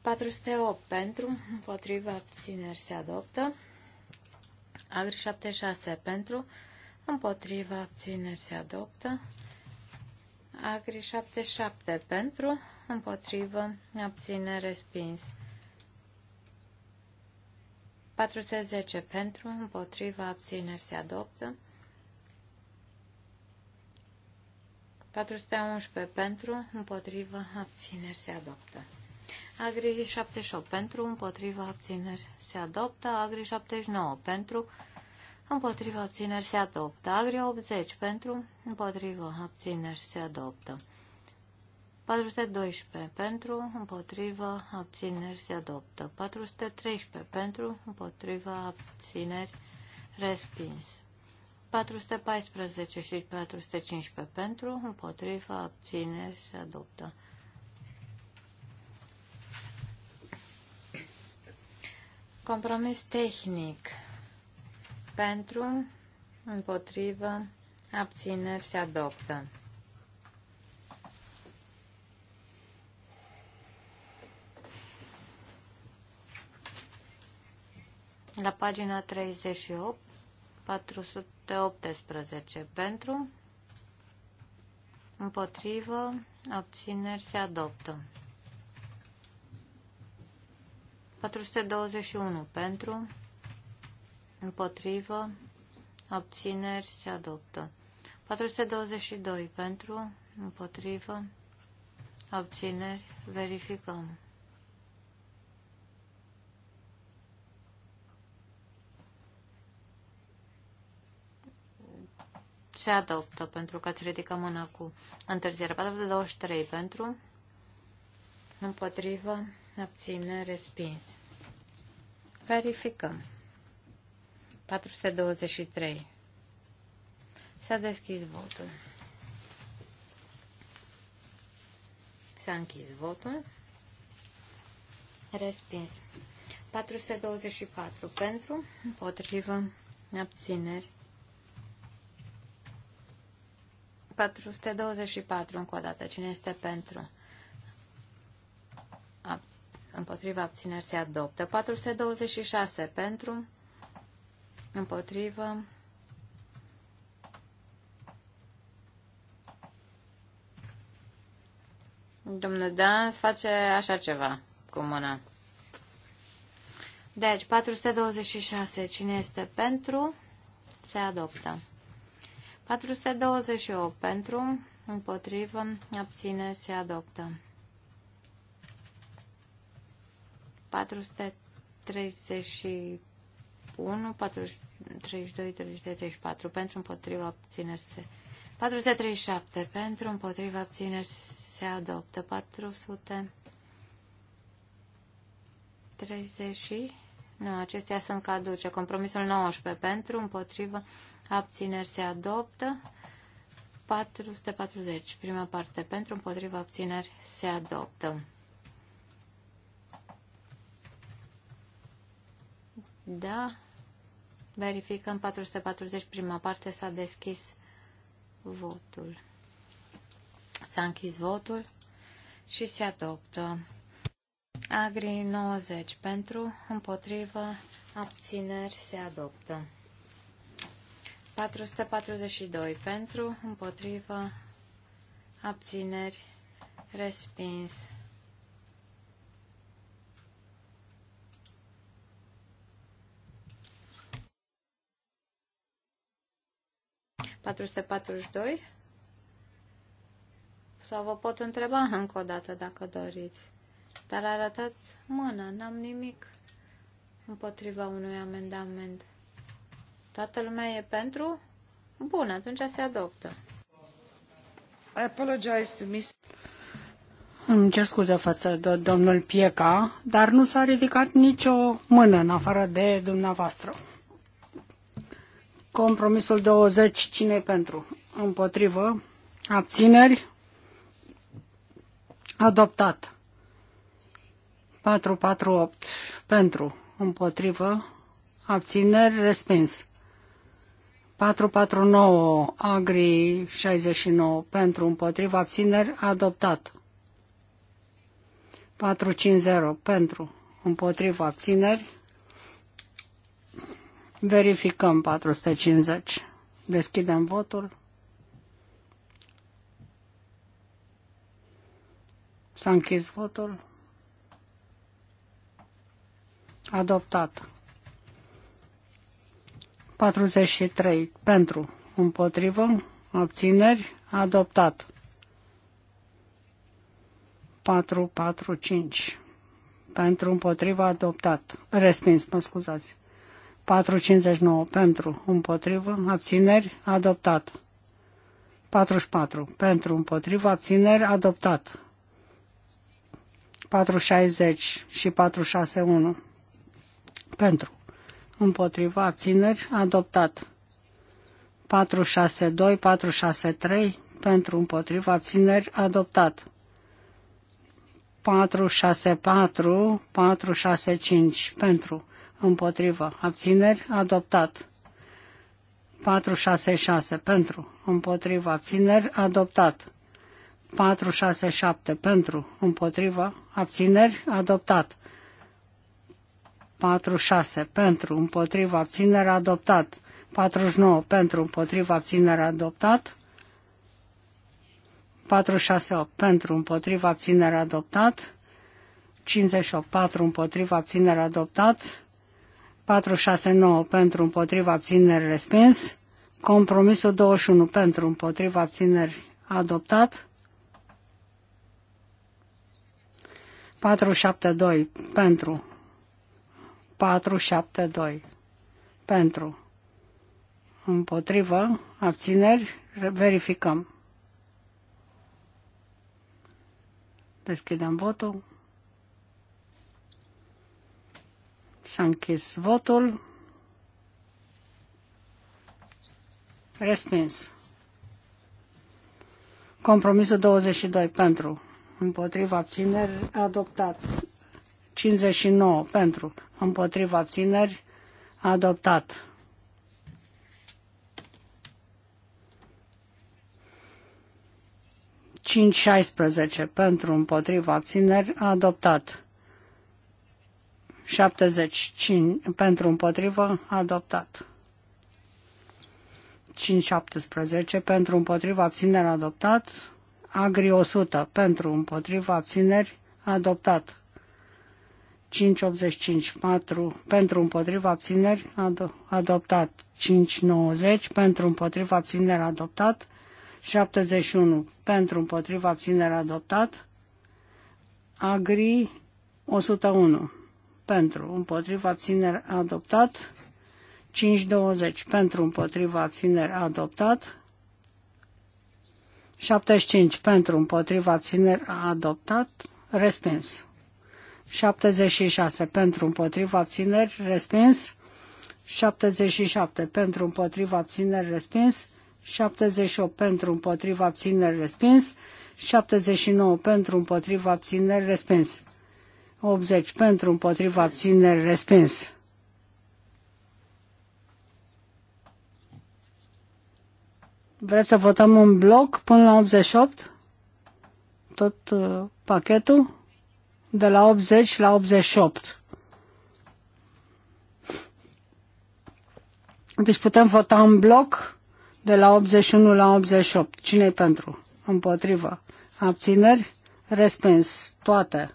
408 pentru, împotrivă, abțineri se adoptă. Agri 76 pentru, împotrivă, abțineri se adoptă. Agri 77 pentru, împotrivă, abține, respins. 410 pentru, Împotrivă. abțineri se adoptă. 411 pentru, Împotrivă. abțineri se adoptă. Agri 78 pentru, împotriva, abțineri se adoptă. Agri 79 pentru, împotriva, abțineri se adoptă. Agri 80 pentru, împotriva, abțineri se adoptă. 412 pentru, împotriva, abțineri se adoptă. 413 pentru, împotriva, abțineri respins. 414 și 415 pentru, împotriva, abțineri se adoptă. Compromis tehnic pentru, împotriva, abțineri se adoptă. La pagina 38, 418 pentru, împotrivă, obțineri, se adoptă. 421 pentru, împotrivă, obțineri, se adoptă. 422 pentru, împotrivă, obțineri, verificăm. se adoptă pentru că îți ridică mână cu întârziere. 423 pentru, împotrivă, abține, respins. Verificăm. 423. S-a deschis votul. S-a închis votul. Respins. 424 pentru, împotrivă, abțineri, 424 încă o dată. Cine este pentru? împotriva abțineri se adoptă. 426 pentru. Împotrivă. Domnul Dans face așa ceva cu mâna. Deci, 426. Cine este pentru, se adoptă. 428 pentru, împotrivă, abține, se adoptă. 431, 432, 33, 34 pentru, împotrivă, abține, se 437 pentru, împotrivă, abține, se adoptă. 400 30 nu, acestea sunt caduce. Compromisul 19 pentru, împotrivă, abțineri se adoptă. 440, prima parte, pentru, împotriva, abțineri se adoptă. Da, verificăm 440, prima parte, s-a deschis votul. S-a închis votul și se adoptă. Agri 90 pentru, împotriva abțineri se adoptă. 442 pentru, împotrivă, abțineri, respins. doi. Sau vă pot întreba încă o dată dacă doriți. Dar arătați mâna, n-am nimic împotriva unui amendament. Toată lumea e pentru? Bun, atunci se adoptă. I apologize to miss... Îmi cer scuze față de domnul Pieca, dar nu s-a ridicat nicio mână în afară de dumneavoastră. Compromisul 20, cine pentru? Împotrivă? Abțineri? Adoptat. 448 pentru, împotrivă, abțineri, respins. 449, Agri 69, pentru, împotriva, abțineri, adoptat. 450, pentru, împotriva, abțineri. Verificăm 450. Deschidem votul. S-a închis votul. Adoptat. 43 pentru, împotrivă, abțineri, adoptat. 445 pentru, împotrivă, adoptat. Respins, mă scuzați. 459 pentru, împotrivă, abțineri, adoptat. 44 pentru, împotrivă, abțineri, adoptat. 460 și 461 pentru, împotriva abțineri adoptat. 462, 463 pentru împotriva abțineri adoptat. 464, 465 pentru împotriva abțineri adoptat. 466 pentru împotriva abțineri adoptat. 467 pentru împotriva abțineri adoptat. 46 pentru, împotriva abținere adoptat. 49 pentru, împotriva abținere adoptat. 468 pentru, împotriva abținere adoptat. 58 4 împotriva abținere adoptat. 469 pentru, împotriva abținere respins. Compromisul 21 pentru, împotriva abțineri adoptat. 472 pentru, 472. Pentru. Împotrivă. Abțineri. Verificăm. Deschidem votul. S-a închis votul. Respins. Compromisul 22 pentru. Împotriva abțineri adoptat. 59 pentru, împotriva abțineri, adoptat. Cinci șaisprezece pentru împotriva abțineri adoptat. șaptezeci pentru împotrivă adoptat. 517 pentru împotriva abțineri adoptat. Agri 100 pentru împotriva abțineri adoptat. 5.85 pentru împotriva abțineri ad- adoptat, 5.90 pentru împotriva abțineri adoptat, 71 pentru împotriva abțineri adoptat, Agri 101 pentru împotriva abțineri adoptat, 5.20 pentru împotriva abțineri adoptat, 75 pentru împotriva abțineri adoptat, respins. 76 pentru împotriva abțineri respins. 77 pentru împotriva abțineri respins. 78 pentru împotriva abțineri respins. 79 pentru împotriva abțineri respins. 80 pentru împotriva abțineri respins. Vreți să votăm un bloc până la 88? Tot uh, pachetul? de la 80 la 88. Deci putem vota în bloc de la 81 la 88. cine e pentru? Împotrivă. Abțineri? Respins. Toate.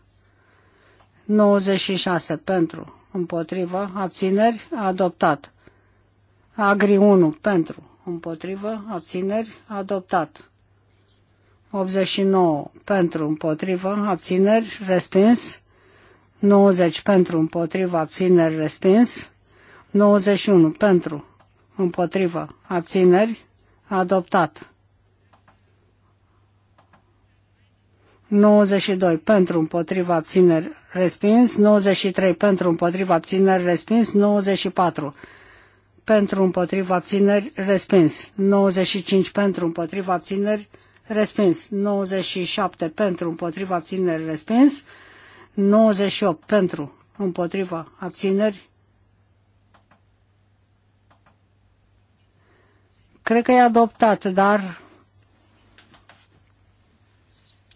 96 pentru. Împotrivă. Abțineri? Adoptat. Agri 1 pentru. Împotrivă. Abțineri? Adoptat. 89 pentru împotrivă, abțineri, respins. 90 pentru împotrivă, abțineri, respins. 91 pentru împotrivă, abțineri, adoptat. 92 pentru împotrivă, abțineri respins, 93 pentru împotrivă, abțineri respins, 94 pentru împotrivă, abțineri respins, 95 pentru împotrivă, abțineri respins. 97 pentru, împotriva abțineri, respins. 98 pentru, împotriva abțineri. Cred că e adoptat, dar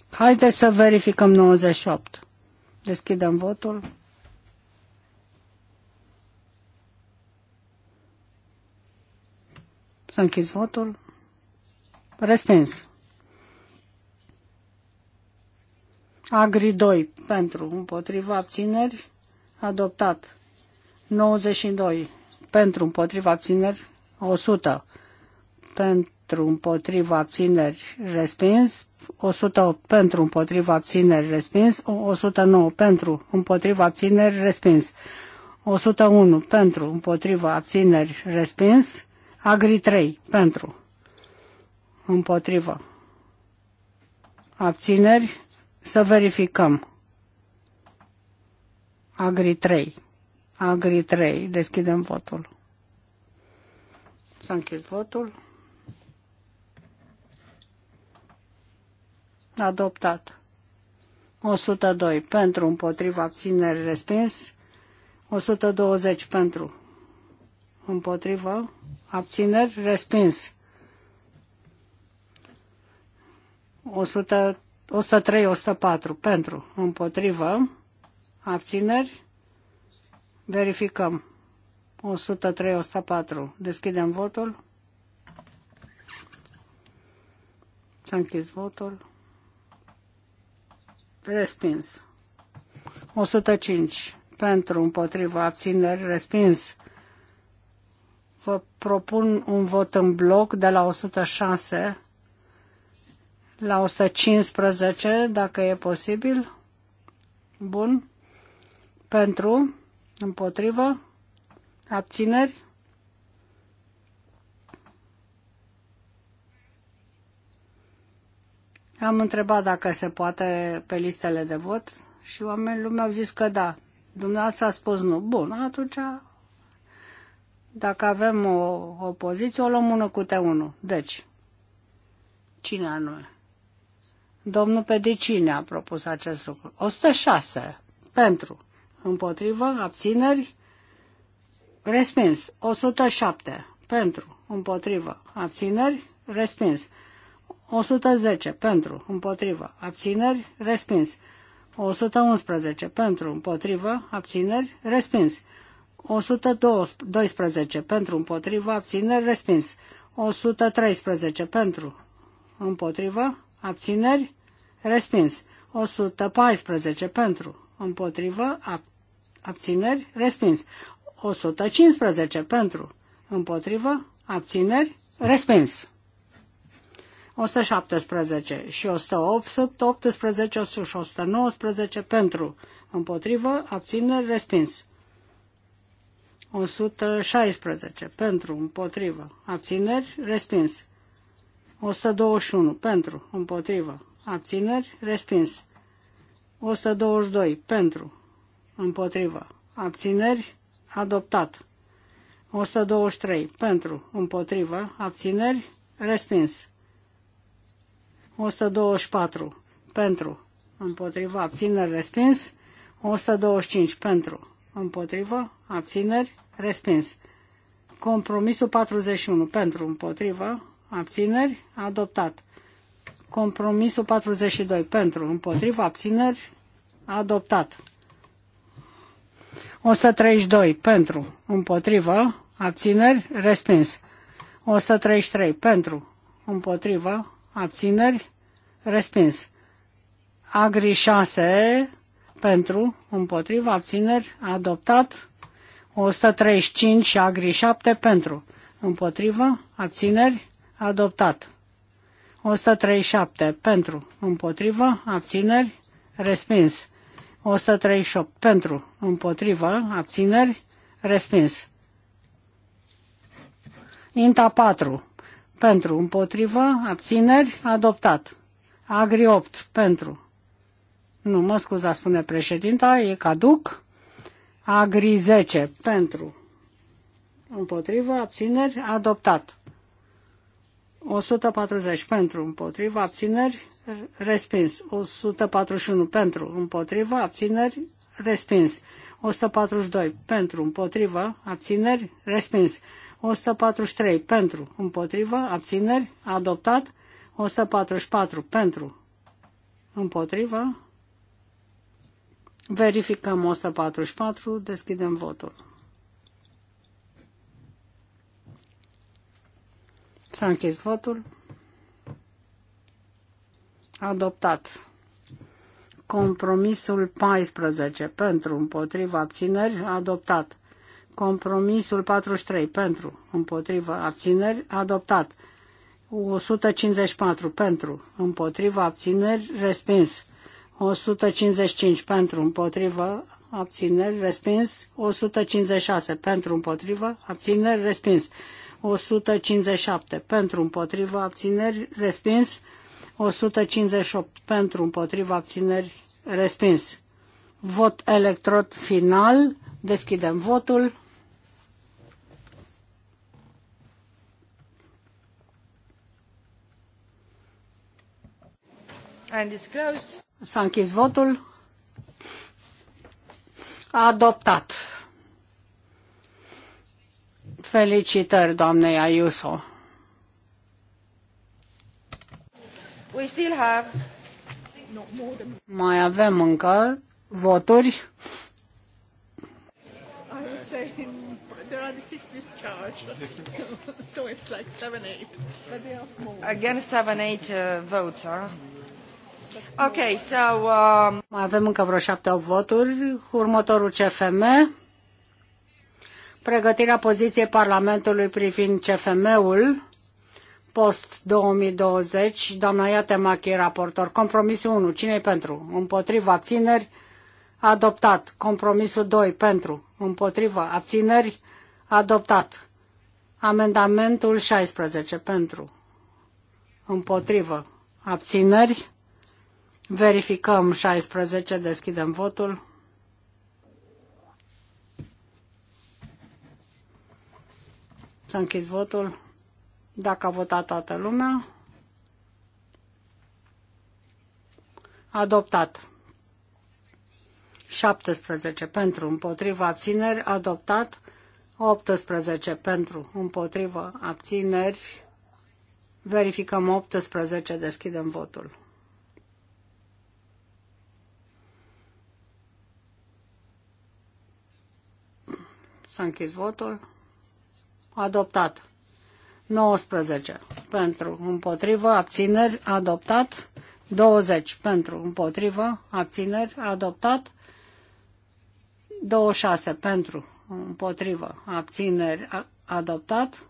haideți să verificăm 98. Deschidem votul. Să închis votul. Respins. Agri 2 pentru, împotriva abțineri, adoptat. 92 pentru, împotriva abțineri, 100 pentru, împotriva abțineri, respins. 108 pentru, împotriva abțineri, respins. 109 pentru, împotriva abțineri, respins. 101 pentru, împotriva abțineri, respins. Agri 3 pentru, împotriva abțineri, să verificăm. Agri 3. Agri 3. Deschidem votul. S-a închis votul. Adoptat. 102 pentru, împotriva abțineri respins. 120 pentru, împotriva abțineri respins. 100 103, 104 pentru, împotrivă, abțineri, verificăm. 103, 104. Deschidem votul. S-a închis votul. Respins. 105 pentru, împotriva, abțineri, respins. Vă propun un vot în bloc de la 106 la 115, dacă e posibil. Bun. Pentru, împotrivă, abțineri. Am întrebat dacă se poate pe listele de vot și oamenii lumea au zis că da. Dumneavoastră a spus nu. Bun, atunci dacă avem o opoziție, o luăm unul T1. Deci, cine anume? Domnul Pedicine a propus acest lucru. 106 pentru, împotrivă, abțineri, respins. 107 pentru, împotrivă, abțineri, respins. 110 pentru, împotrivă, abțineri, respins. 111 pentru, împotrivă, abțineri, respins. 112 pentru, împotrivă, abțineri, respins. 113 pentru, împotrivă, abțineri, respins. 114 pentru, împotrivă, abțineri, respins. 115 pentru, împotrivă, abțineri, respins. 117 și 118 și 119 pentru, împotrivă, abțineri, respins. 116 pentru, împotrivă, abțineri, respins. 121 pentru, împotrivă, abțineri, respins. 122 pentru, împotrivă, abțineri, adoptat. 123 pentru, împotrivă, abțineri, respins. 124 pentru, împotrivă, abțineri, respins. 125 pentru, împotrivă, abțineri, respins. Compromisul 41 pentru, împotrivă, abțineri, adoptat. Compromisul 42 pentru, împotriva, abțineri, adoptat. 132 pentru, împotrivă, abțineri, respins. 133 pentru, împotrivă, abțineri, respins. Agri 6 pentru, împotrivă, abțineri, adoptat. 135 și Agri 7 pentru, împotrivă, abțineri, adoptat. 137 pentru, împotrivă, abțineri, respins. 138 pentru, împotrivă, abțineri, respins. Inta 4 pentru, împotrivă, abțineri, adoptat. Agri 8 pentru. Nu, mă scuza, spune președinta, e caduc. Agri 10 pentru. Împotrivă, abțineri, adoptat. 140 pentru, împotrivă, abțineri, respins. 141 pentru, împotrivă, abțineri, respins. 142 pentru, împotrivă, abțineri, respins. 143 pentru, împotrivă, abțineri, adoptat. 144 pentru, împotrivă. Verificăm 144, deschidem votul. S-a închis votul. Adoptat. Compromisul 14 pentru, împotriva abțineri, adoptat. Compromisul 43 pentru, împotriva abțineri, adoptat. 154 pentru, împotriva abțineri, respins. 155 pentru, împotriva abțineri, respins. 156 pentru, împotriva abțineri, respins. 157 pentru împotriva abțineri respins, 158 pentru împotriva abțineri respins. Vot electrod final, deschidem votul. And it's closed. S-a închis votul. A adoptat. Felicitări, doamnei Ayuso. We still have... Mai avem încă voturi. Again, seven, eight uh, votes, huh? Ok, so... Um... Mai avem încă vreo șapte voturi. Următorul CFM pregătirea poziției Parlamentului privind CFM-ul post-2020. Doamna Machi, raportor. Compromisul 1. cine pentru? Împotriva abțineri? Adoptat. Compromisul 2. Pentru. Împotriva abțineri? Adoptat. Amendamentul 16. Pentru. Împotrivă. Abțineri. Verificăm 16. Deschidem votul. Să închis votul. Dacă a votat toată lumea. Adoptat. 17 pentru, împotriva abțineri, adoptat. 18 pentru, împotriva abțineri. Verificăm 18, deschidem votul. S-a închis votul adoptat. 19 pentru, împotrivă, abțineri, adoptat. 20 pentru, împotrivă, abțineri, adoptat. 26 pentru, împotrivă, abțineri, adoptat.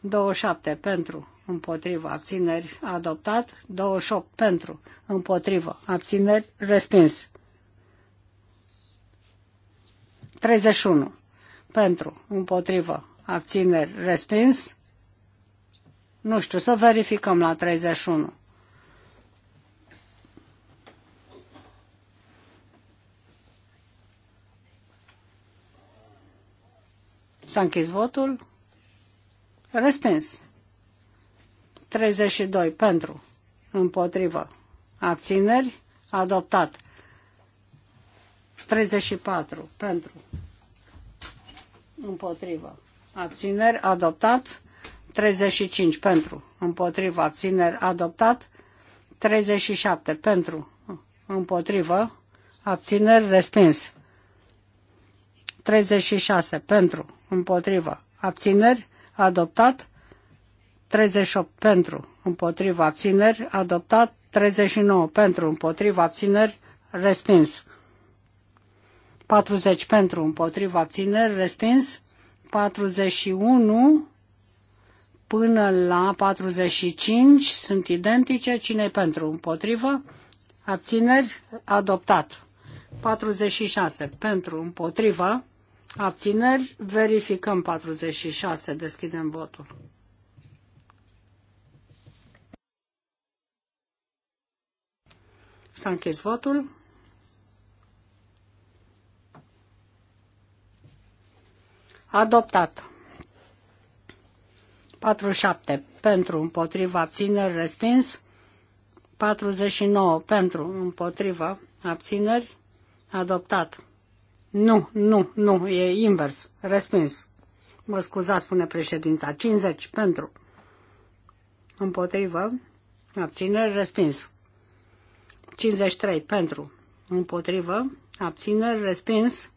27 pentru, împotrivă, abțineri, adoptat. 28 pentru, împotrivă, abțineri, respins. 31 pentru, împotrivă, abțineri, respins. Nu știu, să verificăm la 31. S-a închis votul. Respins. 32 pentru, împotrivă, abțineri, adoptat. 34 pentru, împotrivă, abțineri, adoptat. 35 pentru, împotrivă, abțineri, adoptat. 37 pentru, împotrivă, abțineri, respins. 36 pentru, împotrivă, abțineri, adoptat. 38 pentru, Împotrivă. abțineri, adoptat 39 pentru, Împotrivă. abțineri, respins. 40 pentru, împotriva abțineri, respins. 41 până la 45 sunt identice. cine pentru? Împotrivă? Abțineri? Adoptat. 46 pentru, împotrivă. Abțineri? Verificăm 46. Deschidem votul. S-a închis votul. adoptat. 47 pentru, împotriva, abțineri, respins. 49 pentru, împotriva, abțineri, adoptat. Nu, nu, nu, e invers, respins. Mă scuzați, spune președința. 50 pentru, împotriva, abțineri, respins. 53 pentru, împotriva, abțineri, respins.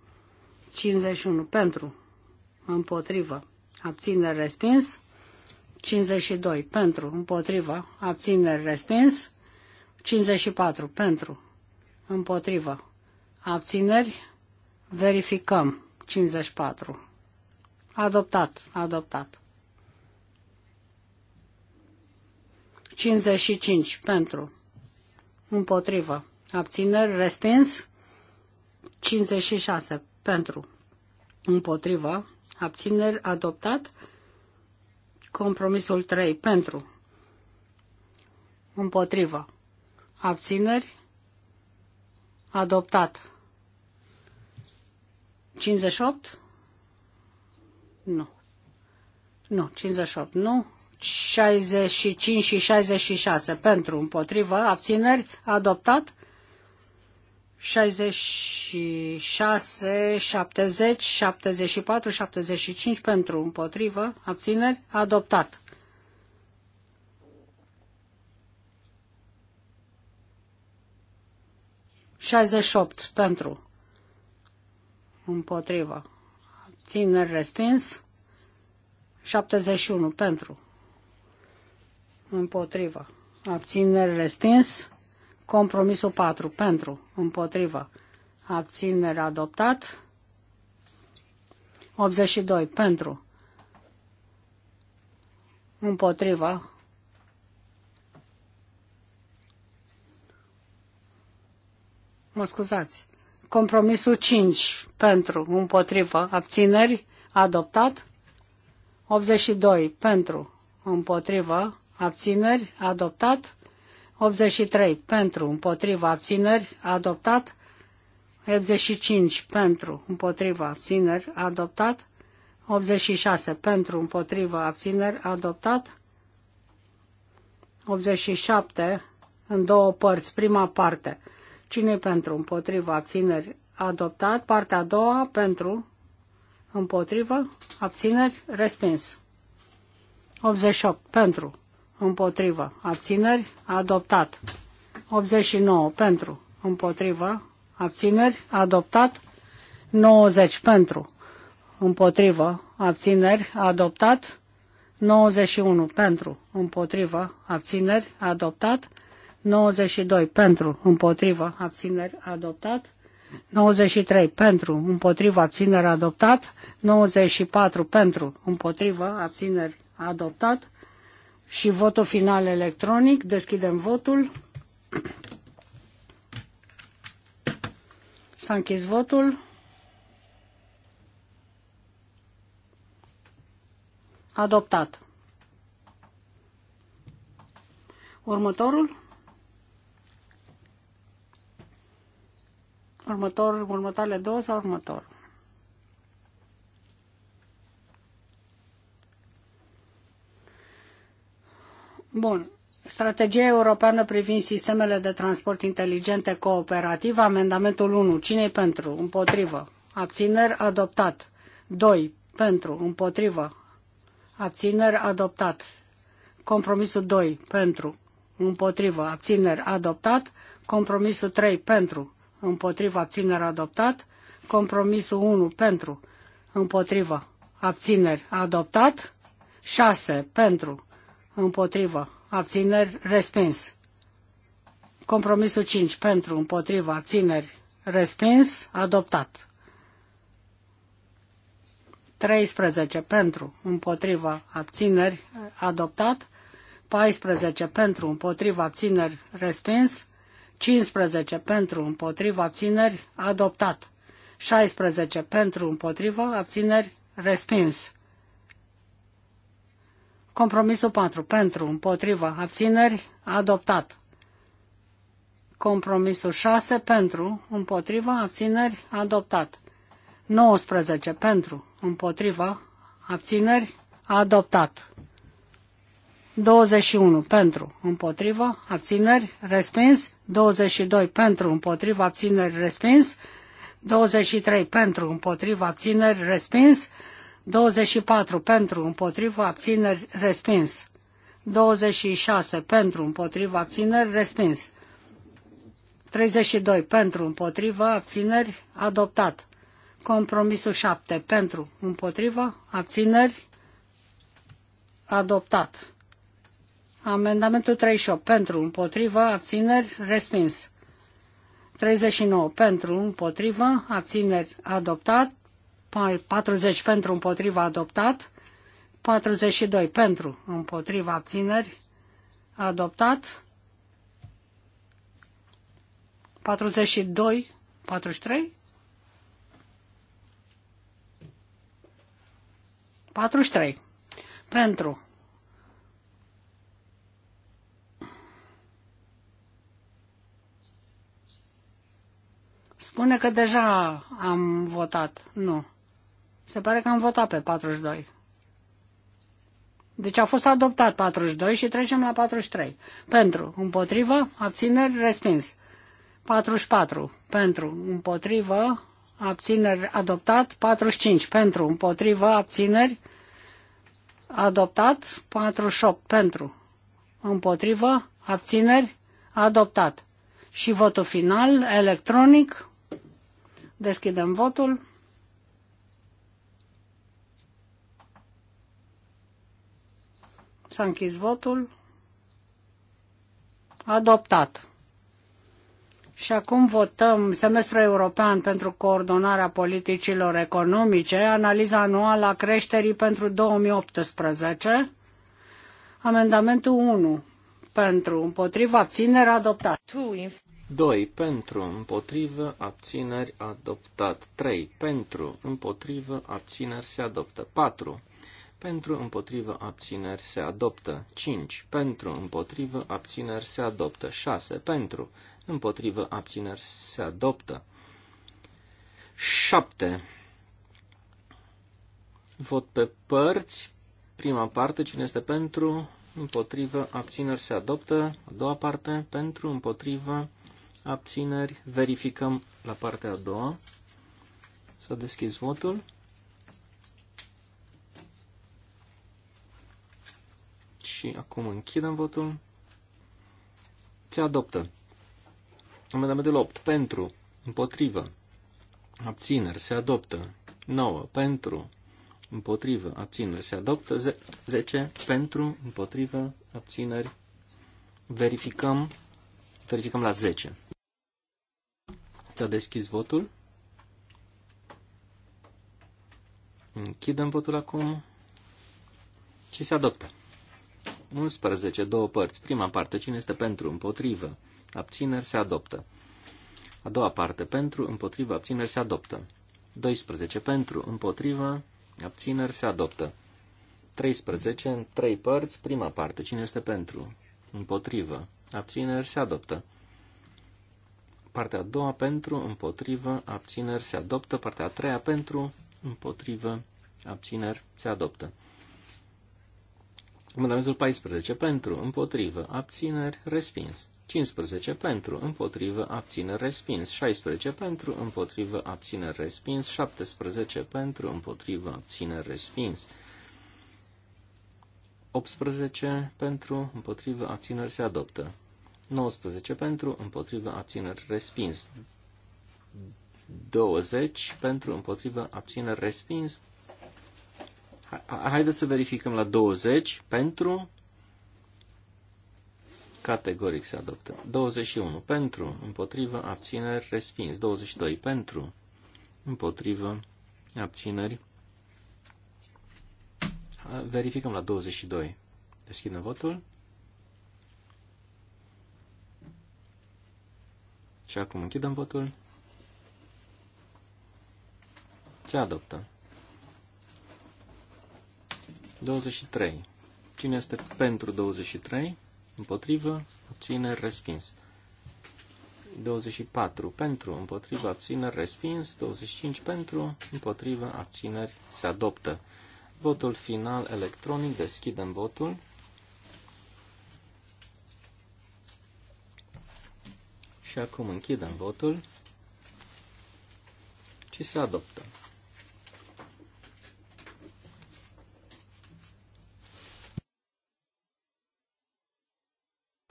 51 pentru, împotrivă, abțineri respins. 52 pentru, împotrivă, abțineri respins. 54 pentru, împotrivă, abțineri, verificăm. 54. Adoptat, adoptat. 55 pentru, împotrivă, abțineri respins. 56 pentru, împotrivă, abțineri, adoptat. Compromisul 3 pentru, împotrivă, abțineri, adoptat. 58? Nu. Nu, 58, nu. 65 și 66 pentru, împotrivă, abțineri, adoptat. 66, 70, 74, 75 pentru, împotrivă, abțineri, adoptat. Șaizeci opt pentru, împotrivă, abțineri, respins, 71 pentru, împotrivă, abțineri, respins, Compromisul 4. Pentru. Împotrivă. Abținere adoptat. 82. Pentru. Împotrivă. Mă scuzați. Compromisul 5. Pentru. Împotrivă. Abțineri. Adoptat. 82. Pentru. Împotrivă. Abțineri. Adoptat. 83 pentru, împotriva abțineri, adoptat. 85 pentru, împotriva abțineri, adoptat. 86 pentru, împotriva abțineri, adoptat. 87 în două părți, prima parte. cine pentru, împotriva abțineri, adoptat. Partea a doua pentru, împotriva abțineri, respins. 88 pentru, împotrivă, abțineri, adoptat. 89 pentru, împotrivă, abțineri, adoptat. 90 pentru, împotrivă, abțineri, adoptat. 91 pentru, împotrivă, abțineri, adoptat. 92 pentru, împotrivă, abțineri, adoptat. 93 pentru, împotrivă, abțineri, adoptat. 94 pentru, împotrivă, abțineri, adoptat și votul final electronic. Deschidem votul. S-a închis votul. Adoptat. Următorul? Următor, următoarele două sau următor? Bun. Strategia europeană privind sistemele de transport inteligente cooperative, amendamentul 1. cine pentru? Împotrivă. Abțineri adoptat. 2. Pentru. Împotrivă. Abțineri adoptat. Compromisul 2. Pentru. Împotrivă. Abțineri adoptat. Compromisul 3. Pentru. Împotrivă. Abțineri adoptat. Compromisul 1. Pentru. Împotrivă. Abțineri adoptat. 6. Pentru împotrivă, abțineri, respins. Compromisul 5 pentru, împotrivă, abțineri, respins, adoptat. 13 pentru, împotriva, abțineri, adoptat. 14 pentru, împotriva, abțineri, respins. 15 pentru, împotriva, abțineri, adoptat. 16 pentru, împotriva, abțineri, respins. Compromisul 4. Pentru, împotrivă, abțineri, adoptat. Compromisul 6. Pentru, împotrivă, abțineri, adoptat. 19. Pentru, împotrivă, abțineri, adoptat. 21 pentru, împotrivă, abțineri, respins, 22 pentru, împotrivă, abțineri, respins, 23 pentru, împotrivă, abțineri, respins, 24 pentru, împotrivă, abțineri, respins. 26 pentru, împotrivă, abțineri, respins. 32 pentru, împotrivă, abțineri, adoptat. Compromisul 7 pentru, împotrivă, abțineri, adoptat. Amendamentul 38 pentru, împotrivă, abțineri, respins. 39 pentru, împotrivă, abțineri, adoptat. 40 pentru împotriva adoptat, 42 pentru împotriva abțineri adoptat, 42, 43, 43 pentru Spune că deja am votat. Nu. Se pare că am votat pe 42. Deci a fost adoptat 42 și trecem la 43. Pentru, împotrivă, abțineri, respins. 44. Pentru, împotrivă, abțineri, adoptat. 45. Pentru, împotrivă, abțineri, adoptat. 48. Pentru, împotrivă, abțineri, adoptat. Și votul final, electronic. Deschidem votul. S-a închis votul. Adoptat. Și acum votăm semestrul european pentru coordonarea politicilor economice, analiza anuală a creșterii pentru 2018, amendamentul 1 pentru, împotriva, abțineri, adoptat. 2 pentru, împotrivă, abțineri, adoptat. 3 pentru, împotrivă, abțineri, se adoptă. 4 pentru împotrivă abțineri se adoptă 5, pentru împotrivă abțineri se adoptă 6, pentru împotrivă abțineri se adoptă 7. Vot pe părți, prima parte, cine este pentru, împotrivă, abțineri se adoptă, a doua parte, pentru, împotrivă, abțineri, verificăm la partea a doua. Să deschis votul. și acum închidem votul. Se adoptă. Amendamentul 8. Pentru. Împotrivă. Abțineri. Se adoptă. 9. Pentru. Împotrivă. Abțineri. Se adoptă. 10. Pentru. Împotrivă. Abțineri. Verificăm. Verificăm la 10. Ți-a deschis votul. Închidem votul acum. Și se adoptă. 11, două părți. Prima parte, cine este pentru, împotrivă, abțineri, se adoptă. A doua parte, pentru, împotrivă, abțineri, se adoptă. 12, pentru, împotrivă, abțineri, se adoptă. 13, în trei părți, prima parte, cine este pentru, împotrivă, abțineri, se adoptă. Partea a doua, pentru, împotrivă, abțineri, se adoptă. Partea a treia, pentru, împotrivă, abțineri, se adoptă. Amendamentul 14 pentru, împotrivă, abțineri, respins. 15 pentru, împotrivă, abțineri, respins. 16 pentru, împotrivă, abțineri, respins. 17 pentru, împotrivă, abțineri, respins. 18 pentru, împotrivă, abțineri, se adoptă. 19 pentru, împotrivă, abțineri, respins. 20 pentru, împotrivă, abțineri, respins. Haideți să verificăm la 20 pentru categoric se adoptă. 21 pentru, împotrivă, abțineri, respins. 22 pentru, împotrivă, abțineri. Verificăm la 22. Deschidem votul. Și acum închidem votul. Se adoptă. 23. Cine este pentru 23? Împotrivă, obține, respins. 24 pentru, împotrivă, abțineri, respins. 25 pentru, împotrivă, abțineri, se adoptă. Votul final electronic, deschidem votul. Și acum închidem votul și se adoptă.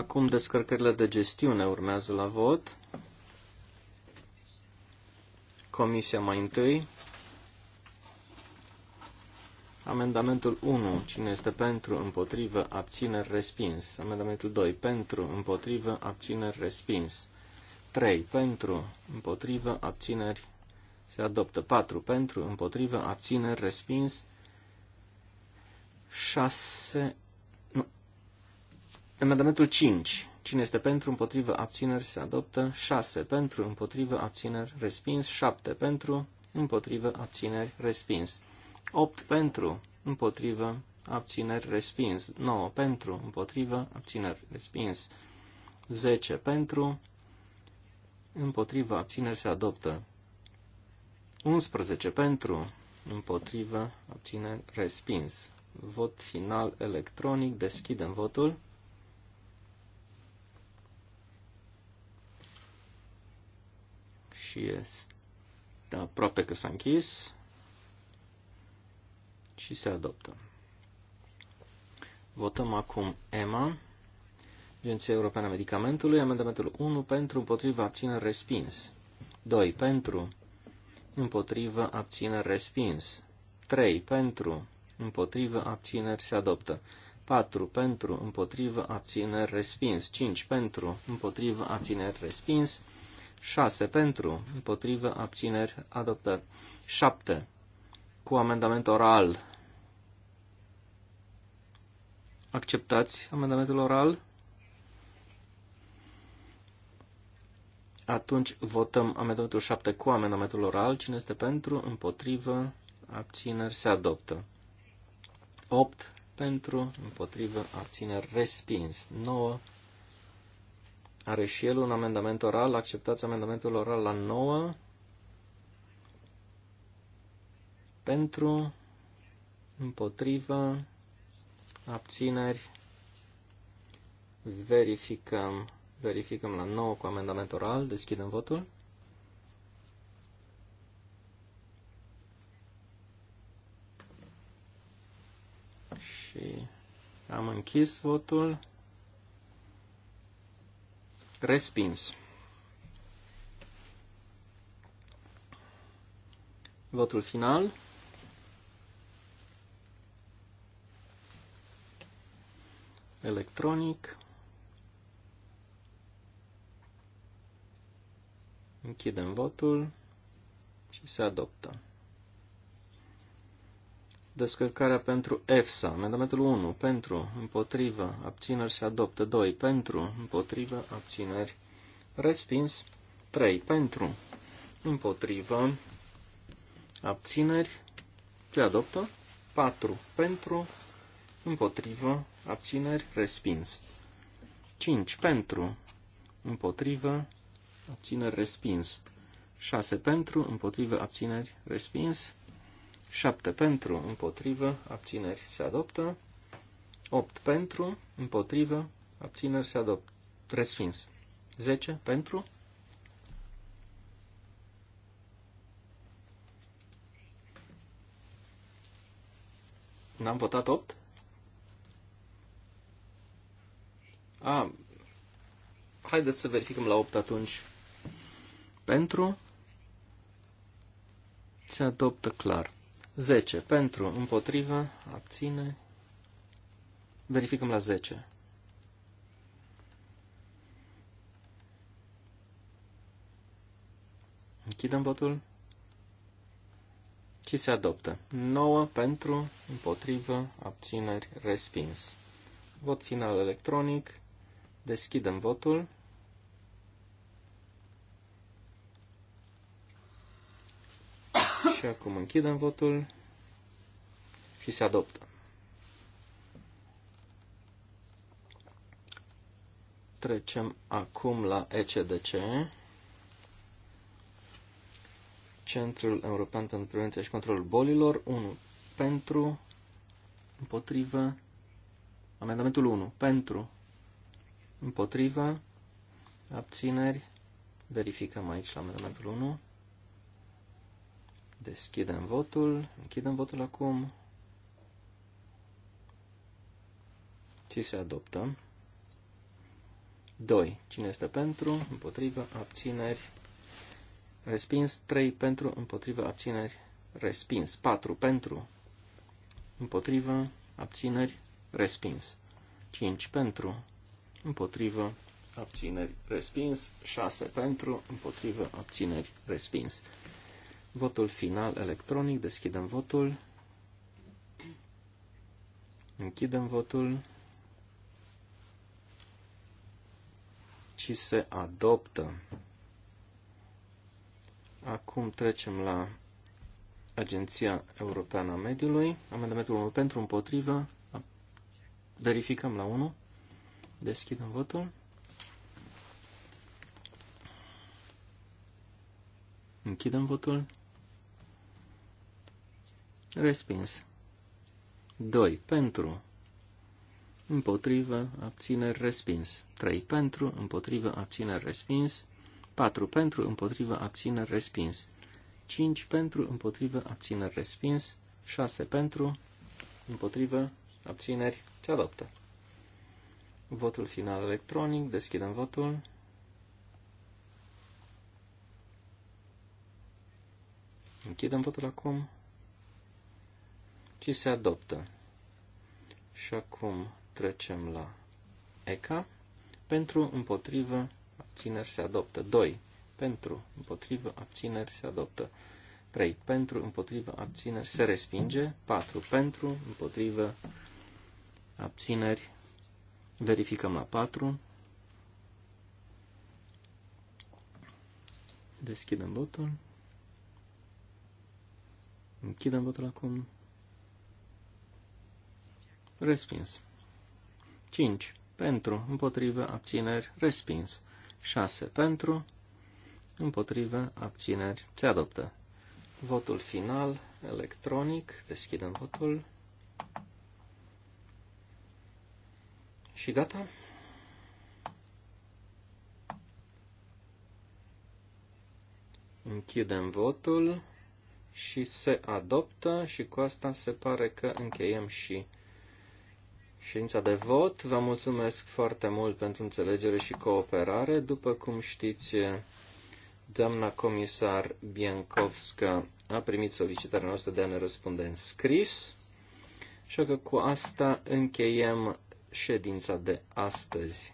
Acum descărcările de gestiune urmează la vot. Comisia mai întâi. Amendamentul 1. Cine este pentru, împotrivă, abțineri, respins. Amendamentul 2. Pentru, împotrivă, abțineri, respins. 3. Pentru, împotrivă, abțineri, se adoptă. 4. Pentru, împotrivă, abțineri, respins. 6 Amendamentul 5. Cine este pentru, împotrivă, abțineri, se adoptă. 6. Pentru, împotrivă, abțineri, respins. 7. Pentru, împotrivă, abțineri, respins. 8. Pentru, împotrivă, abțineri, respins. 9. Pentru, împotrivă, abțineri, respins. 10. Pentru, împotrivă, abțineri, se adoptă. 11. Pentru, împotrivă, abțineri, respins. Vot final electronic. Deschidem votul. și este aproape că s-a închis și se adoptă. Votăm acum EMA, Agenția Europeană a Medicamentului, amendamentul 1 pentru, împotriva, abținere, respins. 2 pentru, împotriva abțineri, respins. 3. Pentru, împotrivă, abțineri, se adoptă. 4. Pentru, împotrivă, abțineri, respins. 5. Pentru, împotrivă, abțineri, respins. 6 pentru, împotrivă, abțineri, Adoptări. 7 cu amendament oral. Acceptați amendamentul oral? Atunci votăm amendamentul 7 cu amendamentul oral. Cine este pentru, împotrivă, abțineri, se adoptă. 8 pentru, împotrivă, abțineri, respins. 9 are și el un amendament oral. Acceptați amendamentul oral la 9. Pentru, împotrivă, abțineri. Verificăm. Verificăm la 9 cu amendament oral. Deschidem votul. Și am închis votul. Respins. Votul final. Electronic. Închidem votul și se adoptă. Descărcarea pentru EFSA. Amendamentul 1. Pentru, împotrivă, abțineri se adoptă. 2. Pentru, împotrivă, abțineri. Respins. 3. Pentru, împotrivă, abțineri. Se adoptă. 4. Pentru, împotrivă, abțineri. Respins. 5. Pentru, împotrivă, abțineri. Respins. 6. Pentru, împotrivă, abțineri. Respins. 7 pentru, împotrivă, abțineri se adoptă. 8 pentru, împotrivă, abțineri se adoptă. Resfins. 10 pentru, N-am votat 8? A, haideți să verificăm la 8 atunci. Pentru se adoptă clar. 10. Pentru, împotrivă, abține. Verificăm la 10. Închidem votul. Și se adoptă. 9 pentru, împotrivă, abțineri, respins. Vot final electronic. Deschidem votul. Și acum închidem votul și se adoptă. 3 acum la ECDC, Centrul European pentru Prevenție și Controlul Bolilor, 1 pentru, împotrivă, amendamentul 1 pentru, împotrivă, abțineri, verificăm aici la amendamentul 1. Deschidem votul. Închidem votul acum. Și se adoptă. 2. Cine este pentru? Împotrivă. Abțineri. Respins. 3. Pentru. Împotrivă. Abțineri. Respins. 4. Pentru. Împotrivă. Abțineri. Respins. 5. Pentru. Împotrivă. Abțineri. Respins. 6. Pentru. Împotrivă. Abțineri. Respins. Votul final electronic. Deschidem votul. Închidem votul. Și se adoptă. Acum trecem la Agenția Europeană a Mediului. Amendamentul 1 pentru împotrivă. Verificăm la 1. Deschidem votul. Închidem votul. Respins. 2. Pentru. Împotrivă, abțineri, respins. 3. Pentru, împotrivă, abțineri, respins. 4. Pentru, împotrivă, abțineri, respins. 5. Pentru, împotrivă, abțineri, respins. 6. Pentru, împotrivă, abțineri, se adoptă. Votul final electronic, deschidem votul. Închidem votul acum. Și se adoptă. Și acum trecem la ECA. Pentru, împotrivă, abțineri se adoptă. 2. Pentru, împotrivă, abțineri se adoptă. 3. Pentru, împotrivă, abțineri se respinge. 4. Pentru, împotrivă, abțineri. Verificăm la 4. Deschidem votul. Închidem votul acum. Respins. 5. Pentru, împotrivă, abțineri, respins. 6. Pentru, împotrivă, abțineri, se adoptă. Votul final, electronic, deschidem votul. Și gata. Închidem votul și se adoptă și cu asta se pare că încheiem și ședința de vot. Vă mulțumesc foarte mult pentru înțelegere și cooperare. După cum știți, doamna comisar Biancovska a primit solicitarea noastră de a ne răspunde în scris. Așa că cu asta încheiem ședința de astăzi.